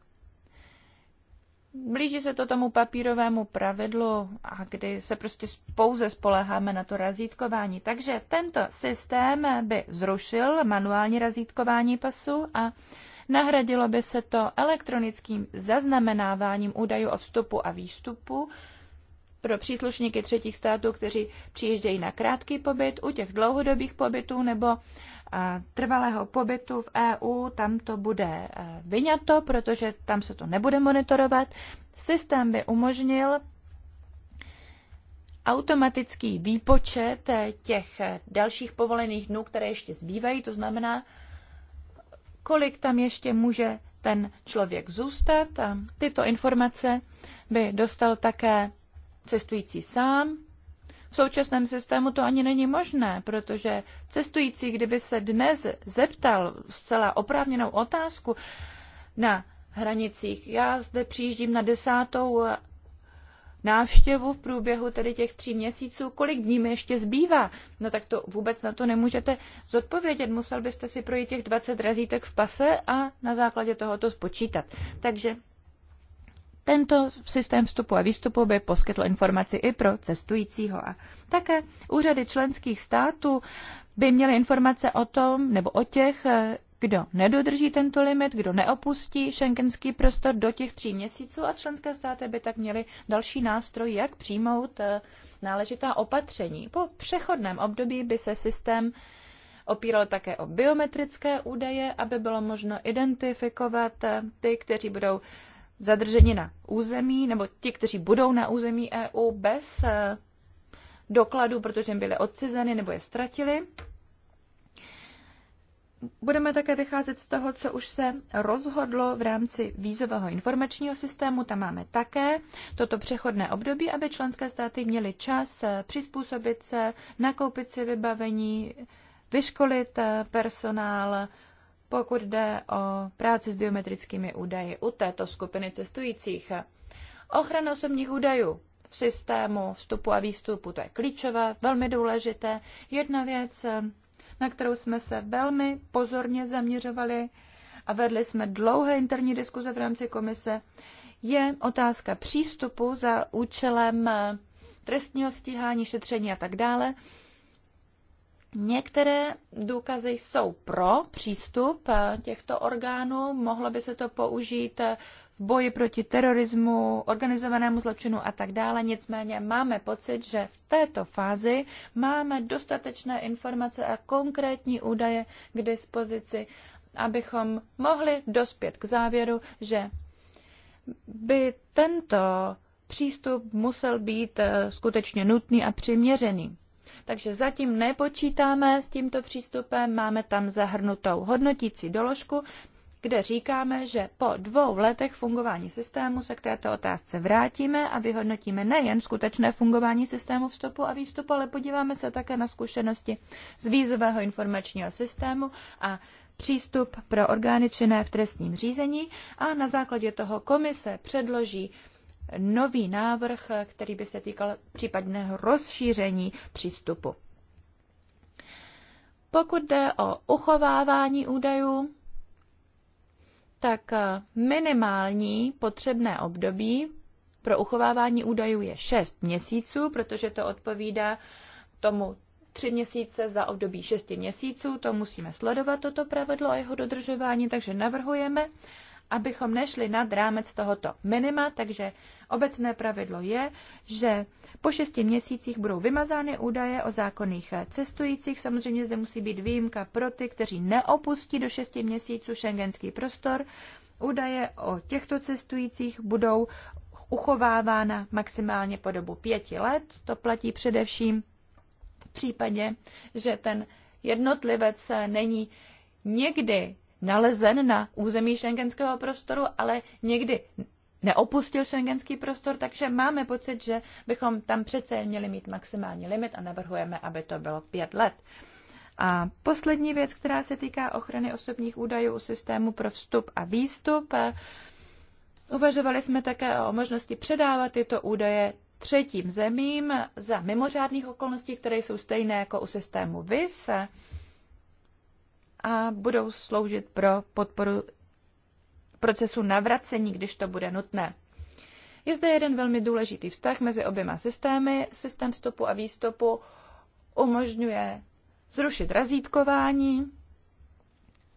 Speaker 3: Blíží se to tomu papírovému pravidlu, a kdy se prostě pouze spoleháme na to razítkování. Takže tento systém by zrušil manuální razítkování pasu a Nahradilo by se to elektronickým zaznamenáváním údajů o vstupu a výstupu pro příslušníky třetích států, kteří přijíždějí na krátký pobyt, u těch dlouhodobých pobytů nebo trvalého pobytu v EU, tam to bude e, vyňato, protože tam se to nebude monitorovat. Systém by umožnil automatický výpočet e, těch e, dalších povolených dnů, které ještě zbývají, to znamená, kolik tam ještě může ten člověk zůstat. A tyto informace by dostal také cestující sám. V současném systému to ani není možné, protože cestující, kdyby se dnes zeptal zcela oprávněnou otázku na hranicích, já zde přijíždím na desátou návštěvu v průběhu tedy těch tří měsíců, kolik dní mi ještě zbývá? No tak to vůbec na to nemůžete zodpovědět. Musel byste si projít těch 20 razítek v pase a na základě toho to spočítat. Takže tento systém vstupu a výstupu by poskytl informaci i pro cestujícího. A také úřady členských států by měly informace o tom nebo o těch kdo nedodrží tento limit, kdo neopustí šengenský prostor do těch tří měsíců a členské státy by tak měly další nástroj, jak přijmout eh, náležitá opatření. Po přechodném období by se systém opíral také o biometrické údaje, aby bylo možno identifikovat eh, ty, kteří budou zadrženi na území, nebo ti, kteří budou na území EU bez eh, dokladů, protože jim byly odcizeny nebo je ztratili budeme také vycházet z toho, co už se rozhodlo v rámci vízového informačního systému. Tam máme také toto přechodné období, aby členské státy měly čas eh, přizpůsobit se, nakoupit si vybavení, vyškolit eh, personál, pokud jde o práci s biometrickými údaji u této skupiny cestujících. Ochrana osobních údajů v systému vstupu a výstupu, to je klíčové, velmi důležité. Jedna věc, eh, na kterou jsme se velmi pozorně zaměřovali a vedli jsme dlouhé interní diskuze v rámci komise, je otázka přístupu za účelem eh, trestního stíhání, šetření a tak dále. Některé důkazy jsou pro přístup eh, těchto orgánů, mohlo by se to použít eh, v boji proti terorismu, organizovanému zločinu a tak dále. Nicméně máme pocit, že v této fázi máme dostatečné informace a konkrétní údaje k dispozici, abychom mohli dospět k závěru, že by tento přístup musel být eh, skutečně nutný a přiměřený. Takže zatím nepočítáme s tímto přístupem, máme tam zahrnutou hodnotící doložku, kde říkáme, že po dvou letech fungování systému se k této otázce vrátíme a vyhodnotíme nejen skutečné fungování systému vstupu a výstupu, ale podíváme se také na zkušenosti z vízového informačního systému a přístup pro orgány činné v trestním řízení a na základě toho komise předloží nový návrh, který by se týkal případného rozšíření přístupu. Pokud jde o uchovávání údajů, tak eh, minimální potřebné období pro uchovávání údajů je 6 měsíců, protože to odpovídá tomu 3 měsíce za období 6 měsíců. To musíme sledovat, toto pravidlo a jeho dodržování, takže navrhujeme, abychom nešli nad rámec tohoto minima, takže obecné pravidlo je, že po šesti měsících budou vymazány údaje o zákonných cestujících. Samozřejmě zde musí být výjimka pro ty, kteří neopustí do šesti měsíců šengenský prostor. Údaje o těchto cestujících budou uchovávána maximálně po dobu pěti let. To platí především v případě, že ten jednotlivec není někdy nalezen na území šengenského prostoru, ale někdy neopustil šengenský prostor, takže máme pocit, že bychom tam přece měli mít maximální limit a navrhujeme, aby to bylo pět let. A poslední věc, která se týká ochrany osobních údajů u systému pro vstup a výstup. Uvažovali jsme také o možnosti předávat tyto údaje třetím zemím za mimořádných okolností, které jsou stejné jako u systému VIS a budou sloužit pro podporu procesu navracení, když to bude nutné. Je zde jeden velmi důležitý vztah mezi oběma systémy. Systém vstupu a výstupu umožňuje zrušit razítkování,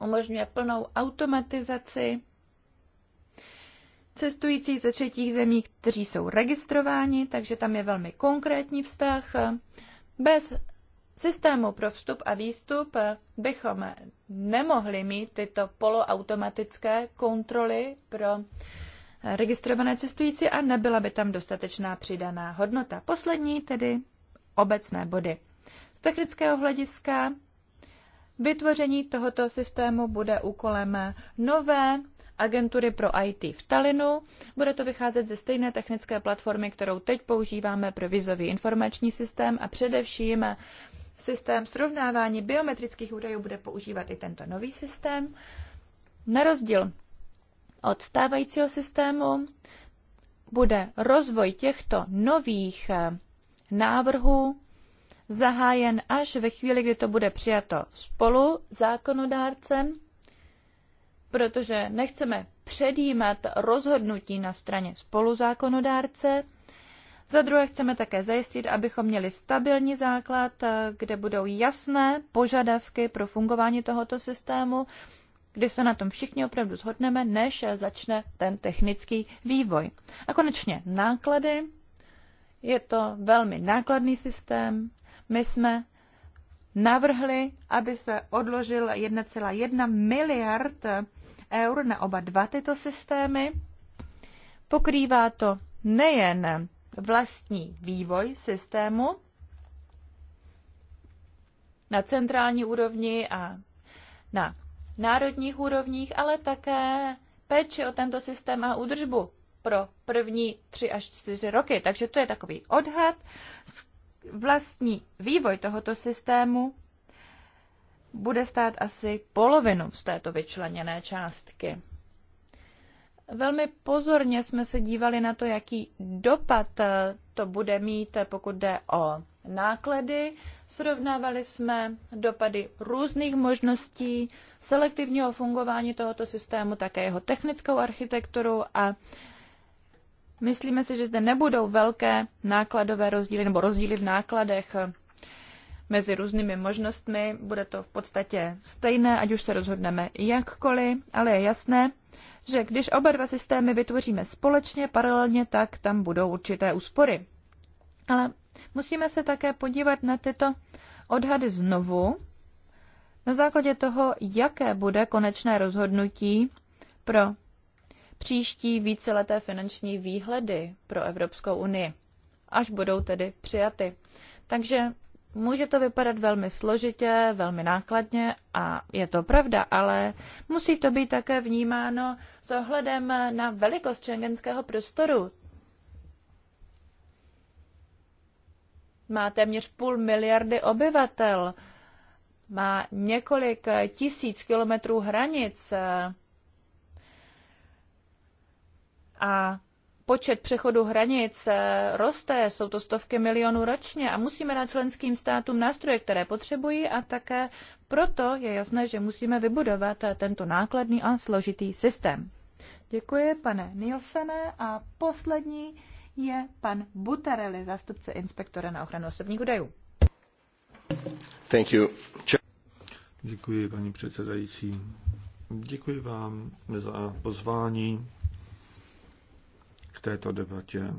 Speaker 3: umožňuje plnou automatizaci cestující ze třetích zemí, kteří jsou registrováni, takže tam je velmi konkrétní vztah. Bez systému pro vstup a výstup bychom nemohli mít tyto poloautomatické kontroly pro registrované cestující a nebyla by tam dostatečná přidaná hodnota. Poslední tedy obecné body. Z technického hlediska vytvoření tohoto systému bude úkolem nové agentury pro IT v Talinu. Bude to vycházet ze stejné technické platformy, kterou teď používáme pro vizový informační systém a především systém srovnávání biometrických údajů bude používat i tento nový systém. Na rozdíl od stávajícího systému bude rozvoj těchto nových eh, návrhů zahájen až ve chvíli, kdy to bude přijato spolu zákonodárcem, protože nechceme předjímat rozhodnutí na straně spoluzákonodárce, za druhé chceme také zajistit, abychom měli stabilní základ, eh, kde budou jasné požadavky pro fungování tohoto systému, kdy se na tom všichni opravdu shodneme, než začne ten technický vývoj. A konečně náklady. Je to velmi nákladný systém. My jsme navrhli, aby se odložil 1,1 miliard eur na oba dva tyto systémy. Pokrývá to nejen vlastní vývoj systému na centrální úrovni a na národních úrovních, ale také péči o tento systém a údržbu pro první tři až čtyři roky. Takže to je takový odhad. Vlastní vývoj tohoto systému bude stát asi polovinu z této vyčleněné částky. Velmi pozorně jsme se dívali na to, jaký dopad eh, to bude mít, eh, pokud jde o náklady. Srovnávali jsme dopady různých možností, selektivního fungování tohoto systému, také jeho technickou architekturu a myslíme si, že zde nebudou velké nákladové rozdíly nebo rozdíly v nákladech eh, mezi různými možnostmi. Bude to v podstatě stejné, ať už se rozhodneme jakkoliv, ale je jasné, že když oba dva systémy vytvoříme společně, paralelně, tak tam budou určité úspory. Ale musíme se také podívat na tyto odhady znovu, na základě toho, jaké bude konečné rozhodnutí pro příští víceleté finanční výhledy pro Evropskou unii, až budou tedy přijaty. Takže Může to vypadat velmi složitě, velmi nákladně a je to pravda, ale musí to být také vnímáno s ohledem na velikost šengenského prostoru. Má téměř půl miliardy obyvatel, má několik tisíc kilometrů hranic a počet přechodů hranic eh, roste, jsou to stovky milionů ročně a musíme dát členským státům nástroje, které potřebují a také proto je jasné, že musíme vybudovat eh, tento nákladný a složitý systém. Děkuji, pane Nielsene. A poslední je pan Butarelli, zástupce inspektora na ochranu osobních údajů.
Speaker 1: Thank you. Děkuji, paní předsedající. Děkuji vám za pozvání této debatě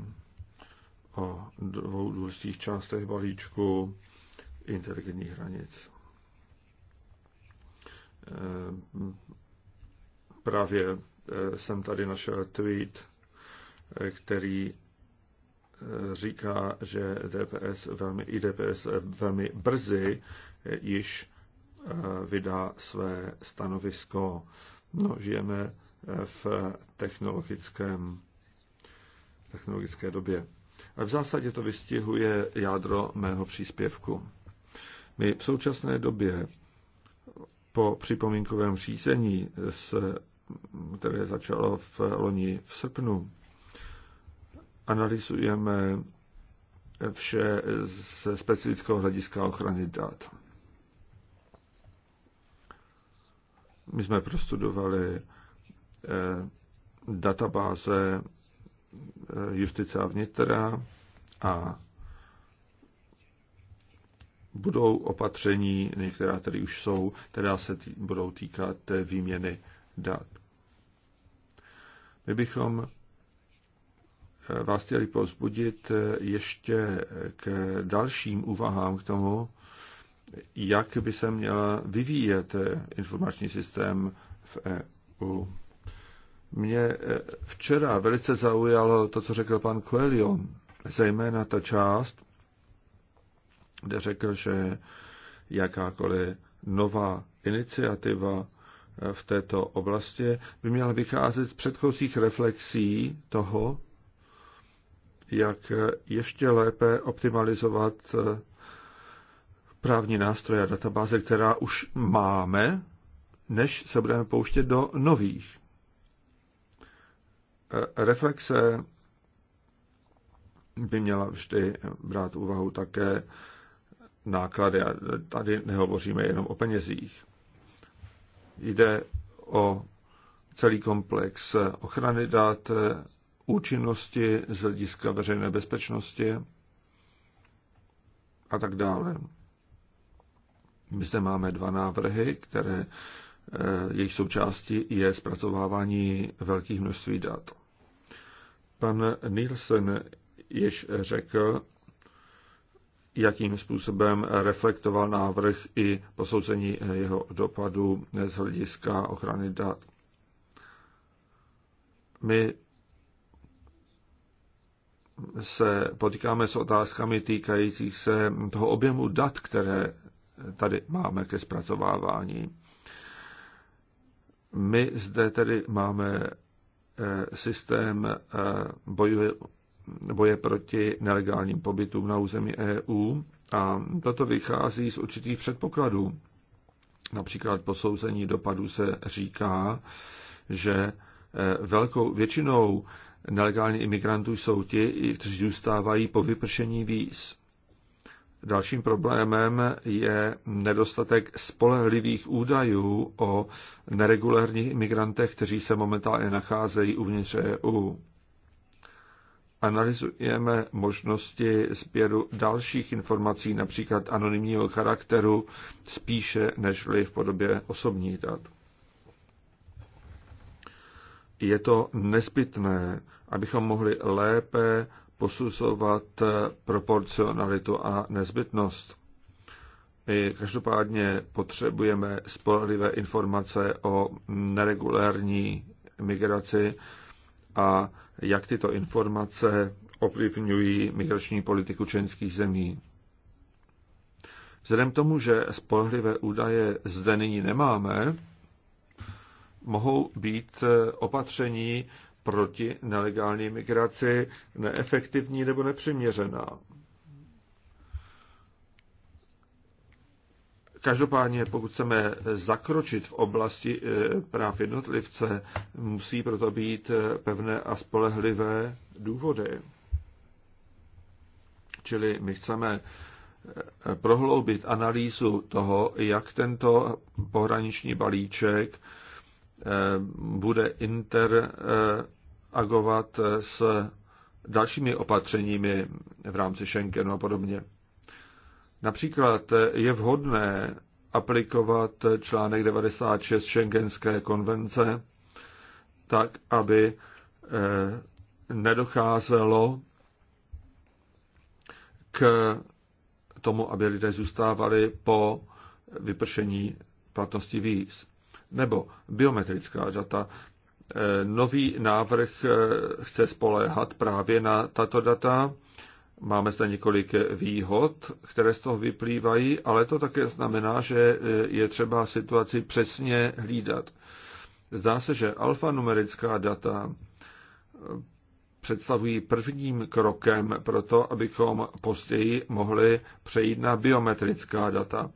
Speaker 1: o dvou důležitých částech balíčku inteligentních hranic. Eh, právě eh, jsem tady našel tweet, eh, který říká, že DPS velmi, IDPS velmi brzy již vydá své stanovisko. No, žijeme v technologickém technologické době. A v zásadě to vystihuje jádro mého příspěvku. My v současné době po připomínkovém řízení, které začalo v loni v srpnu, analyzujeme vše ze specifického hlediska ochrany dat. My jsme prostudovali eh, databáze Eh, justice a vnitra a budou opatření, některá tady už jsou, která se tý, budou týkat té výměny dat. My bychom eh, vás chtěli pozbudit eh, ještě k dalším úvahám k tomu, jak by se měla vyvíjet informační systém v EU. Mě eh, včera velice zaujalo to, co řekl pan Coelho, zejména ta část, kde řekl, že jakákoliv nová iniciativa eh, v této oblasti by měla vycházet z předchozích reflexí toho, jak eh, ještě lépe optimalizovat právní nástroje a databáze, která už máme, než se budeme pouštět do nových reflexe by měla vždy brát úvahu také náklady. A tady nehovoříme jenom o penězích. Jde o celý komplex ochrany dat, účinnosti z hlediska veřejné bezpečnosti a tak dále. My zde máme dva návrhy, které eh, jejich součástí je zpracovávání velkých množství dat. Pan Nielsen již řekl, jakým způsobem reflektoval návrh i posouzení jeho dopadu z hlediska ochrany dat. My se potýkáme s otázkami týkajících se toho objemu dat, které tady máme ke zpracovávání. My zde tedy máme Eh, systém eh, bojuje, boje proti nelegálním pobytům na území EU a toto vychází z určitých předpokladů. Například posouzení dopadů se říká, že eh, velkou většinou nelegální imigrantů jsou ti, kteří zůstávají po vypršení víz. Dalším problémem je nedostatek spolehlivých údajů o neregulérních imigrantech, kteří se momentálně nacházejí uvnitř EU. Analyzujeme možnosti sběru dalších informací, například anonymního charakteru, spíše nežli v podobě osobních dat. Je to nezbytné, abychom mohli lépe posuzovat proporcionalitu a nezbytnost. My každopádně potřebujeme spolehlivé informace o neregulární migraci a jak tyto informace ovlivňují migrační politiku členských zemí. Vzhledem k tomu, že spolehlivé údaje zde nyní nemáme, mohou být opatření, proti nelegální migraci neefektivní nebo nepřiměřená. Každopádně, pokud chceme zakročit v oblasti eh, práv jednotlivce, musí proto být eh, pevné a spolehlivé důvody. Čili my chceme eh, prohloubit analýzu toho, jak tento pohraniční balíček Eh, bude interagovat s dalšími opatřeními v rámci Schengenu a podobně. Například je vhodné aplikovat článek 96 Schengenské konvence tak, aby eh, nedocházelo k tomu, aby lidé zůstávali po vypršení platnosti víz nebo biometrická data. Eh, nový návrh eh, chce spoléhat právě na tato data. Máme zde několik výhod, které z toho vyplývají, ale to také znamená, že eh, je třeba situaci přesně hlídat. Zdá se, že alfanumerická data představují prvním krokem pro to, abychom později mohli přejít na biometrická data.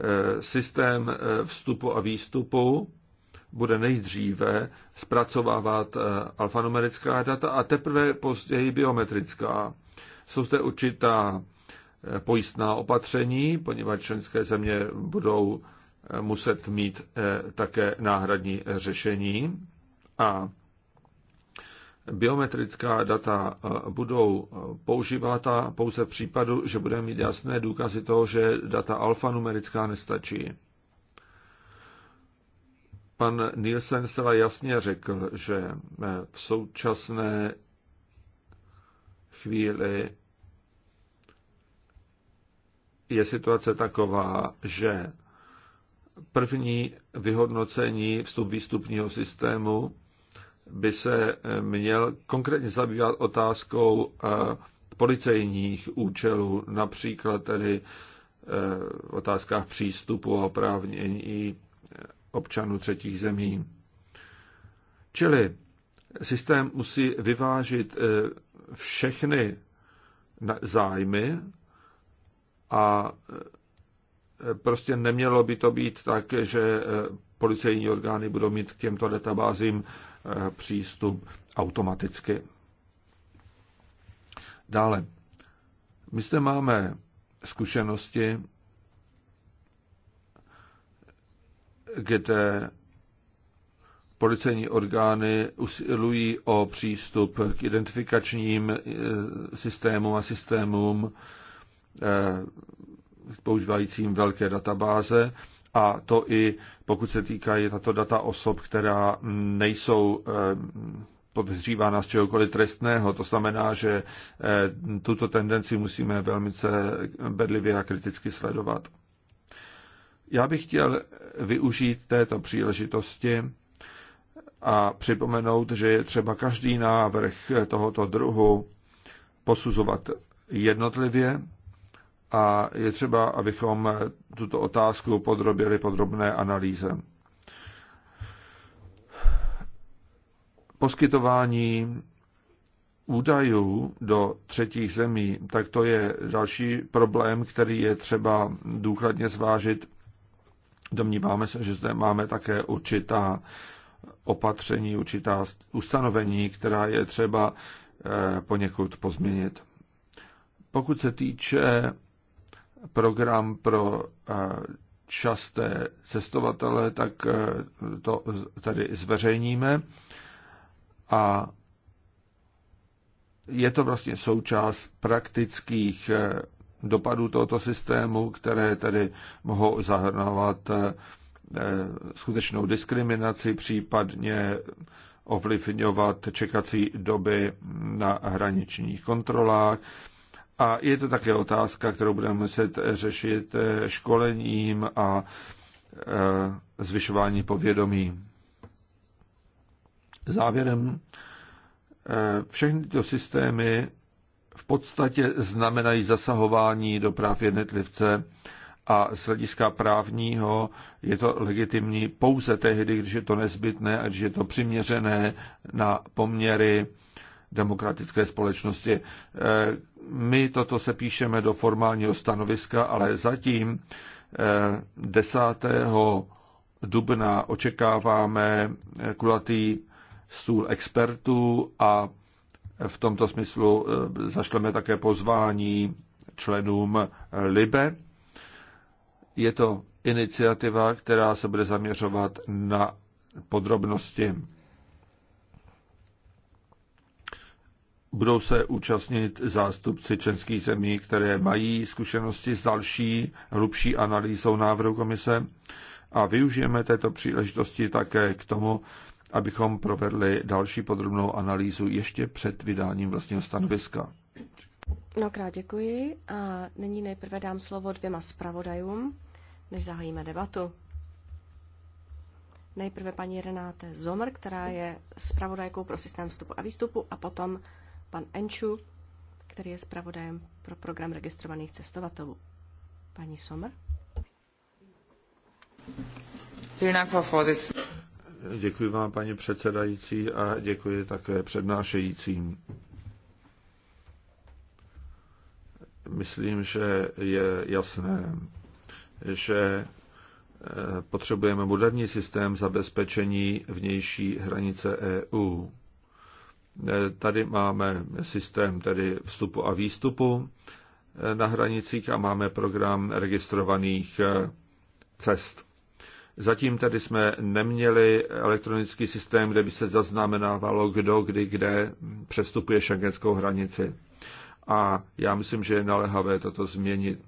Speaker 1: Eh, systém eh, vstupu a výstupu bude nejdříve zpracovávat eh, alfanumerická data a teprve později biometrická. Jsou zde určitá pojistná opatření, poněvadž členské země budou muset mít také náhradní řešení. A biometrická data eh, budou eh, používáta pouze v případu, že budeme mít jasné důkazy toho, že data alfanumerická nestačí. Pan Nielsen zcela jasně řekl, že eh, v současné chvíli je situace taková, že první vyhodnocení vstup výstupního systému by se eh, měl konkrétně zabývat otázkou eh, policejních účelů, například tedy eh, v otázkách přístupu a oprávnění občanů třetích zemí. Čili systém musí vyvážit všechny zájmy a prostě nemělo by to být tak, že policejní orgány budou mít k těmto databázím Eh, přístup automaticky. Dále, my zde máme zkušenosti, kde policejní orgány usilují o přístup k identifikačním eh, systémům a systémům eh, používajícím velké databáze a to i pokud se týkají tato data osob, která nejsou eh, podhřívána z čehokoliv trestného. To znamená, že eh, tuto tendenci musíme velmi bedlivě a kriticky sledovat. Já bych chtěl využít této příležitosti a připomenout, že je třeba každý návrh tohoto druhu posuzovat jednotlivě a je třeba, abychom tuto otázku podrobili podrobné analýze. Poskytování údajů do třetích zemí, tak to je další problém, který je třeba důkladně zvážit. Domníváme se, že zde máme také určitá opatření, určitá ustanovení, která je třeba eh, poněkud pozměnit. Pokud se týče program pro eh, časté cestovatele, tak eh, to tady zveřejníme. A je to vlastně součást praktických eh, dopadů tohoto systému, které tedy mohou zahrnovat skutečnou diskriminaci, případně ovlivňovat čekací doby na hraničních kontrolách, a je to také otázka, kterou budeme muset řešit eh, školením a eh, zvyšování povědomí. Závěrem, eh, všechny tyto systémy v podstatě znamenají zasahování do práv jednotlivce a z hlediska právního je to legitimní pouze tehdy, když je to nezbytné a když je to přiměřené na poměry demokratické společnosti. Eh, my toto se píšeme do formálního stanoviska, ale zatím 10. Eh, dubna očekáváme eh, kulatý stůl expertů a v tomto smyslu zašleme také pozvání členům LIBE. Je to iniciativa, která se bude zaměřovat na podrobnosti. Budou se účastnit zástupci členských zemí, které mají zkušenosti s další hlubší analýzou návrhu komise a využijeme této příležitosti také k tomu, abychom provedli další podrobnou analýzu ještě před vydáním vlastního stanoviska.
Speaker 2: Mnohokrát děkuji a nyní nejprve dám slovo dvěma zpravodajům, než zahájíme debatu. Nejprve paní Renáte Zomr, která je zpravodajkou pro systém vstupu a výstupu a potom pan Enču, který je zpravodajem pro program registrovaných cestovatelů. Paní Sommer.
Speaker 1: Děkuji vám, paní předsedající, a děkuji také přednášejícím. Myslím, že je jasné, že eh, potřebujeme moderní systém zabezpečení vnější hranice EU. Eh, tady máme systém tedy vstupu a výstupu eh, na hranicích a máme program registrovaných eh, cest. Zatím tedy jsme neměli elektronický systém, kde by se zaznamenávalo, kdo kdy kde přestupuje šengenskou hranici. A já myslím, že je naléhavé toto změnit.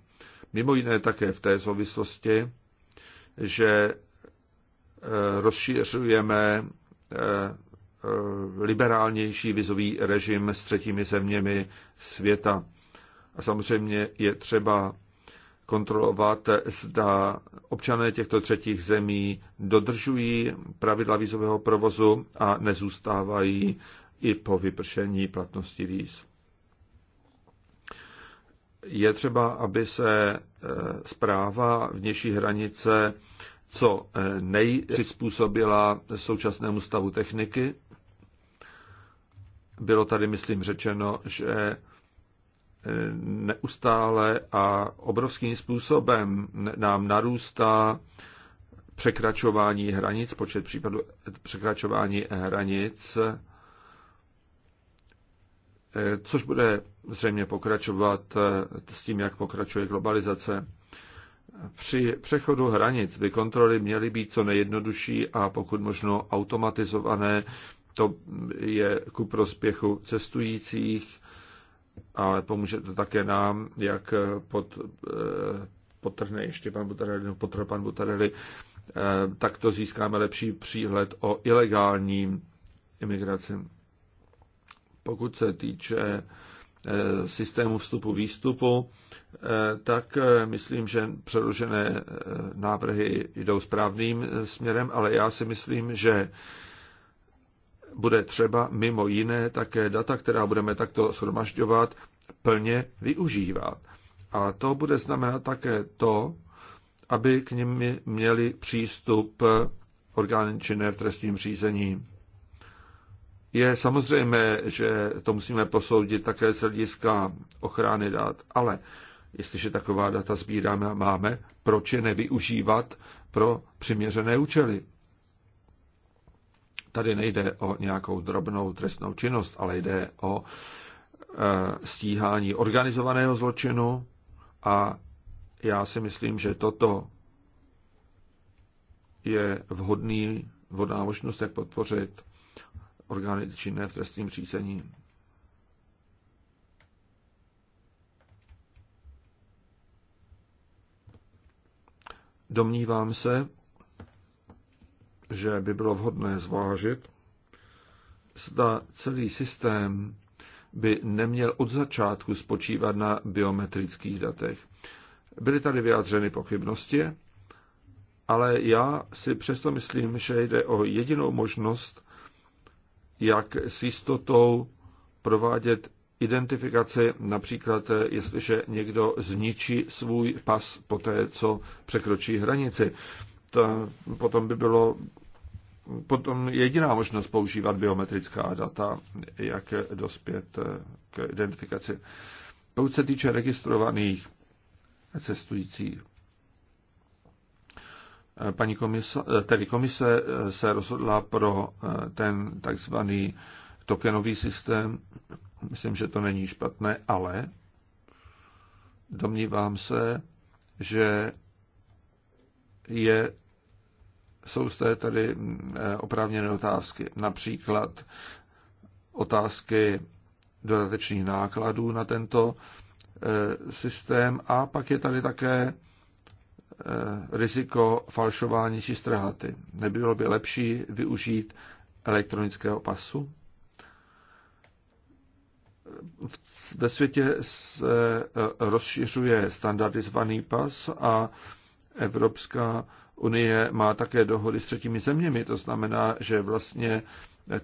Speaker 1: Mimo jiné také v té souvislosti, že rozšířujeme Eh, liberálnější vizový režim s třetími zeměmi světa. A samozřejmě je třeba kontrolovat, zda občané těchto třetích zemí dodržují pravidla vízového provozu a nezůstávají i po vypršení platnosti víz. Je třeba, aby se zpráva eh, vnější hranice co eh, nejpřizpůsobila současnému stavu techniky bylo tady, myslím, řečeno, že e, neustále a obrovským způsobem nám narůstá překračování hranic, počet případů překračování hranic, e, což bude zřejmě pokračovat e, s tím, jak pokračuje globalizace. Při přechodu hranic by kontroly měly být co nejjednodušší a pokud možno automatizované, to je ku prospěchu cestujících, ale pomůže to také nám, jak pod, eh, potrhne ještě pan Butarelli, no potrhl pan Butarelli, eh, tak to získáme lepší příhled o ilegální imigraci. Pokud se týče eh, systému vstupu výstupu, tak myslím, že předložené návrhy jdou správným směrem, ale já si myslím, že bude třeba mimo jiné také data, která budeme takto shromažďovat, plně využívat. A to bude znamenat také to, aby k nim měli přístup orgány činné v trestním řízení. Je samozřejmé, že to musíme posoudit také z hlediska ochrany dat, ale jestliže taková data sbíráme a máme, proč je nevyužívat pro přiměřené účely? tady nejde o nějakou drobnou trestnou činnost, ale jde o e, stíhání organizovaného zločinu a já si myslím, že toto je vhodný, vhodná možnost, jak podpořit orgány činné v trestním řízení. Domnívám se, že by bylo vhodné zvážit, zda celý systém by neměl od začátku spočívat na biometrických datech. Byly tady vyjádřeny pochybnosti, ale já si přesto myslím, že jde o jedinou možnost, jak s jistotou provádět identifikaci, například jestliže někdo zničí svůj pas po té, co překročí hranici. To potom by bylo potom jediná možnost používat biometrická data, jak dospět k identifikaci. Pokud se týče registrovaných cestujících, paní komise, tedy komise se rozhodla pro ten takzvaný tokenový systém. Myslím, že to není špatné, ale domnívám se, že je jsou zde tady mm, eh, oprávněné otázky, například otázky dodatečných nákladů na tento eh, systém a pak je tady také eh, riziko falšování či ztráty. Nebylo by lepší využít elektronického pasu? Ve světě se rozšiřuje standardizovaný pas a Evropská Unie má také dohody s třetími zeměmi, to znamená, že vlastně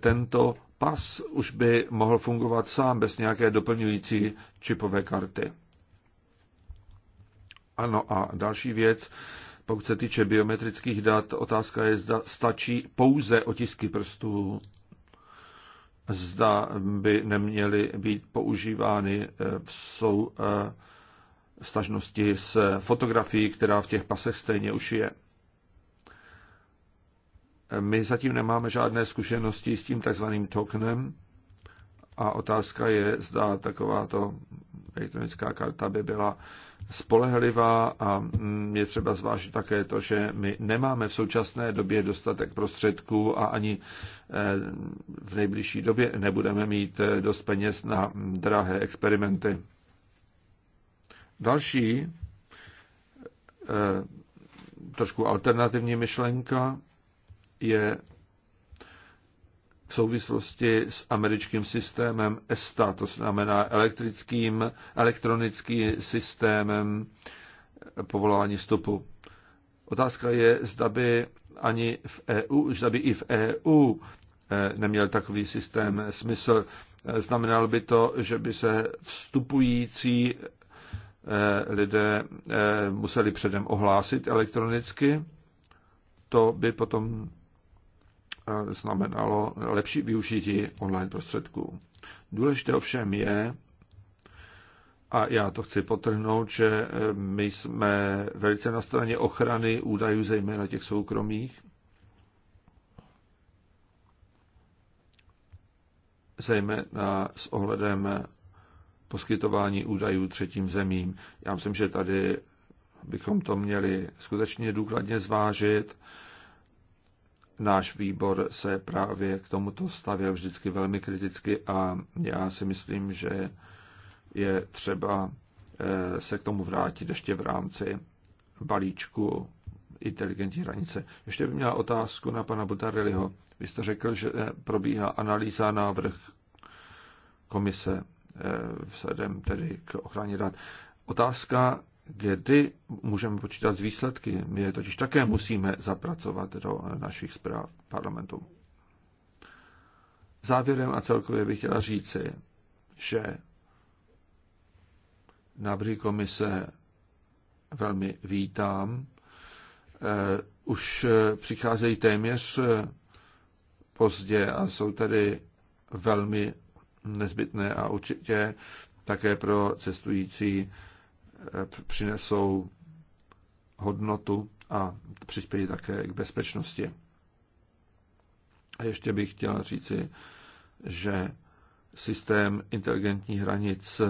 Speaker 1: tento pas už by mohl fungovat sám bez nějaké doplňující čipové karty. Ano a další věc, pokud se týče biometrických dat, otázka je, zda stačí pouze otisky prstů, zda by neměly být používány eh, v sou eh, stažnosti s fotografií, která v těch pasech stejně už je. My zatím nemáme žádné zkušenosti s tím takzvaným tokenem a otázka je, zda takováto elektronická karta by byla spolehlivá a je třeba zvážit také to, že my nemáme v současné době dostatek prostředků a ani eh, v nejbližší době nebudeme mít eh, dost peněz na drahé experimenty. Další eh, trošku alternativní myšlenka je v souvislosti s americkým systémem ESTA, to znamená elektrickým, elektronickým systémem povolování vstupu. Otázka je, zda by ani v EU, zda by i v EU eh, neměl takový systém smysl. Eh, znamenalo by to, že by se vstupující eh, lidé museli předem ohlásit elektronicky. To by potom znamenalo lepší využití online prostředků. Důležité ovšem je, a já to chci potrhnout, že my jsme velice na straně ochrany údajů, zejména těch soukromých, zejména s ohledem poskytování údajů třetím zemím. Já myslím, že tady bychom to měli skutečně důkladně zvážit náš výbor se právě k tomuto stavěl vždycky velmi kriticky a já si myslím, že je třeba eh, se k tomu vrátit ještě v rámci balíčku inteligentní hranice. Ještě bych měla otázku na pana Butareliho. Vy jste řekl, že eh, probíhá analýza návrh komise eh, vzhledem tedy k ochraně dat. Otázka kdy můžeme počítat z výsledky. My je totiž také musíme zapracovat do našich zpráv parlamentu. Závěrem a celkově bych chtěla říci, že návrhy komise velmi vítám. Eh, už eh, přicházejí téměř eh, pozdě a jsou tady velmi nezbytné a určitě také pro cestující Eh, přinesou hodnotu a přispějí také k bezpečnosti. A ještě bych chtěla říci, že systém inteligentních hranic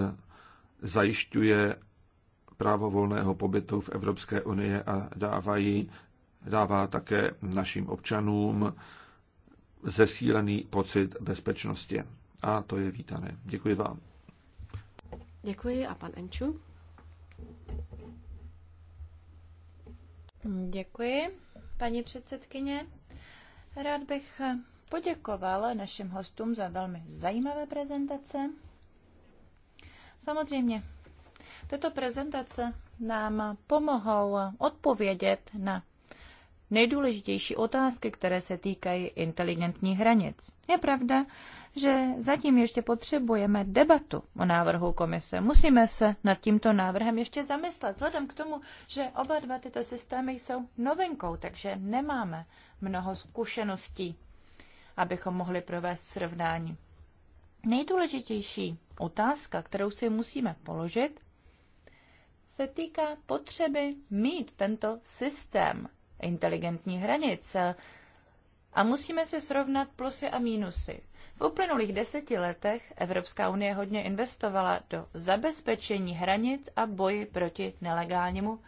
Speaker 1: zajišťuje právo volného pobytu v Evropské unii a dávají, dává také našim občanům zesílený pocit bezpečnosti. A to je vítané. Děkuji vám.
Speaker 3: Děkuji a pan Enču. Děkuji, paní předsedkyně. Rád bych poděkoval našim hostům za velmi zajímavé prezentace. Samozřejmě, tyto prezentace nám pomohou odpovědět na nejdůležitější otázky, které se týkají inteligentních hranic. Je pravda, že zatím ještě potřebujeme debatu o návrhu komise. Musíme se nad tímto návrhem ještě zamyslet, vzhledem k tomu, že oba dva tyto systémy jsou novinkou, takže nemáme mnoho zkušeností, abychom mohli provést srovnání. Nejdůležitější otázka, kterou si musíme položit, se týká potřeby mít tento systém inteligentní hranic. A musíme si srovnat plusy a mínusy. V uplynulých deseti letech Evropská unie hodně investovala do zabezpečení hranic a boji proti nelegálnímu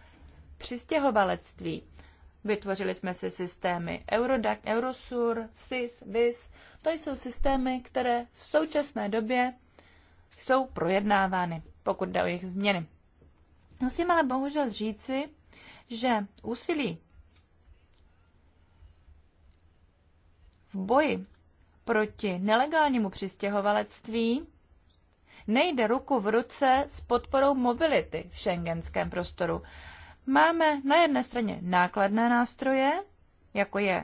Speaker 3: přistěhovalectví. Vytvořili jsme si systémy Eurodac, Eurosur, SIS, VIS. To jsou systémy, které v současné době jsou projednávány, pokud jde o jejich změny. Musím ale bohužel říci, že úsilí v boji proti nelegálnímu přistěhovalectví nejde ruku v ruce s podporou mobility v šengenském prostoru. Máme na jedné straně nákladné nástroje, jako je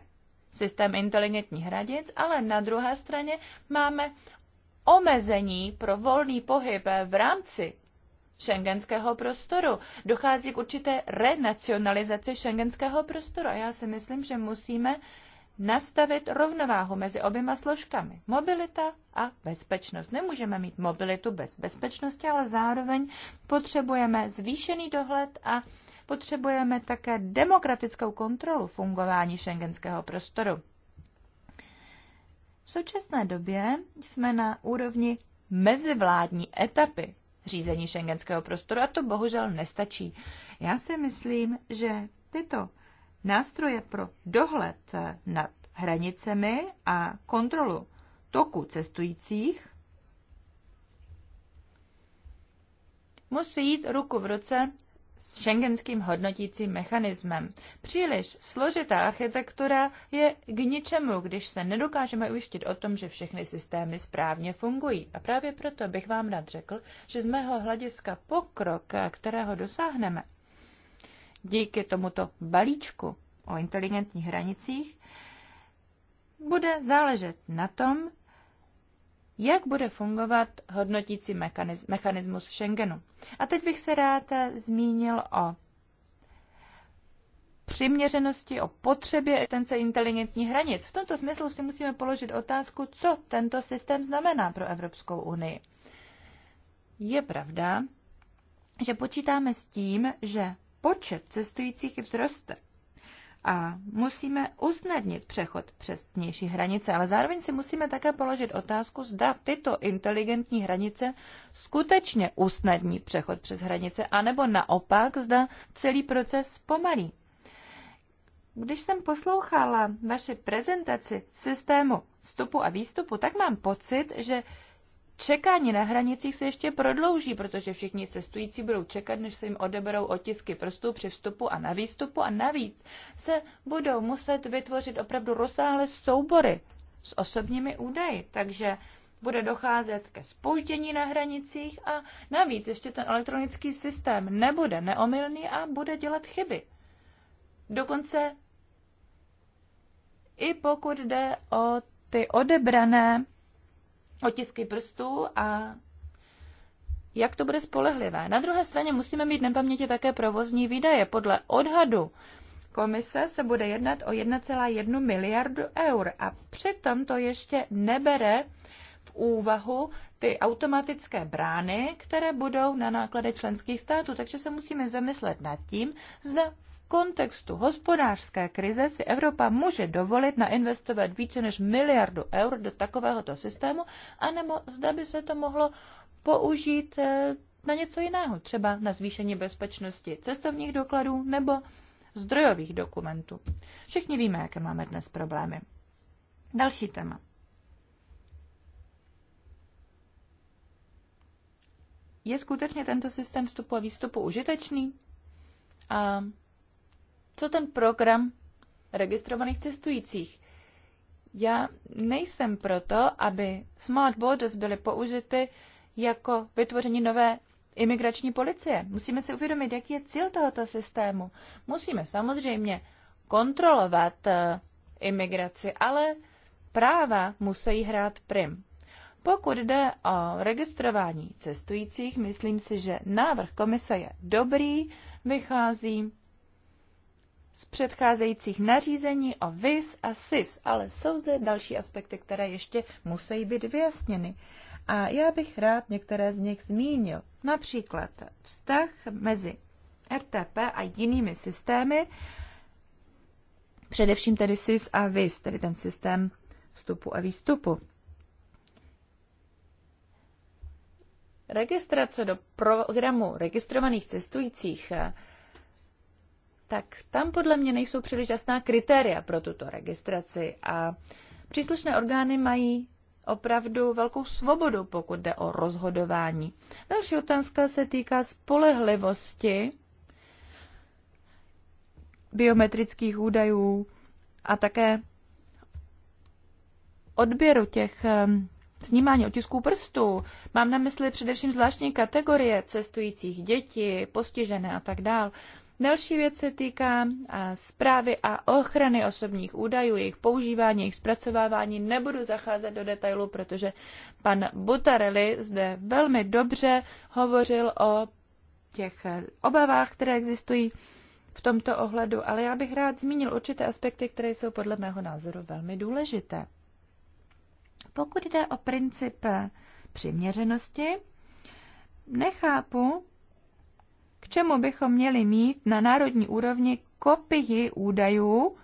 Speaker 3: systém inteligentních hranic, ale na druhé straně máme omezení pro volný pohyb v rámci šengenského prostoru. Dochází k určité renacionalizaci šengenského prostoru a já si myslím, že musíme nastavit rovnováhu mezi oběma složkami. Mobilita a bezpečnost. Nemůžeme mít mobilitu bez bezpečnosti, ale zároveň potřebujeme zvýšený dohled a potřebujeme také demokratickou kontrolu fungování šengenského prostoru. V současné době jsme na úrovni mezivládní etapy řízení šengenského prostoru a to bohužel nestačí. Já si myslím, že tyto nástroje pro dohled nad hranicemi a kontrolu toku cestujících musí jít ruku v ruce s šengenským hodnotícím mechanismem. Příliš složitá architektura je k ničemu, když se nedokážeme ujistit o tom, že všechny systémy správně fungují. A právě proto bych vám rád řekl, že z mého hlediska pokrok, kterého dosáhneme, díky tomuto balíčku o inteligentních hranicích bude záležet na tom, jak bude fungovat hodnotící mechanismus Schengenu. A teď bych se rád zmínil o přiměřenosti, o potřebě existence inteligentních hranic. V tomto smyslu si musíme položit otázku, co tento systém znamená pro Evropskou unii. Je pravda, že počítáme s tím, že počet cestujících vzroste. A musíme usnadnit přechod přes vnější hranice, ale zároveň si musíme také položit otázku, zda tyto inteligentní hranice skutečně usnadní přechod přes hranice, anebo naopak, zda celý proces pomalí. Když jsem poslouchala vaši prezentaci systému vstupu a výstupu, tak mám pocit, že čekání na hranicích se ještě prodlouží, protože všichni cestující budou čekat, než se jim odeberou otisky prstů při vstupu a na výstupu a navíc se budou muset vytvořit opravdu rozsáhlé soubory s osobními údaji, takže bude docházet ke spoždění na hranicích a navíc ještě ten elektronický systém nebude neomylný a bude dělat chyby. Dokonce i pokud jde o ty odebrané otisky prstů a jak to bude spolehlivé. Na druhé straně musíme mít na paměti také provozní výdaje. Podle odhadu komise se bude jednat o 1,1 miliardu eur a přitom to ještě nebere v úvahu ty automatické brány, které budou na náklady členských států. Takže se musíme zamyslet nad tím, zda kontextu hospodářské krize si Evropa může dovolit nainvestovat více než miliardu eur do takovéhoto systému, anebo zda by se to mohlo použít eh, na něco jiného, třeba na zvýšení bezpečnosti cestovních dokladů nebo zdrojových dokumentů. Všichni víme, jaké máme dnes problémy. Další téma. Je skutečně tento systém vstupu a výstupu užitečný? A co ten program registrovaných cestujících. Já nejsem proto, aby smart borders byly použity jako vytvoření nové imigrační policie. Musíme si uvědomit, jaký je cíl tohoto systému. Musíme samozřejmě kontrolovat eh, imigraci, ale práva musí hrát prim. Pokud jde o registrování cestujících, myslím si, že návrh komise je dobrý, vychází z předcházejících nařízení o VIS a SIS, ale jsou zde další aspekty, které ještě musí být vyjasněny. A já bych rád některé z nich zmínil. Například vztah mezi RTP a jinými systémy, především tedy SIS a VIS, tedy ten systém vstupu a výstupu. Registrace do programu registrovaných cestujících tak tam podle mě nejsou příliš jasná kritéria pro tuto registraci a příslušné orgány mají opravdu velkou svobodu, pokud jde o rozhodování. Další otázka se týká spolehlivosti biometrických údajů a také odběru těch ehm, snímání otisků prstů. Mám na mysli především zvláštní kategorie cestujících dětí, postižené a tak dále. Další věc se týká zprávy a ochrany osobních údajů, jejich používání, jejich zpracovávání. Nebudu zacházet do detailu, protože pan Butarelli zde velmi dobře hovořil o těch eh, obavách, které existují v tomto ohledu, ale já bych rád zmínil určité aspekty, které jsou podle mého názoru velmi důležité. Pokud jde o princip eh, přiměřenosti, nechápu, k čemu bychom měli mít na národní úrovni kopii údajů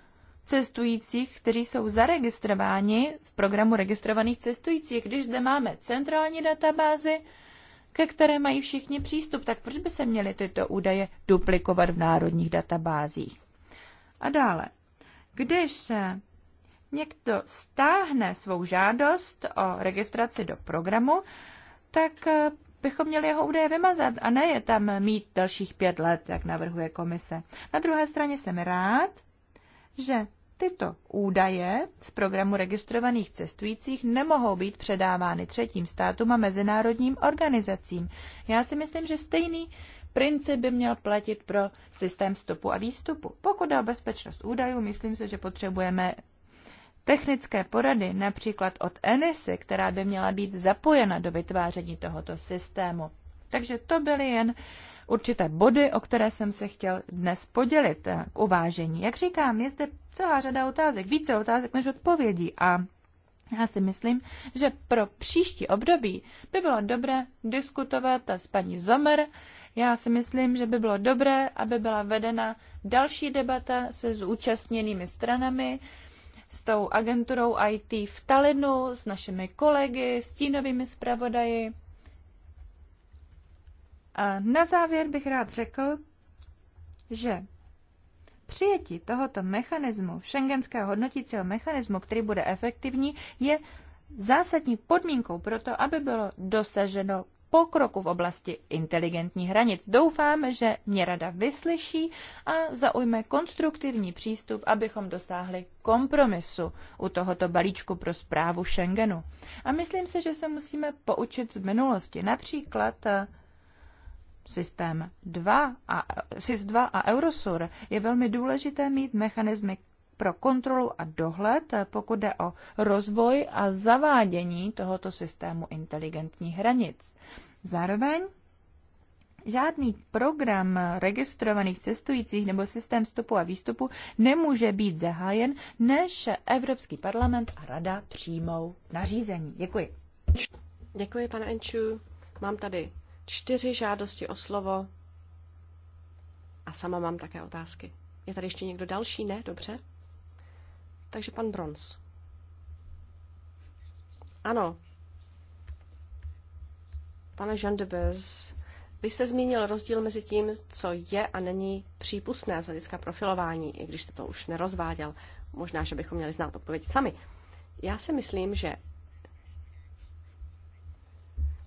Speaker 3: cestujících, kteří jsou zaregistrováni v programu registrovaných cestujících. Když zde máme centrální databázi, ke které mají všichni přístup, tak proč by se měly tyto údaje duplikovat v národních databázích? A dále, když někdo stáhne svou žádost o registraci do programu, tak bychom měli jeho údaje vymazat a ne je tam mít dalších pět let, jak navrhuje komise. Na druhé straně jsem rád, že tyto údaje z programu registrovaných cestujících nemohou být předávány třetím státům a mezinárodním organizacím. Já si myslím, že stejný princip by měl platit pro systém vstupu a výstupu. Pokud jde o bezpečnost údajů, myslím si, že potřebujeme Technické porady například od Enisy, která by měla být zapojena do vytváření tohoto systému. Takže to byly jen určité body, o které jsem se chtěl dnes podělit eh, k uvážení. Jak říkám, je zde celá řada otázek, více otázek než odpovědí a já si myslím, že pro příští období by bylo dobré diskutovat s paní Zomer. Já si myslím, že by bylo dobré, aby byla vedena další debata se zúčastněnými stranami, s tou agenturou IT v Talinu, s našimi kolegy, stínovými zpravodaji. A na závěr bych rád řekl, že přijetí tohoto mechanismu, šengenského hodnotícího mechanismu, který bude efektivní, je zásadní podmínkou pro to, aby bylo dosaženo pokroku v oblasti inteligentních hranic. Doufám, že mě rada vyslyší a zaujme konstruktivní přístup, abychom dosáhli kompromisu u tohoto balíčku pro zprávu Schengenu. A myslím si, že se musíme poučit z minulosti. Například eh, systém 2 a, SIS-2 a Eurosur je velmi důležité mít mechanizmy pro kontrolu a dohled, eh, pokud jde o rozvoj a zavádění tohoto systému inteligentních hranic. Zároveň Žádný program registrovaných cestujících nebo systém vstupu a výstupu nemůže být zahájen, než Evropský parlament a Rada přijmou nařízení. Děkuji.
Speaker 2: Děkuji, pane Enču. Mám tady čtyři žádosti o slovo a sama mám také otázky. Je tady ještě někdo další? Ne? Dobře. Takže pan Bronz. Ano, Pane Jean de Bez, vy jste zmínil rozdíl mezi tím, co je a není přípustné z hlediska profilování, i když jste to už nerozváděl. Možná, že bychom měli znát odpověď sami. Já si myslím, že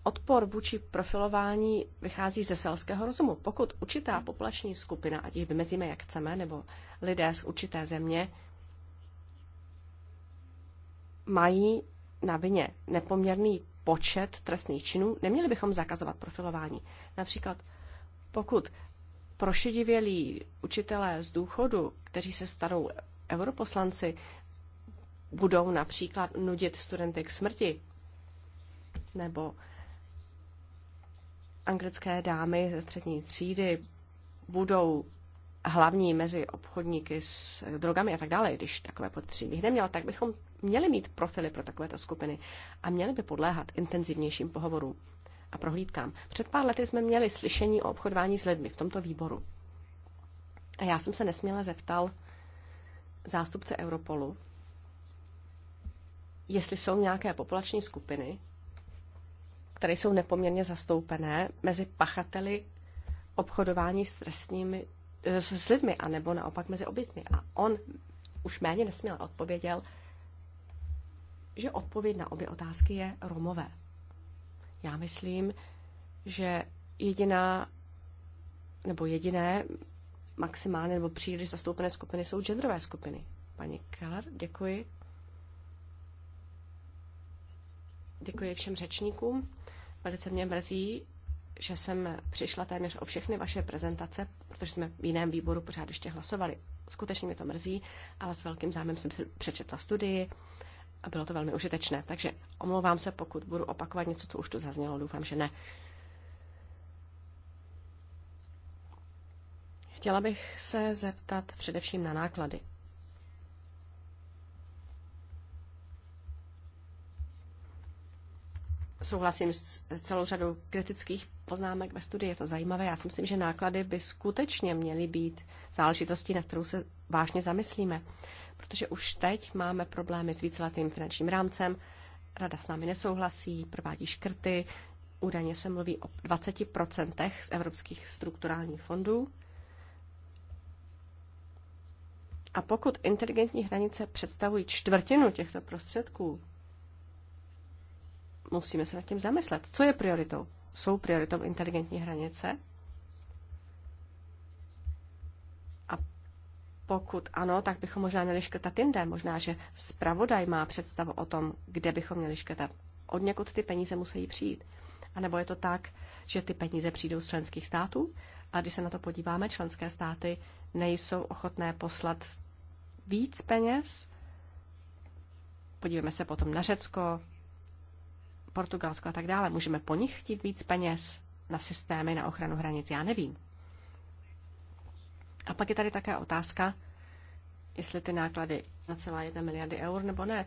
Speaker 2: odpor vůči profilování vychází ze selského rozumu. Pokud určitá populační skupina, ať jich vymezíme jak chceme, nebo lidé z určité země, mají na vině nepoměrný počet trestných činů, neměli bychom zakazovat profilování. Například pokud prošedivělí učitelé z důchodu, kteří se starou europoslanci, budou například nudit studenty k smrti, nebo anglické dámy ze střední třídy budou hlavní mezi obchodníky s drogami a tak dále, když takové potřeby neměl, tak bychom měly mít profily pro takovéto skupiny a měly by podléhat intenzivnějším pohovorům a prohlídkám. Před pár lety jsme měli slyšení o obchodování s lidmi v tomto výboru. A já jsem se nesměle zeptal zástupce Europolu, jestli jsou nějaké populační skupiny, které jsou nepoměrně zastoupené mezi pachateli obchodování s trestními eh, s lidmi, anebo naopak mezi obětmi. A on už méně nesměl odpověděl, že odpověď na obě otázky je Romové. Já myslím, že jediná nebo jediné maximálně nebo příliš zastoupené skupiny jsou genderové skupiny. Paní Keller, děkuji. Děkuji všem řečníkům. Velice mě mrzí, že jsem přišla téměř o všechny vaše prezentace, protože jsme v jiném výboru pořád ještě hlasovali. Skutečně mě to mrzí, ale s velkým zájmem jsem přečetla studii a bylo to velmi užitečné. Takže omlouvám se, pokud budu opakovat něco, co už tu zaznělo, doufám, že ne. Chtěla bych se zeptat především na náklady. Souhlasím s celou řadou kritických poznámek ve studii, je to zajímavé. Já si myslím, že náklady by skutečně měly být záležitostí, na kterou se vážně zamyslíme protože už teď máme problémy s víceletým finančním rámcem, rada s námi nesouhlasí, provádí škrty, údajně se mluví o 20% z evropských strukturálních fondů. A pokud inteligentní hranice představují čtvrtinu těchto prostředků, musíme se nad tím zamyslet. Co je prioritou? Jsou prioritou inteligentní hranice? Pokud ano, tak bychom možná měli škrtat jinde. Možná, že zpravodaj má představu o tom, kde bychom měli škrtat. Od někud ty peníze musí přijít. A nebo je to tak, že ty peníze přijdou z členských států a když se na to podíváme, členské státy nejsou ochotné poslat víc peněz. Podívejme se potom na Řecko, Portugalsko a tak dále. Můžeme po nich chtít víc peněz na systémy na ochranu hranic? Já nevím. A pak je tady také otázka, jestli ty náklady na celá jedna miliardy eur nebo ne.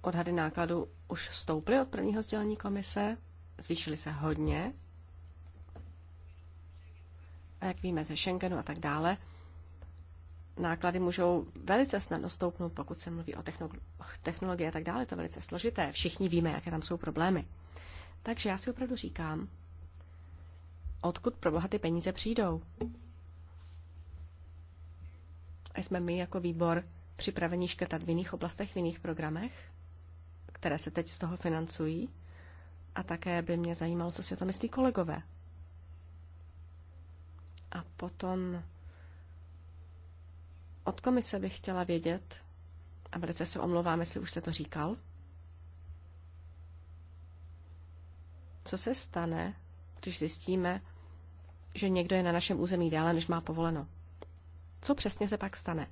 Speaker 2: Odhady nákladů už stouply od prvního sdělení komise, zvýšily se hodně. A jak víme ze Schengenu a tak dále, náklady můžou velice snadno stoupnout, pokud se mluví o technologii a tak dále. To je velice složité. Všichni víme, jaké tam jsou problémy. Takže já si opravdu říkám, odkud pro bohaté peníze přijdou. A jsme my jako výbor připraveni škrtat v jiných oblastech, v jiných programech, které se teď z toho financují. A také by mě zajímalo, co si o to myslí kolegové. A potom od komise bych chtěla vědět, a velice se omlouvám, jestli už jste to říkal, co se stane, když zjistíme, že někdo je na našem území déle, než má povoleno. Co přesně se pak stane?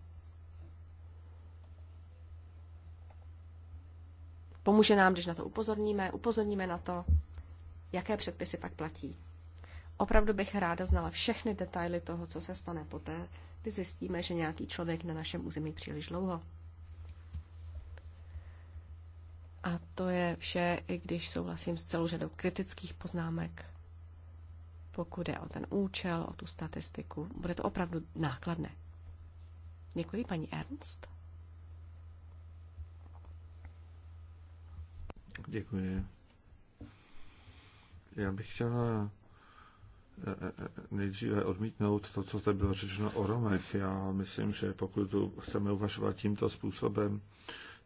Speaker 2: Pomůže nám, když na to upozorníme, upozorníme na to, jaké předpisy pak platí. Opravdu bych ráda znala všechny detaily toho, co se stane poté, kdy zjistíme, že nějaký člověk na našem území příliš dlouho. A to je vše, i když souhlasím s celou řadou kritických poznámek pokud je o ten účel, o tu statistiku. Bude to opravdu nákladné. Děkuji, paní Ernst.
Speaker 1: Děkuji. Já bych chtěla eh, eh, nejdříve odmítnout to, co zde bylo řečeno o Romech. Já myslím, že pokud tu chceme uvažovat tímto způsobem,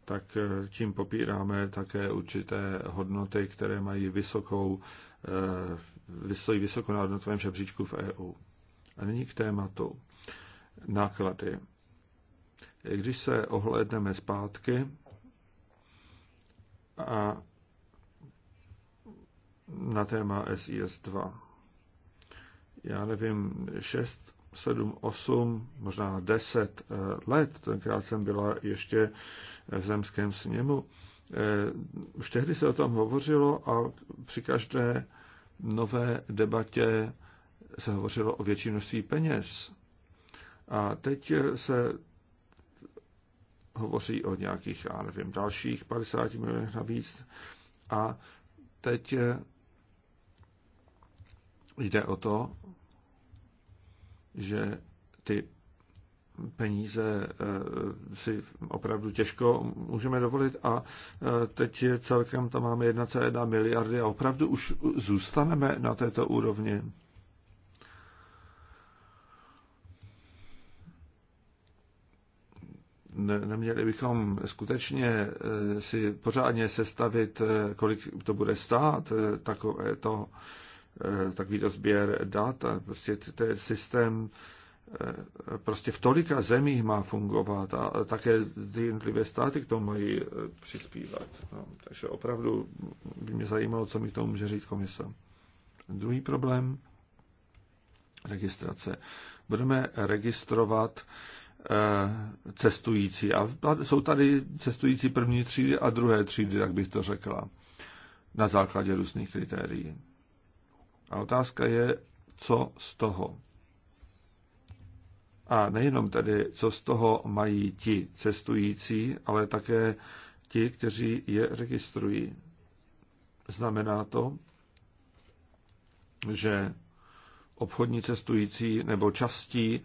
Speaker 1: tak eh, tím popíráme také určité hodnoty, které mají vysokou stojí vysoko na hodnotovém žebříčku v EU. A nyní k tématu. Náklady. Když se ohledneme zpátky a na téma SIS 2. Já nevím, 6, 7, 8, možná 10 eh, let, tenkrát jsem byla ještě v zemském sněmu, eh, už tehdy se o tom hovořilo a při každé nové debatě se hovořilo o větší množství peněz. A teď se hovoří o nějakých, já nevím, dalších 50 milionech navíc. A teď jde o to, že ty peníze eh, si opravdu těžko můžeme dovolit a eh, teď celkem tam máme 1,1 miliardy a opravdu už zůstaneme na této úrovni. neměli bychom skutečně eh, si pořádně sestavit, kolik to bude stát, takové to, takový to sběr dat. Prostě to je systém, Eh, prostě v tolika zemích má fungovat a také jednotlivé státy k tomu mají eh, přispívat. No, takže opravdu by mě zajímalo, co mi k tomu může říct komise. Druhý problém, registrace. Budeme registrovat eh, cestující. A jsou tady cestující první třídy a druhé třídy, jak bych to řekla, na základě různých kritérií. A otázka je, co z toho? A nejenom tedy, co z toho mají ti cestující, ale také ti, kteří je registrují. Znamená to, že obchodní cestující nebo častí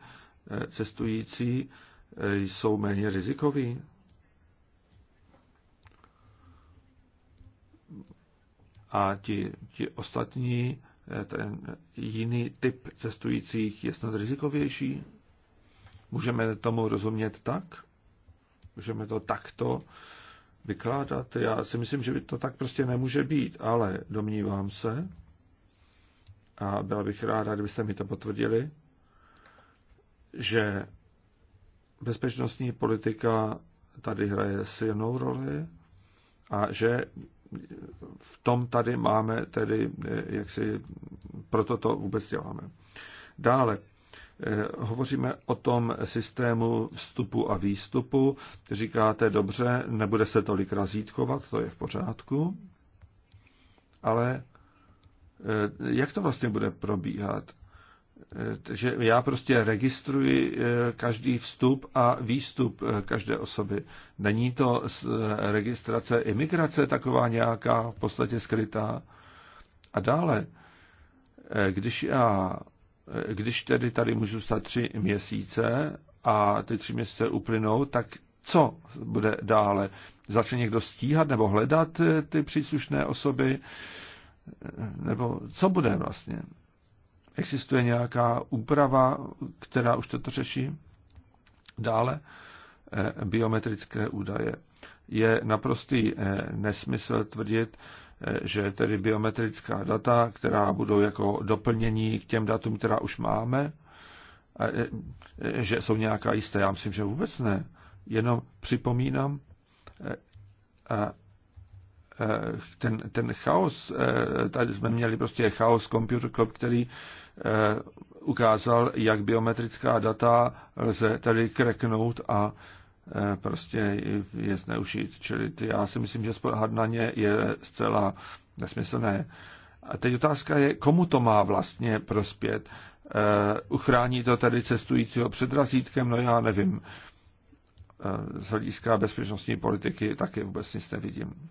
Speaker 1: eh, cestující eh, jsou méně rizikoví? A ti, ti ostatní, eh, ten jiný typ cestujících je snad rizikovější? Můžeme tomu rozumět tak? Můžeme to takto vykládat? Já si myslím, že by to tak prostě nemůže být, ale domnívám se, a byla bych ráda, kdybyste mi to potvrdili, že bezpečnostní politika tady hraje silnou roli a že v tom tady máme tedy, eh, jak si proto to vůbec děláme. Dále, Eh, hovoříme o tom systému vstupu a výstupu. Říkáte, dobře, nebude se tolik razítkovat, to je v pořádku, ale eh, jak to vlastně bude probíhat? Takže eh, já prostě registruji každý vstup a výstup každé osoby. Není to registrace imigrace taková nějaká v podstatě skrytá. A dále, když já když tedy tady můžu stát tři měsíce a ty tři měsíce uplynou, tak co bude dále? Začne někdo stíhat nebo hledat eh, ty příslušné osoby? Nebo co bude vlastně? Existuje nějaká úprava, která už toto řeší? Dále eh, biometrické údaje. Je naprostý eh, nesmysl tvrdit, že tedy biometrická data, která budou jako doplnění k těm datům, která už máme, e, e, že jsou nějaká jisté. Já myslím, že vůbec ne. Jenom připomínám e, ten, ten chaos, tady jsme měli prostě chaos Computer Club, který ukázal, jak biometrická data lze tady kreknout a Eh, prostě je zneužít. Čili ty já si myslím, že spolehat na ně je zcela nesmyslné. A teď otázka je, komu to má vlastně prospět. Eh, uchrání to tady cestujícího před razítkem? No já nevím. Eh, z hlediska bezpečnostní politiky taky vůbec nic nevidím.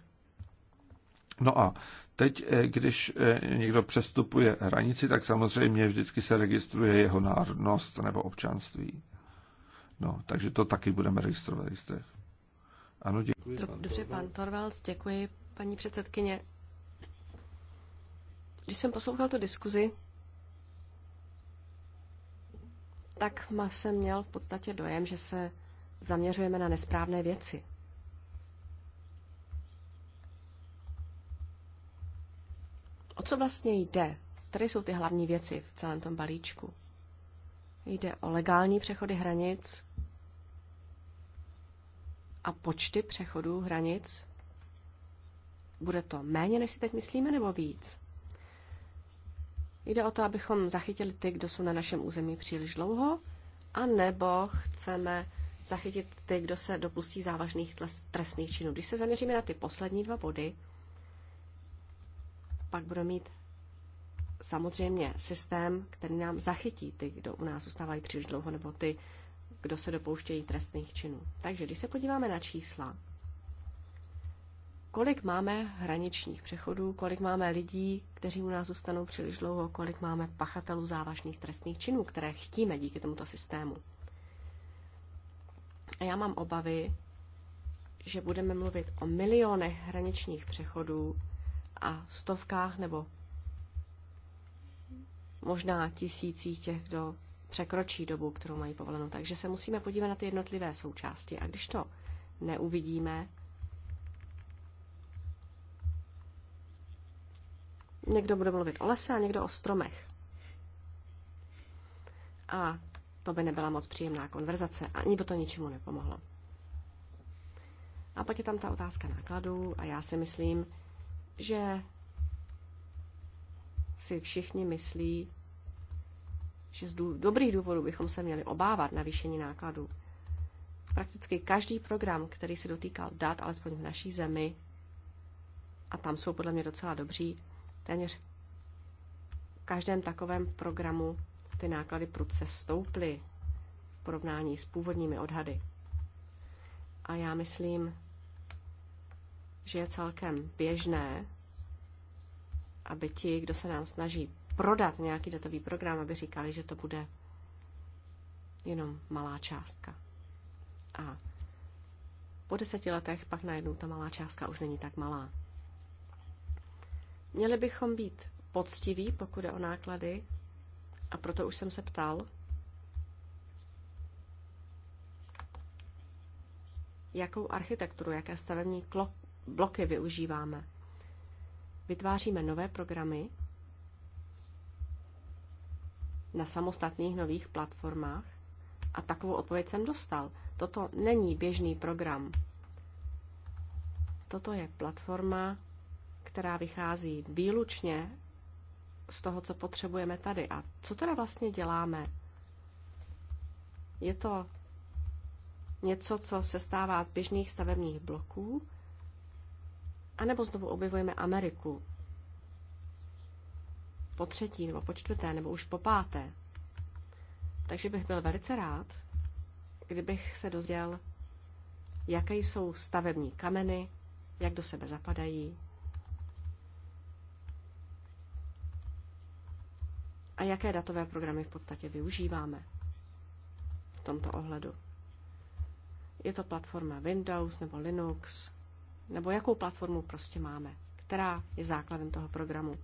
Speaker 1: No a teď, když někdo přestupuje hranici, tak samozřejmě vždycky se registruje jeho národnost nebo občanství. No, takže to taky budeme registrovat v registrech. Ano, děkuji. Pan
Speaker 2: Dobře, pan Torvalds, děkuji, paní předsedkyně. Když jsem poslouchal tu diskuzi, tak jsem měl v podstatě dojem, že se zaměřujeme na nesprávné věci. O co vlastně jde? Tady jsou ty hlavní věci v celém tom balíčku. Jde o legální přechody hranic, a počty přechodů hranic? Bude to méně, než si teď myslíme, nebo víc? Jde o to, abychom zachytili ty, kdo jsou na našem území příliš dlouho, a nebo chceme zachytit ty, kdo se dopustí závažných trestných činů. Když se zaměříme na ty poslední dva body, pak budeme mít samozřejmě systém, který nám zachytí ty, kdo u nás zůstávají příliš dlouho, nebo ty, kdo se dopouštějí trestných činů. Takže když se podíváme na čísla, kolik máme hraničních přechodů, kolik máme lidí, kteří u nás zůstanou příliš dlouho, kolik máme pachatelů závažných trestných činů, které chtíme díky tomuto systému. A já mám obavy, že budeme mluvit o milionech hraničních přechodů a stovkách nebo možná tisících těch, kdo překročí dobu, kterou mají povolenou. Takže se musíme podívat na ty jednotlivé součásti. A když to neuvidíme, někdo bude mluvit o lese a někdo o stromech. A to by nebyla moc příjemná konverzace, ani by to ničemu nepomohlo. A pak je tam ta otázka nákladů a já si myslím, že si všichni myslí, že z dobrých důvodů bychom se měli obávat navýšení nákladů. Prakticky každý program, který se dotýkal dat, alespoň v naší zemi, a tam jsou podle mě docela dobří, téměř v každém takovém programu ty náklady prudce stouply v porovnání s původními odhady. A já myslím, že je celkem běžné, aby ti, kdo se nám snaží prodat nějaký datový program, aby říkali, že to bude jenom malá částka. A po deseti letech pak najednou ta malá částka už není tak malá. Měli bychom být poctiví, pokud je o náklady, a proto už jsem se ptal, jakou architekturu, jaké stavební bloky využíváme. Vytváříme nové programy, na samostatných nových platformách a takovou odpověď jsem dostal. Toto není běžný program. Toto je platforma, která vychází výlučně z toho, co potřebujeme tady. A co teda vlastně děláme? Je to něco, co se stává z běžných stavebních bloků, a nebo znovu objevujeme Ameriku po třetí, nebo po čtvrté, nebo už po páté. Takže bych byl velice rád, kdybych se dozvěděl, jaké jsou stavební kameny, jak do sebe zapadají a jaké datové programy v podstatě využíváme v tomto ohledu. Je to platforma Windows nebo Linux, nebo jakou platformu prostě máme, která je základem toho programu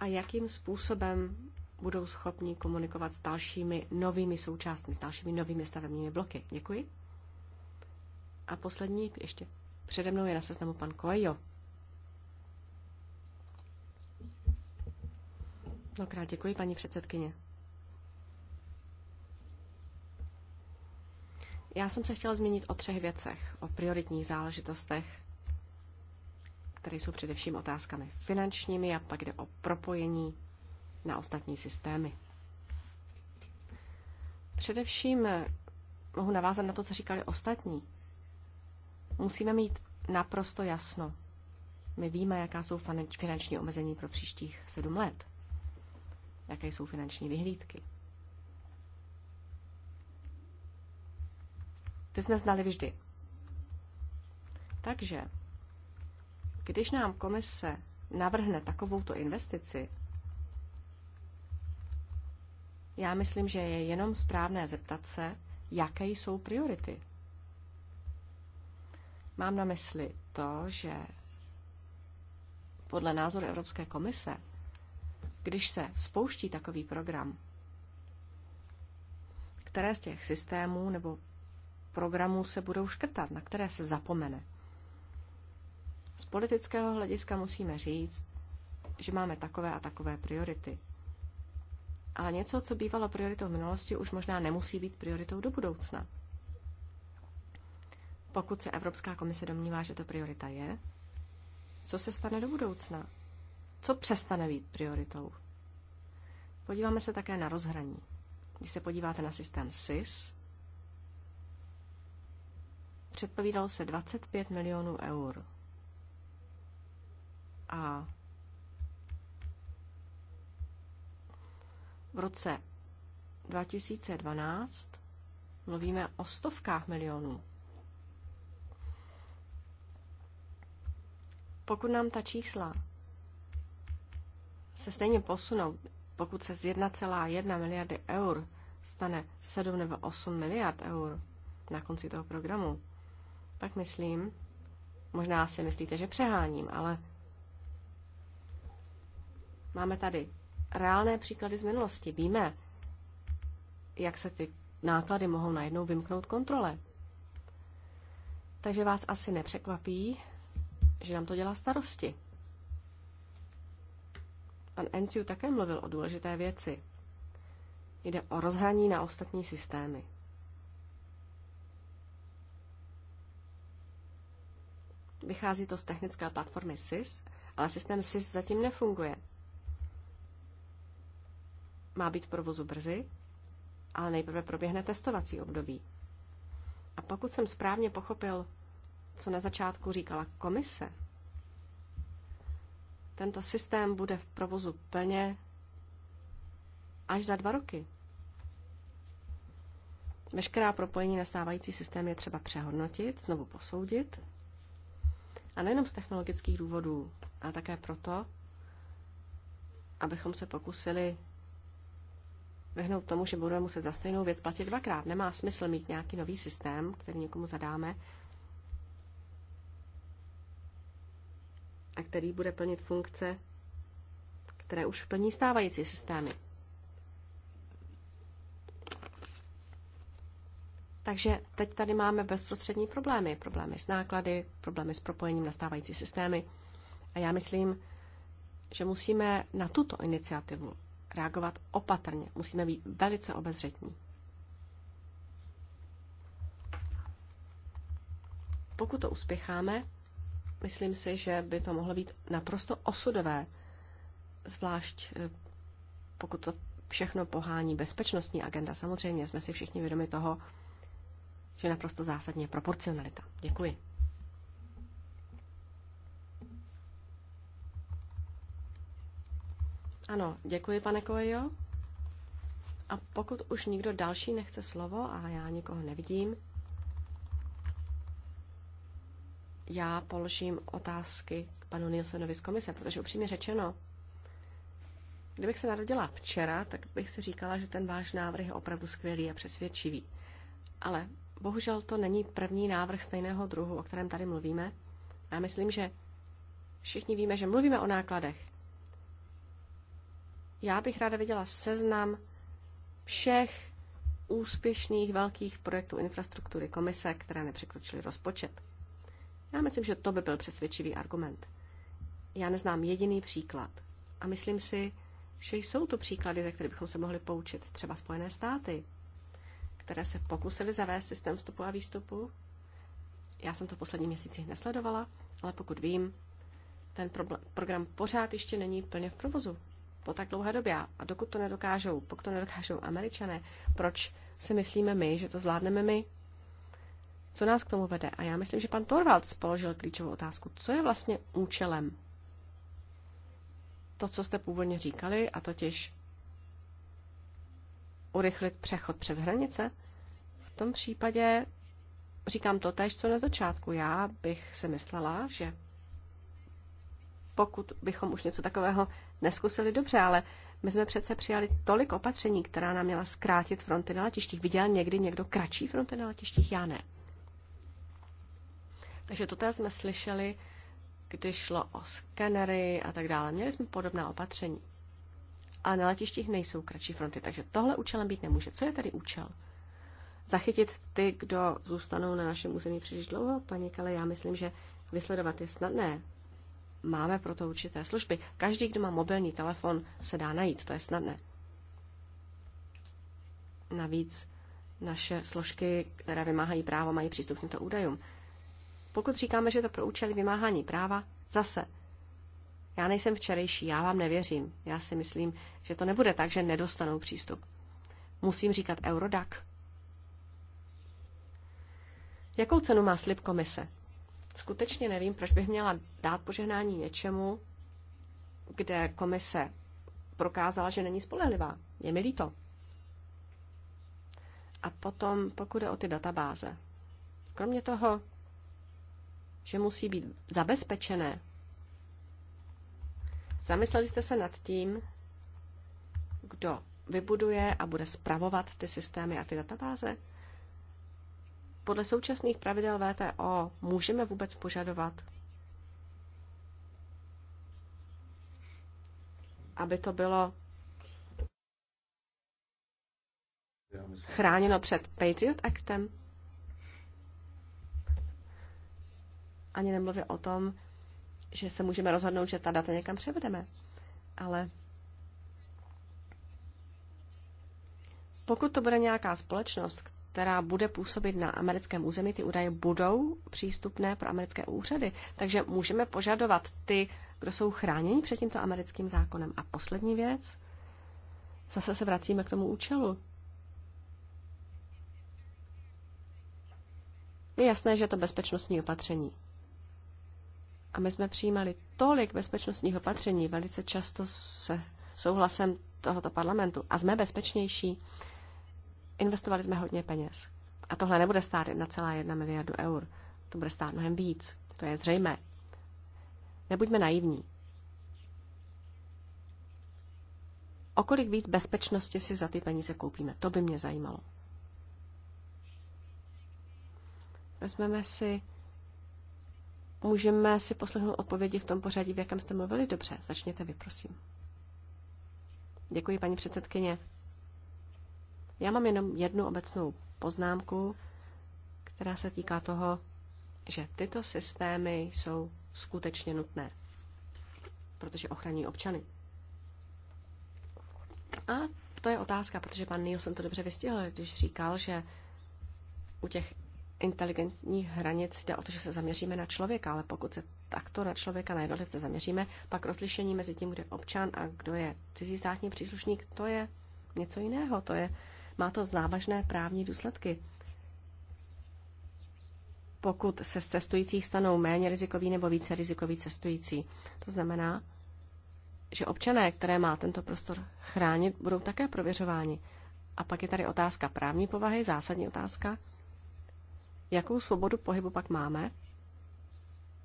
Speaker 2: a jakým způsobem budou schopni komunikovat s dalšími novými součástmi, s dalšími novými stavebními bloky. Děkuji. A poslední ještě. Přede mnou je na seznamu pan No Mnohokrát děkuji, paní předsedkyně. Já jsem se chtěla zmínit o třech věcech, o prioritních záležitostech, které jsou především otázkami finančními a pak jde o propojení na ostatní systémy. Především eh, mohu navázat na to, co říkali ostatní. Musíme mít naprosto jasno. My víme, jaká jsou finanční omezení pro příštích sedm let. Jaké jsou finanční vyhlídky. Ty jsme znali vždy. Takže když nám komise navrhne takovouto investici, já myslím, že je jenom správné zeptat se, jaké jsou priority. Mám na mysli to, že podle názoru Evropské komise, když se spouští takový program, které z těch systémů nebo programů se budou škrtat, na které se zapomene. Z politického hlediska musíme říct, že máme takové a takové priority. Ale něco, co bývalo prioritou v minulosti, už možná nemusí být prioritou do budoucna. Pokud se Evropská komise domnívá, že to priorita je, co se stane do budoucna? Co přestane být prioritou? Podíváme se také na rozhraní. Když se podíváte na systém SIS, předpovídalo se 25 milionů eur a v roce 2012 mluvíme o stovkách milionů. Pokud nám ta čísla se stejně posunou, pokud se z 1,1 miliardy eur stane 7 nebo 8 miliard eur na konci toho programu, tak myslím, možná si myslíte, že přeháním, ale Máme tady reálné příklady z minulosti. Víme, jak se ty náklady mohou najednou vymknout kontrole. Takže vás asi nepřekvapí, že nám to dělá starosti. Pan Enciu také mluvil o důležité věci. Jde o rozhraní na ostatní systémy. Vychází to z technické platformy SIS, ale systém SIS zatím nefunguje má být v provozu brzy, ale nejprve proběhne testovací období. A pokud jsem správně pochopil, co na začátku říkala komise, tento systém bude v provozu plně až za dva roky. Veškerá propojení na stávající systém je třeba přehodnotit, znovu posoudit. A nejenom z technologických důvodů, ale také proto, abychom se pokusili vyhnout tomu, že budeme muset za stejnou věc platit dvakrát. Nemá smysl mít nějaký nový systém, který někomu zadáme, a který bude plnit funkce, které už plní stávající systémy. Takže teď tady máme bezprostřední problémy. Problémy s náklady, problémy s propojením na stávající systémy. A já myslím, že musíme na tuto iniciativu reagovat opatrně. Musíme být velice obezřetní. Pokud to uspěcháme, myslím si, že by to mohlo být naprosto osudové, zvlášť eh, pokud to všechno pohání bezpečnostní agenda. Samozřejmě jsme si všichni vědomi toho, že naprosto zásadně je proporcionalita. Děkuji. Ano, děkuji, pane Kojo. A pokud už nikdo další nechce slovo a já nikoho nevidím, já položím otázky k panu Nilsenovi z komise, protože upřímně řečeno, kdybych se narodila včera, tak bych si říkala, že ten váš návrh je opravdu skvělý a přesvědčivý. Ale bohužel to není první návrh stejného druhu, o kterém tady mluvíme. Já myslím, že všichni víme, že mluvíme o nákladech, já bych ráda viděla seznam všech úspěšných velkých projektů infrastruktury komise, které nepřekročily rozpočet. Já myslím, že to by byl přesvědčivý argument. Já neznám jediný příklad. A myslím si, že jsou to příklady, ze kterých bychom se mohli poučit. Třeba Spojené státy, které se pokusily zavést systém vstupu a výstupu. Já jsem to v poslední měsících nesledovala, ale pokud vím, ten problém, program pořád ještě není plně v provozu po tak dlouhé době. A dokud to nedokážou, pokud to nedokážou američané, proč si myslíme my, že to zvládneme my? Co nás k tomu vede? A já myslím, že pan Torvald spoložil klíčovou otázku. Co je vlastně účelem? To, co jste původně říkali, a totiž urychlit přechod přes hranice, v tom případě říkám to tež, co na začátku. Já bych si myslela, že pokud bychom už něco takového neskusili dobře, ale my jsme přece přijali tolik opatření, která nám měla zkrátit fronty na letištích. Viděl někdy někdo kratší fronty na letištích? Já ne. Takže toto jsme slyšeli, když šlo o skenery a tak dále. Měli jsme podobná opatření. A na letištích nejsou kratší fronty, takže tohle účelem být nemůže. Co je tady účel? Zachytit ty, kdo zůstanou na našem území příliš dlouho? Paní Kale, já myslím, že vysledovat je snadné máme proto určité služby. Každý, kdo má mobilní telefon, se dá najít, to je snadné. Navíc naše složky, které vymáhají právo, mají přístup k těmto údajům. Pokud říkáme, že to pro účely vymáhání práva, zase, já nejsem včerejší, já vám nevěřím. Já si myslím, že to nebude tak, že nedostanou přístup. Musím říkat Eurodac. Jakou cenu má slib komise? skutečně nevím, proč bych měla dát požehnání něčemu, kde komise prokázala, že není spolehlivá. Je mi líto. A potom, pokud jde o ty databáze. Kromě toho, že musí být zabezpečené, zamysleli jste se nad tím, kdo vybuduje a bude spravovat ty systémy a ty databáze? podle současných pravidel VTO můžeme vůbec požadovat, aby to bylo chráněno před Patriot Actem? Ani nemluvě o tom, že se můžeme rozhodnout, že ta data někam převedeme. Ale pokud to bude nějaká společnost, která bude působit na americkém území, ty údaje budou přístupné pro americké úřady. Takže můžeme požadovat ty, kdo jsou chráněni před tímto americkým zákonem. A poslední věc, zase se vracíme k tomu účelu. Je jasné, že je to bezpečnostní opatření. A my jsme přijímali tolik bezpečnostních opatření, velice často se souhlasem tohoto parlamentu. A jsme bezpečnější. Investovali jsme hodně peněz. A tohle nebude stát 1,1 miliardu eur. To bude stát mnohem víc. To je zřejmé. Nebuďme naivní. O kolik víc bezpečnosti si za ty peníze koupíme? To by mě zajímalo. Vezmeme si, můžeme si poslechnout odpovědi v tom pořadí, v jakém jste mluvili. Dobře, začněte vy, prosím. Děkuji, paní předsedkyně. Já mám jenom jednu obecnou poznámku, která se týká toho, že tyto systémy jsou skutečně nutné, protože ochraní občany. A to je otázka, protože pan Nielsen to dobře vystihl, když říkal, že u těch inteligentních hranic jde o to, že se zaměříme na člověka, ale pokud se takto na člověka, na jednotlivce zaměříme, pak rozlišení mezi tím, kde je občan a kdo je cizí státní příslušník, to je něco jiného. To je má to závažné právní důsledky. Pokud se z cestujících stanou méně rizikoví nebo více rizikoví cestující. To znamená, že občané, které má tento prostor chránit, budou také prověřováni. A pak je tady otázka právní povahy, zásadní otázka. Jakou svobodu pohybu pak máme,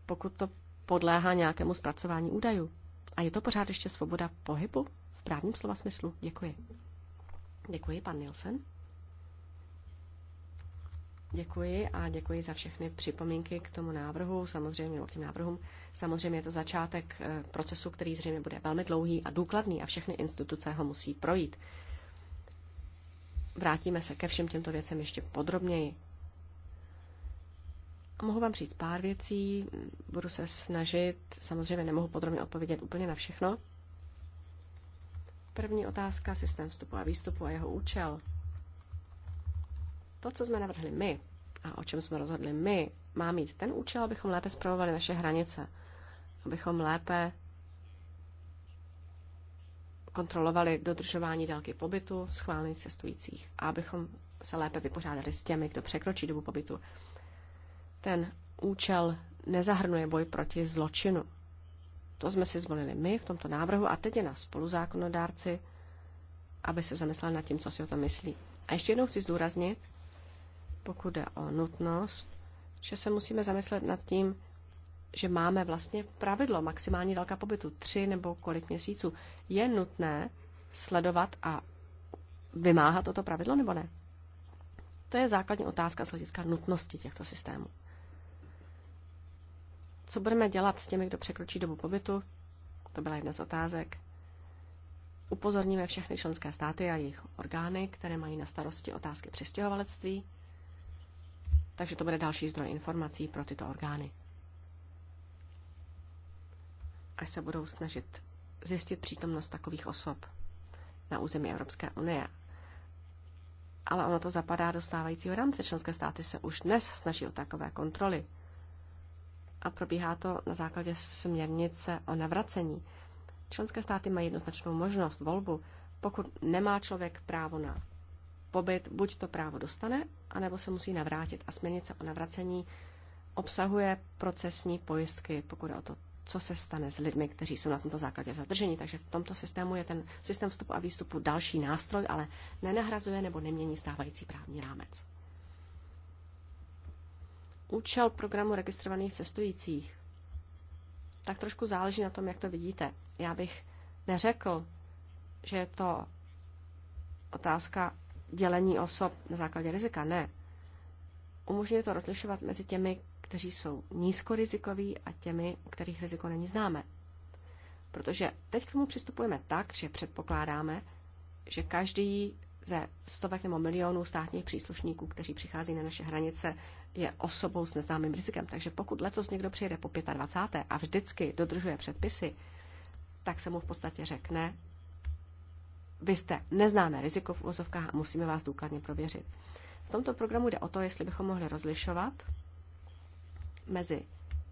Speaker 2: pokud to podléhá nějakému zpracování údajů? A je to pořád ještě svoboda pohybu v právním slova smyslu? Děkuji. Děkuji, pan Nielsen. Děkuji a děkuji za všechny připomínky k tomu návrhu, samozřejmě k těm návrhům. Samozřejmě je to začátek eh, procesu, který zřejmě bude velmi dlouhý a důkladný a všechny instituce ho musí projít. Vrátíme se ke všem těmto věcem ještě podrobněji. A mohu vám říct pár věcí, budu se snažit, samozřejmě nemohu podrobně odpovědět úplně na všechno, První otázka, systém vstupu a výstupu a jeho účel. To, co jsme navrhli my a o čem jsme rozhodli my, má mít ten účel, abychom lépe zpravovali naše hranice, abychom lépe kontrolovali dodržování délky pobytu schválených cestujících a abychom se lépe vypořádali s těmi, kdo překročí dobu pobytu. Ten účel nezahrnuje boj proti zločinu. To jsme si zvolili my v tomto návrhu a teď je na spoluzákonodárci, aby se zamyslel nad tím, co si o tom myslí. A ještě jednou chci zdůraznit, pokud jde o nutnost, že se musíme zamyslet nad tím, že máme vlastně pravidlo maximální délka pobytu, tři nebo kolik měsíců. Je nutné sledovat a vymáhat toto pravidlo nebo ne? To je základní otázka z hlediska nutnosti těchto systémů. Co budeme dělat s těmi, kdo překročí dobu pobytu? To byla jedna z otázek. Upozorníme všechny členské státy a jejich orgány, které mají na starosti otázky přistěhovalectví, takže to bude další zdroj informací pro tyto orgány. Až se budou snažit zjistit přítomnost takových osob na území Evropské unie. Ale ono to zapadá do stávajícího rámce. Členské státy se už dnes snaží o takové kontroly a probíhá to na základě směrnice o navracení. Členské státy mají jednoznačnou možnost volbu. Pokud nemá člověk právo na pobyt, buď to právo dostane, anebo se musí navrátit. A směrnice o navracení obsahuje procesní pojistky, pokud je o to, co se stane s lidmi, kteří jsou na tomto základě zadrženi. Takže v tomto systému je ten systém vstupu a výstupu další nástroj, ale nenahrazuje nebo nemění stávající právní rámec účel programu registrovaných cestujících. Tak trošku záleží na tom, jak to vidíte. Já bych neřekl, že je to otázka dělení osob na základě rizika. Ne. Umožňuje to rozlišovat mezi těmi, kteří jsou nízkorizikoví a těmi, u kterých riziko není známe. Protože teď k tomu přistupujeme tak, že předpokládáme, že každý ze stovek nebo milionů státních příslušníků, kteří přichází na naše hranice, je osobou s neznámým rizikem. Takže pokud letos někdo přijede po 25. a vždycky dodržuje předpisy, tak se mu v podstatě řekne, vy jste neznámé riziko v úvozovkách a musíme vás důkladně prověřit. V tomto programu jde o to, jestli bychom mohli rozlišovat mezi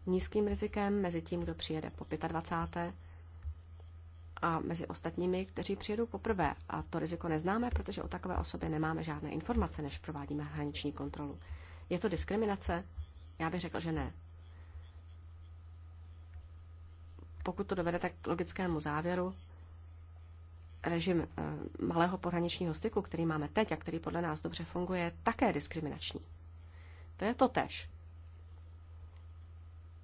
Speaker 2: nízkým rizikem, mezi tím, kdo přijede po 25. a mezi ostatními, kteří přijedou poprvé. A to riziko neznáme, protože o takové osobě nemáme žádné informace, než provádíme hraniční kontrolu. Je to diskriminace? Já bych řekl, že ne. Pokud to dovedete k logickému závěru, režim eh, malého pohraničního styku, který máme teď a který podle nás dobře funguje, je také diskriminační. To je to tež.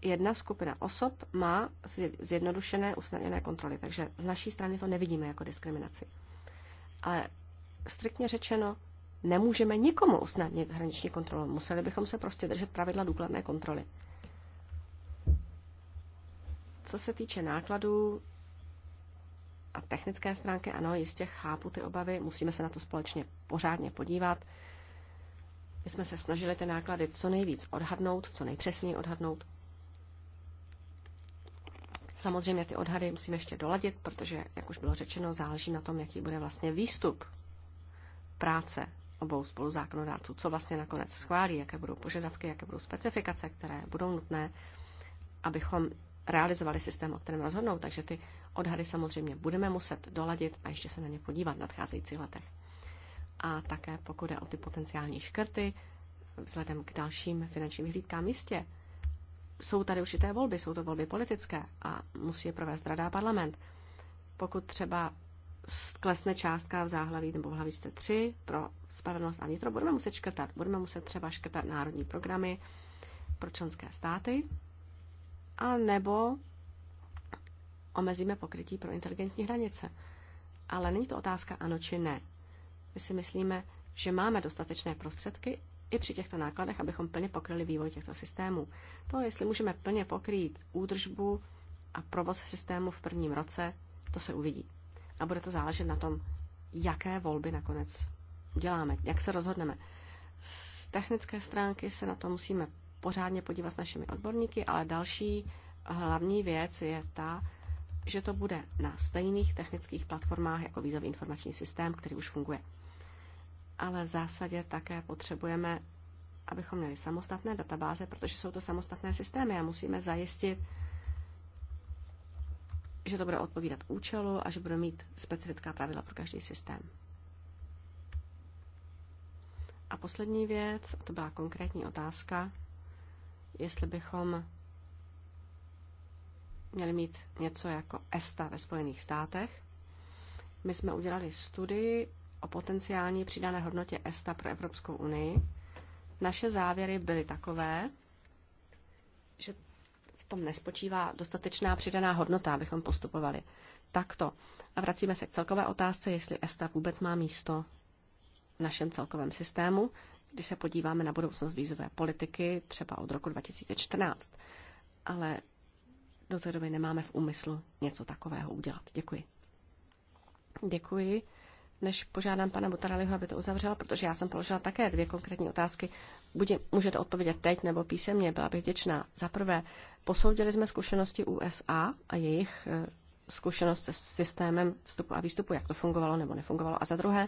Speaker 2: Jedna skupina osob má zjednodušené, usnadněné kontroly, takže z naší strany to nevidíme jako diskriminaci. Ale striktně řečeno, nemůžeme nikomu usnadnit hraniční kontrolu. Museli bychom se prostě držet pravidla důkladné kontroly. Co se týče nákladů a technické stránky, ano, jistě chápu ty obavy, musíme se na to společně pořádně podívat. My jsme se snažili ty náklady co nejvíc odhadnout, co nejpřesněji odhadnout. Samozřejmě ty odhady musíme ještě doladit, protože, jak už bylo řečeno, záleží na tom, jaký bude vlastně výstup práce obou spoluzákonodárců, co vlastně nakonec schválí, jaké budou požadavky, jaké budou specifikace, které budou nutné, abychom realizovali systém, o kterém rozhodnou. Takže ty odhady samozřejmě budeme muset doladit a ještě se na ně podívat v nadcházejících letech. A také pokud je o ty potenciální škrty, vzhledem k dalším finančním hlídkám jistě, jsou tady určité volby, jsou to volby politické a musí je provést rada a parlament. Pokud třeba klesne částka v záhlaví nebo v hlavičce 3 pro spravedlnost a vnitro, budeme muset škrtat. Budeme muset třeba škrtat národní programy pro členské státy, a nebo omezíme pokrytí pro inteligentní hranice. Ale není to otázka ano či ne. My si myslíme, že máme dostatečné prostředky i při těchto nákladech, abychom plně pokryli vývoj těchto systémů. To, jestli můžeme plně pokrýt údržbu a provoz systému v prvním roce, to se uvidí. A bude to záležet na tom, jaké volby nakonec uděláme, jak se rozhodneme. Z technické stránky se na to musíme pořádně podívat s našimi odborníky, ale další hlavní věc je ta, že to bude na stejných technických platformách jako vízový informační systém, který už funguje. Ale v zásadě také potřebujeme, abychom měli samostatné databáze, protože jsou to samostatné systémy a musíme zajistit, že to bude odpovídat účelu a že bude mít specifická pravidla pro každý systém. A poslední věc, a to byla konkrétní otázka, jestli bychom měli mít něco jako ESTA ve Spojených státech. My jsme udělali studii o potenciální přidané hodnotě ESTA pro Evropskou unii. Naše závěry byly takové, že v tom nespočívá dostatečná přidaná hodnota, abychom postupovali. Takto. A vracíme se k celkové otázce, jestli ESTA vůbec má místo v našem celkovém systému, když se podíváme na budoucnost vízové politiky, třeba od roku 2014. Ale do té doby nemáme v úmyslu něco takového udělat. Děkuji. Děkuji než požádám pana Botaraliho, aby to uzavřela, protože já jsem položila také dvě konkrétní otázky. Budě, můžete odpovědět teď nebo písemně, byla bych vděčná. Za prvé, posoudili jsme zkušenosti USA a jejich e, zkušenost se systémem vstupu a výstupu, jak to fungovalo nebo nefungovalo. A za druhé,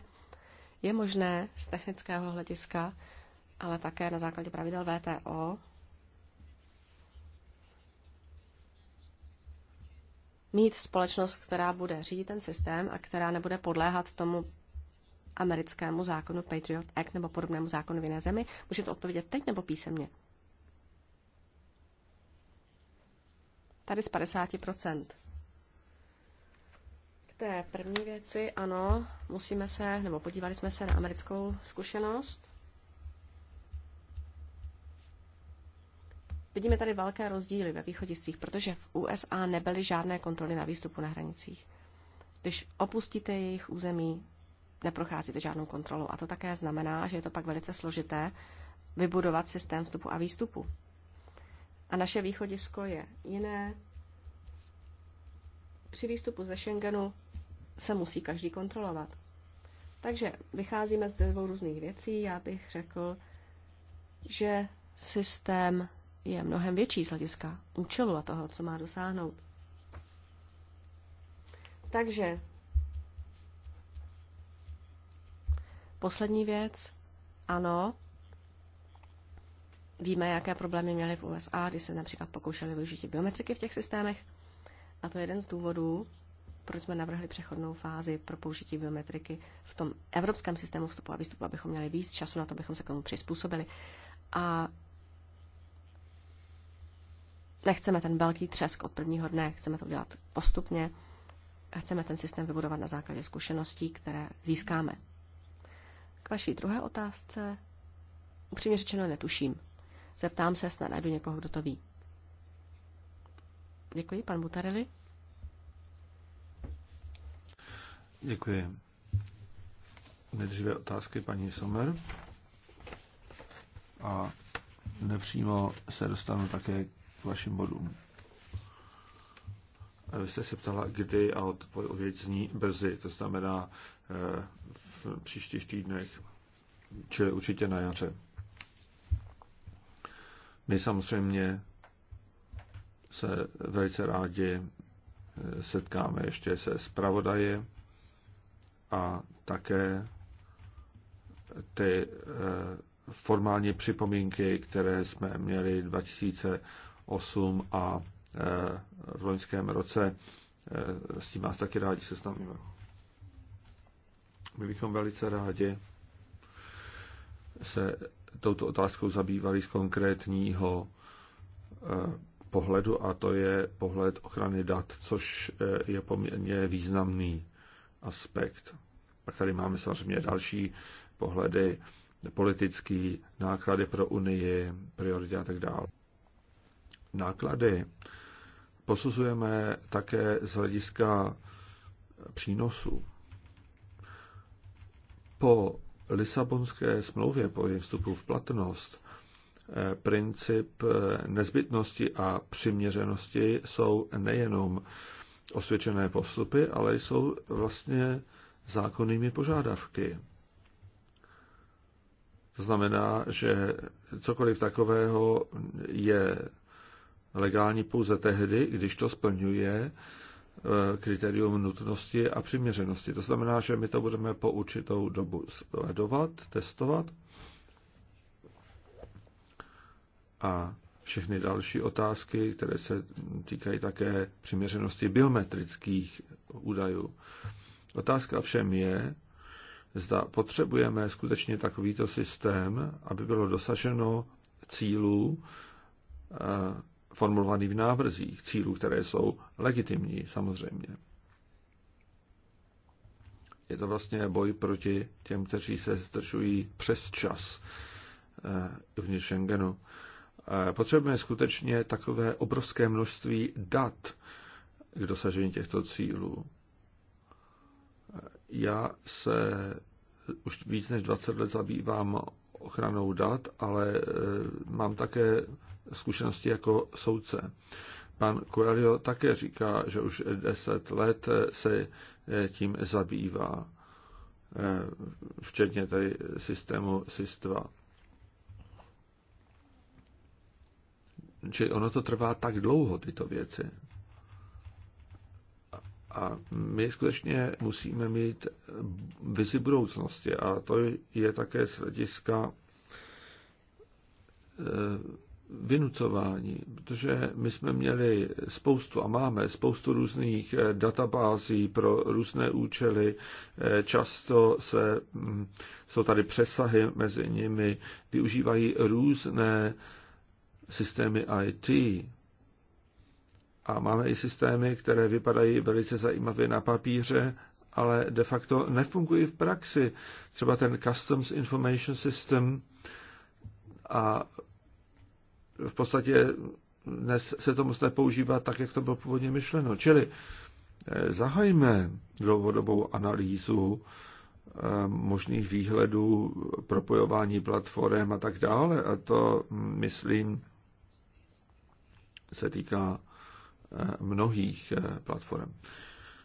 Speaker 2: je možné z technického hlediska, ale také na základě pravidel VTO, mít společnost, která bude řídit ten systém a která nebude podléhat tomu americkému zákonu Patriot Act nebo podobnému zákonu v jiné zemi? Můžete odpovědět teď nebo písemně? Tady z 50%. K té první věci, ano, musíme se, nebo podívali jsme se na americkou zkušenost. Vidíme tady velké rozdíly ve východiscích, protože v USA nebyly žádné kontroly na výstupu na hranicích. Když opustíte jejich území, neprocházíte žádnou kontrolou. A to také znamená, že je to pak velice složité vybudovat systém vstupu a výstupu. A naše východisko je jiné. Při výstupu ze Schengenu se musí každý kontrolovat. Takže vycházíme z dvou různých věcí. Já bych řekl, že systém je mnohem větší z hlediska účelu a toho, co má dosáhnout. Takže poslední věc. Ano, víme, jaké problémy měly v USA, když se například pokoušeli využít biometriky v těch systémech. A to je jeden z důvodů, proč jsme navrhli přechodnou fázi pro použití biometriky v tom evropském systému vstupu a výstupu, abychom měli víc času na to, abychom se k tomu přizpůsobili. A nechceme ten velký třesk od prvního dne, chceme to udělat postupně a chceme ten systém vybudovat na základě zkušeností, které získáme. K vaší druhé otázce upřímně řečeno netuším. Zeptám se, snad najdu někoho, kdo to ví. Děkuji, pan Butarelli.
Speaker 1: Děkuji. Nejdříve otázky paní Somer. A nepřímo se dostanu také vašim bodům. Vy jste se ptala, kdy a odpověď zní brzy, to znamená eh, v příštích týdnech, čili určitě na jaře. My samozřejmě se velice rádi eh, setkáme ještě se zpravodaje a také ty eh, formální připomínky, které jsme měli 2000 8 a e, v loňském roce. E, s tím vás taky rádi seznámíme. My bychom velice rádi se touto otázkou zabývali z konkrétního e, pohledu a to je pohled ochrany dat, což je poměrně významný aspekt. Pak tady máme samozřejmě další pohledy, politický, náklady pro Unii, priority a tak dále náklady posuzujeme také z hlediska přínosu. Po Lisabonské smlouvě, po jejím vstupu v platnost, eh, princip eh, nezbytnosti a přiměřenosti jsou nejenom osvědčené postupy, ale jsou vlastně zákonnými požádavky. To znamená, že cokoliv takového je legální pouze tehdy, když to splňuje eh, kritérium nutnosti a přiměřenosti. To znamená, že my to budeme po určitou dobu sledovat, testovat a všechny další otázky, které se týkají také přiměřenosti biometrických údajů. Otázka všem je, zda potřebujeme skutečně takovýto systém, aby bylo dosaženo cílů eh, formulovaný v návrzích cílů, které jsou legitimní samozřejmě. Je to vlastně boj proti těm, kteří se zdržují přes čas eh, v Schengenu. Eh, potřebujeme skutečně takové obrovské množství dat k dosažení těchto cílů. Eh, já se už víc než 20 let zabývám ochranou dat, ale mám také zkušenosti jako soudce. Pan Coelho také říká, že už deset let se eh, tím zabývá, eh, včetně tady systému systva. Čili ono to trvá tak dlouho, tyto věci. A my skutečně musíme mít vizi budoucnosti a to je také z hlediska eh, vynucování, protože my jsme měli spoustu a máme spoustu různých eh, databází pro různé účely. Eh, často se, hm, jsou tady přesahy mezi nimi, využívají různé systémy IT. A máme i systémy, které vypadají velice zajímavě na papíře, ale de facto nefungují v praxi. Třeba ten Customs Information System a v podstatě dnes se to musí používat tak, jak to bylo původně myšleno. Čili eh, zahajme dlouhodobou analýzu eh, možných výhledů, propojování platform a tak dále. A to, mm, myslím, se týká eh, mnohých platform.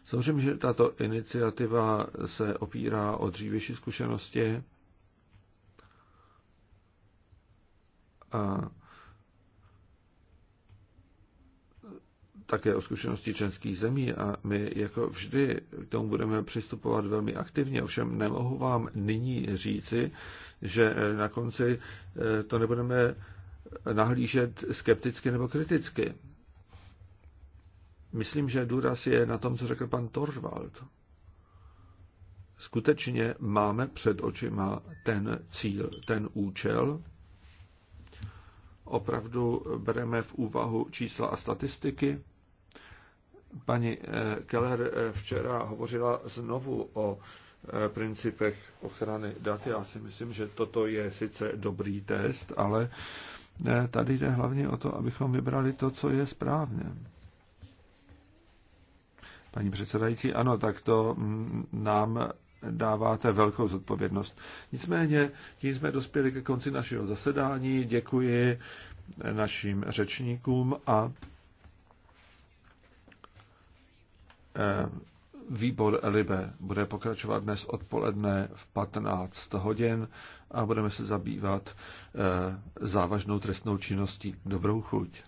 Speaker 1: Samozřejmě, že tato iniciativa se opírá o dřívější zkušenosti. A také o zkušenosti členských zemí a my jako vždy k tomu budeme přistupovat velmi aktivně, ovšem nemohu vám nyní říci, že na konci eh, to nebudeme nahlížet skepticky nebo kriticky. Myslím, že důraz je na tom, co řekl pan Torvald. Skutečně máme před očima ten cíl, ten účel, opravdu bereme v úvahu čísla a statistiky, Paní eh, Keller eh, včera hovořila znovu o eh, principech ochrany dat. Já si myslím, že toto je sice dobrý test, ale tady jde hlavně o to, abychom vybrali to, co je správně. Paní předsedající, ano, tak to mm, nám dáváte velkou zodpovědnost. Nicméně, tím jsme dospěli ke konci našeho zasedání. Děkuji našim řečníkům a Eh, výbor Libe bude pokračovat dnes odpoledne v 15 hodin a budeme se zabývat eh, závažnou trestnou činností. Dobrou chuť.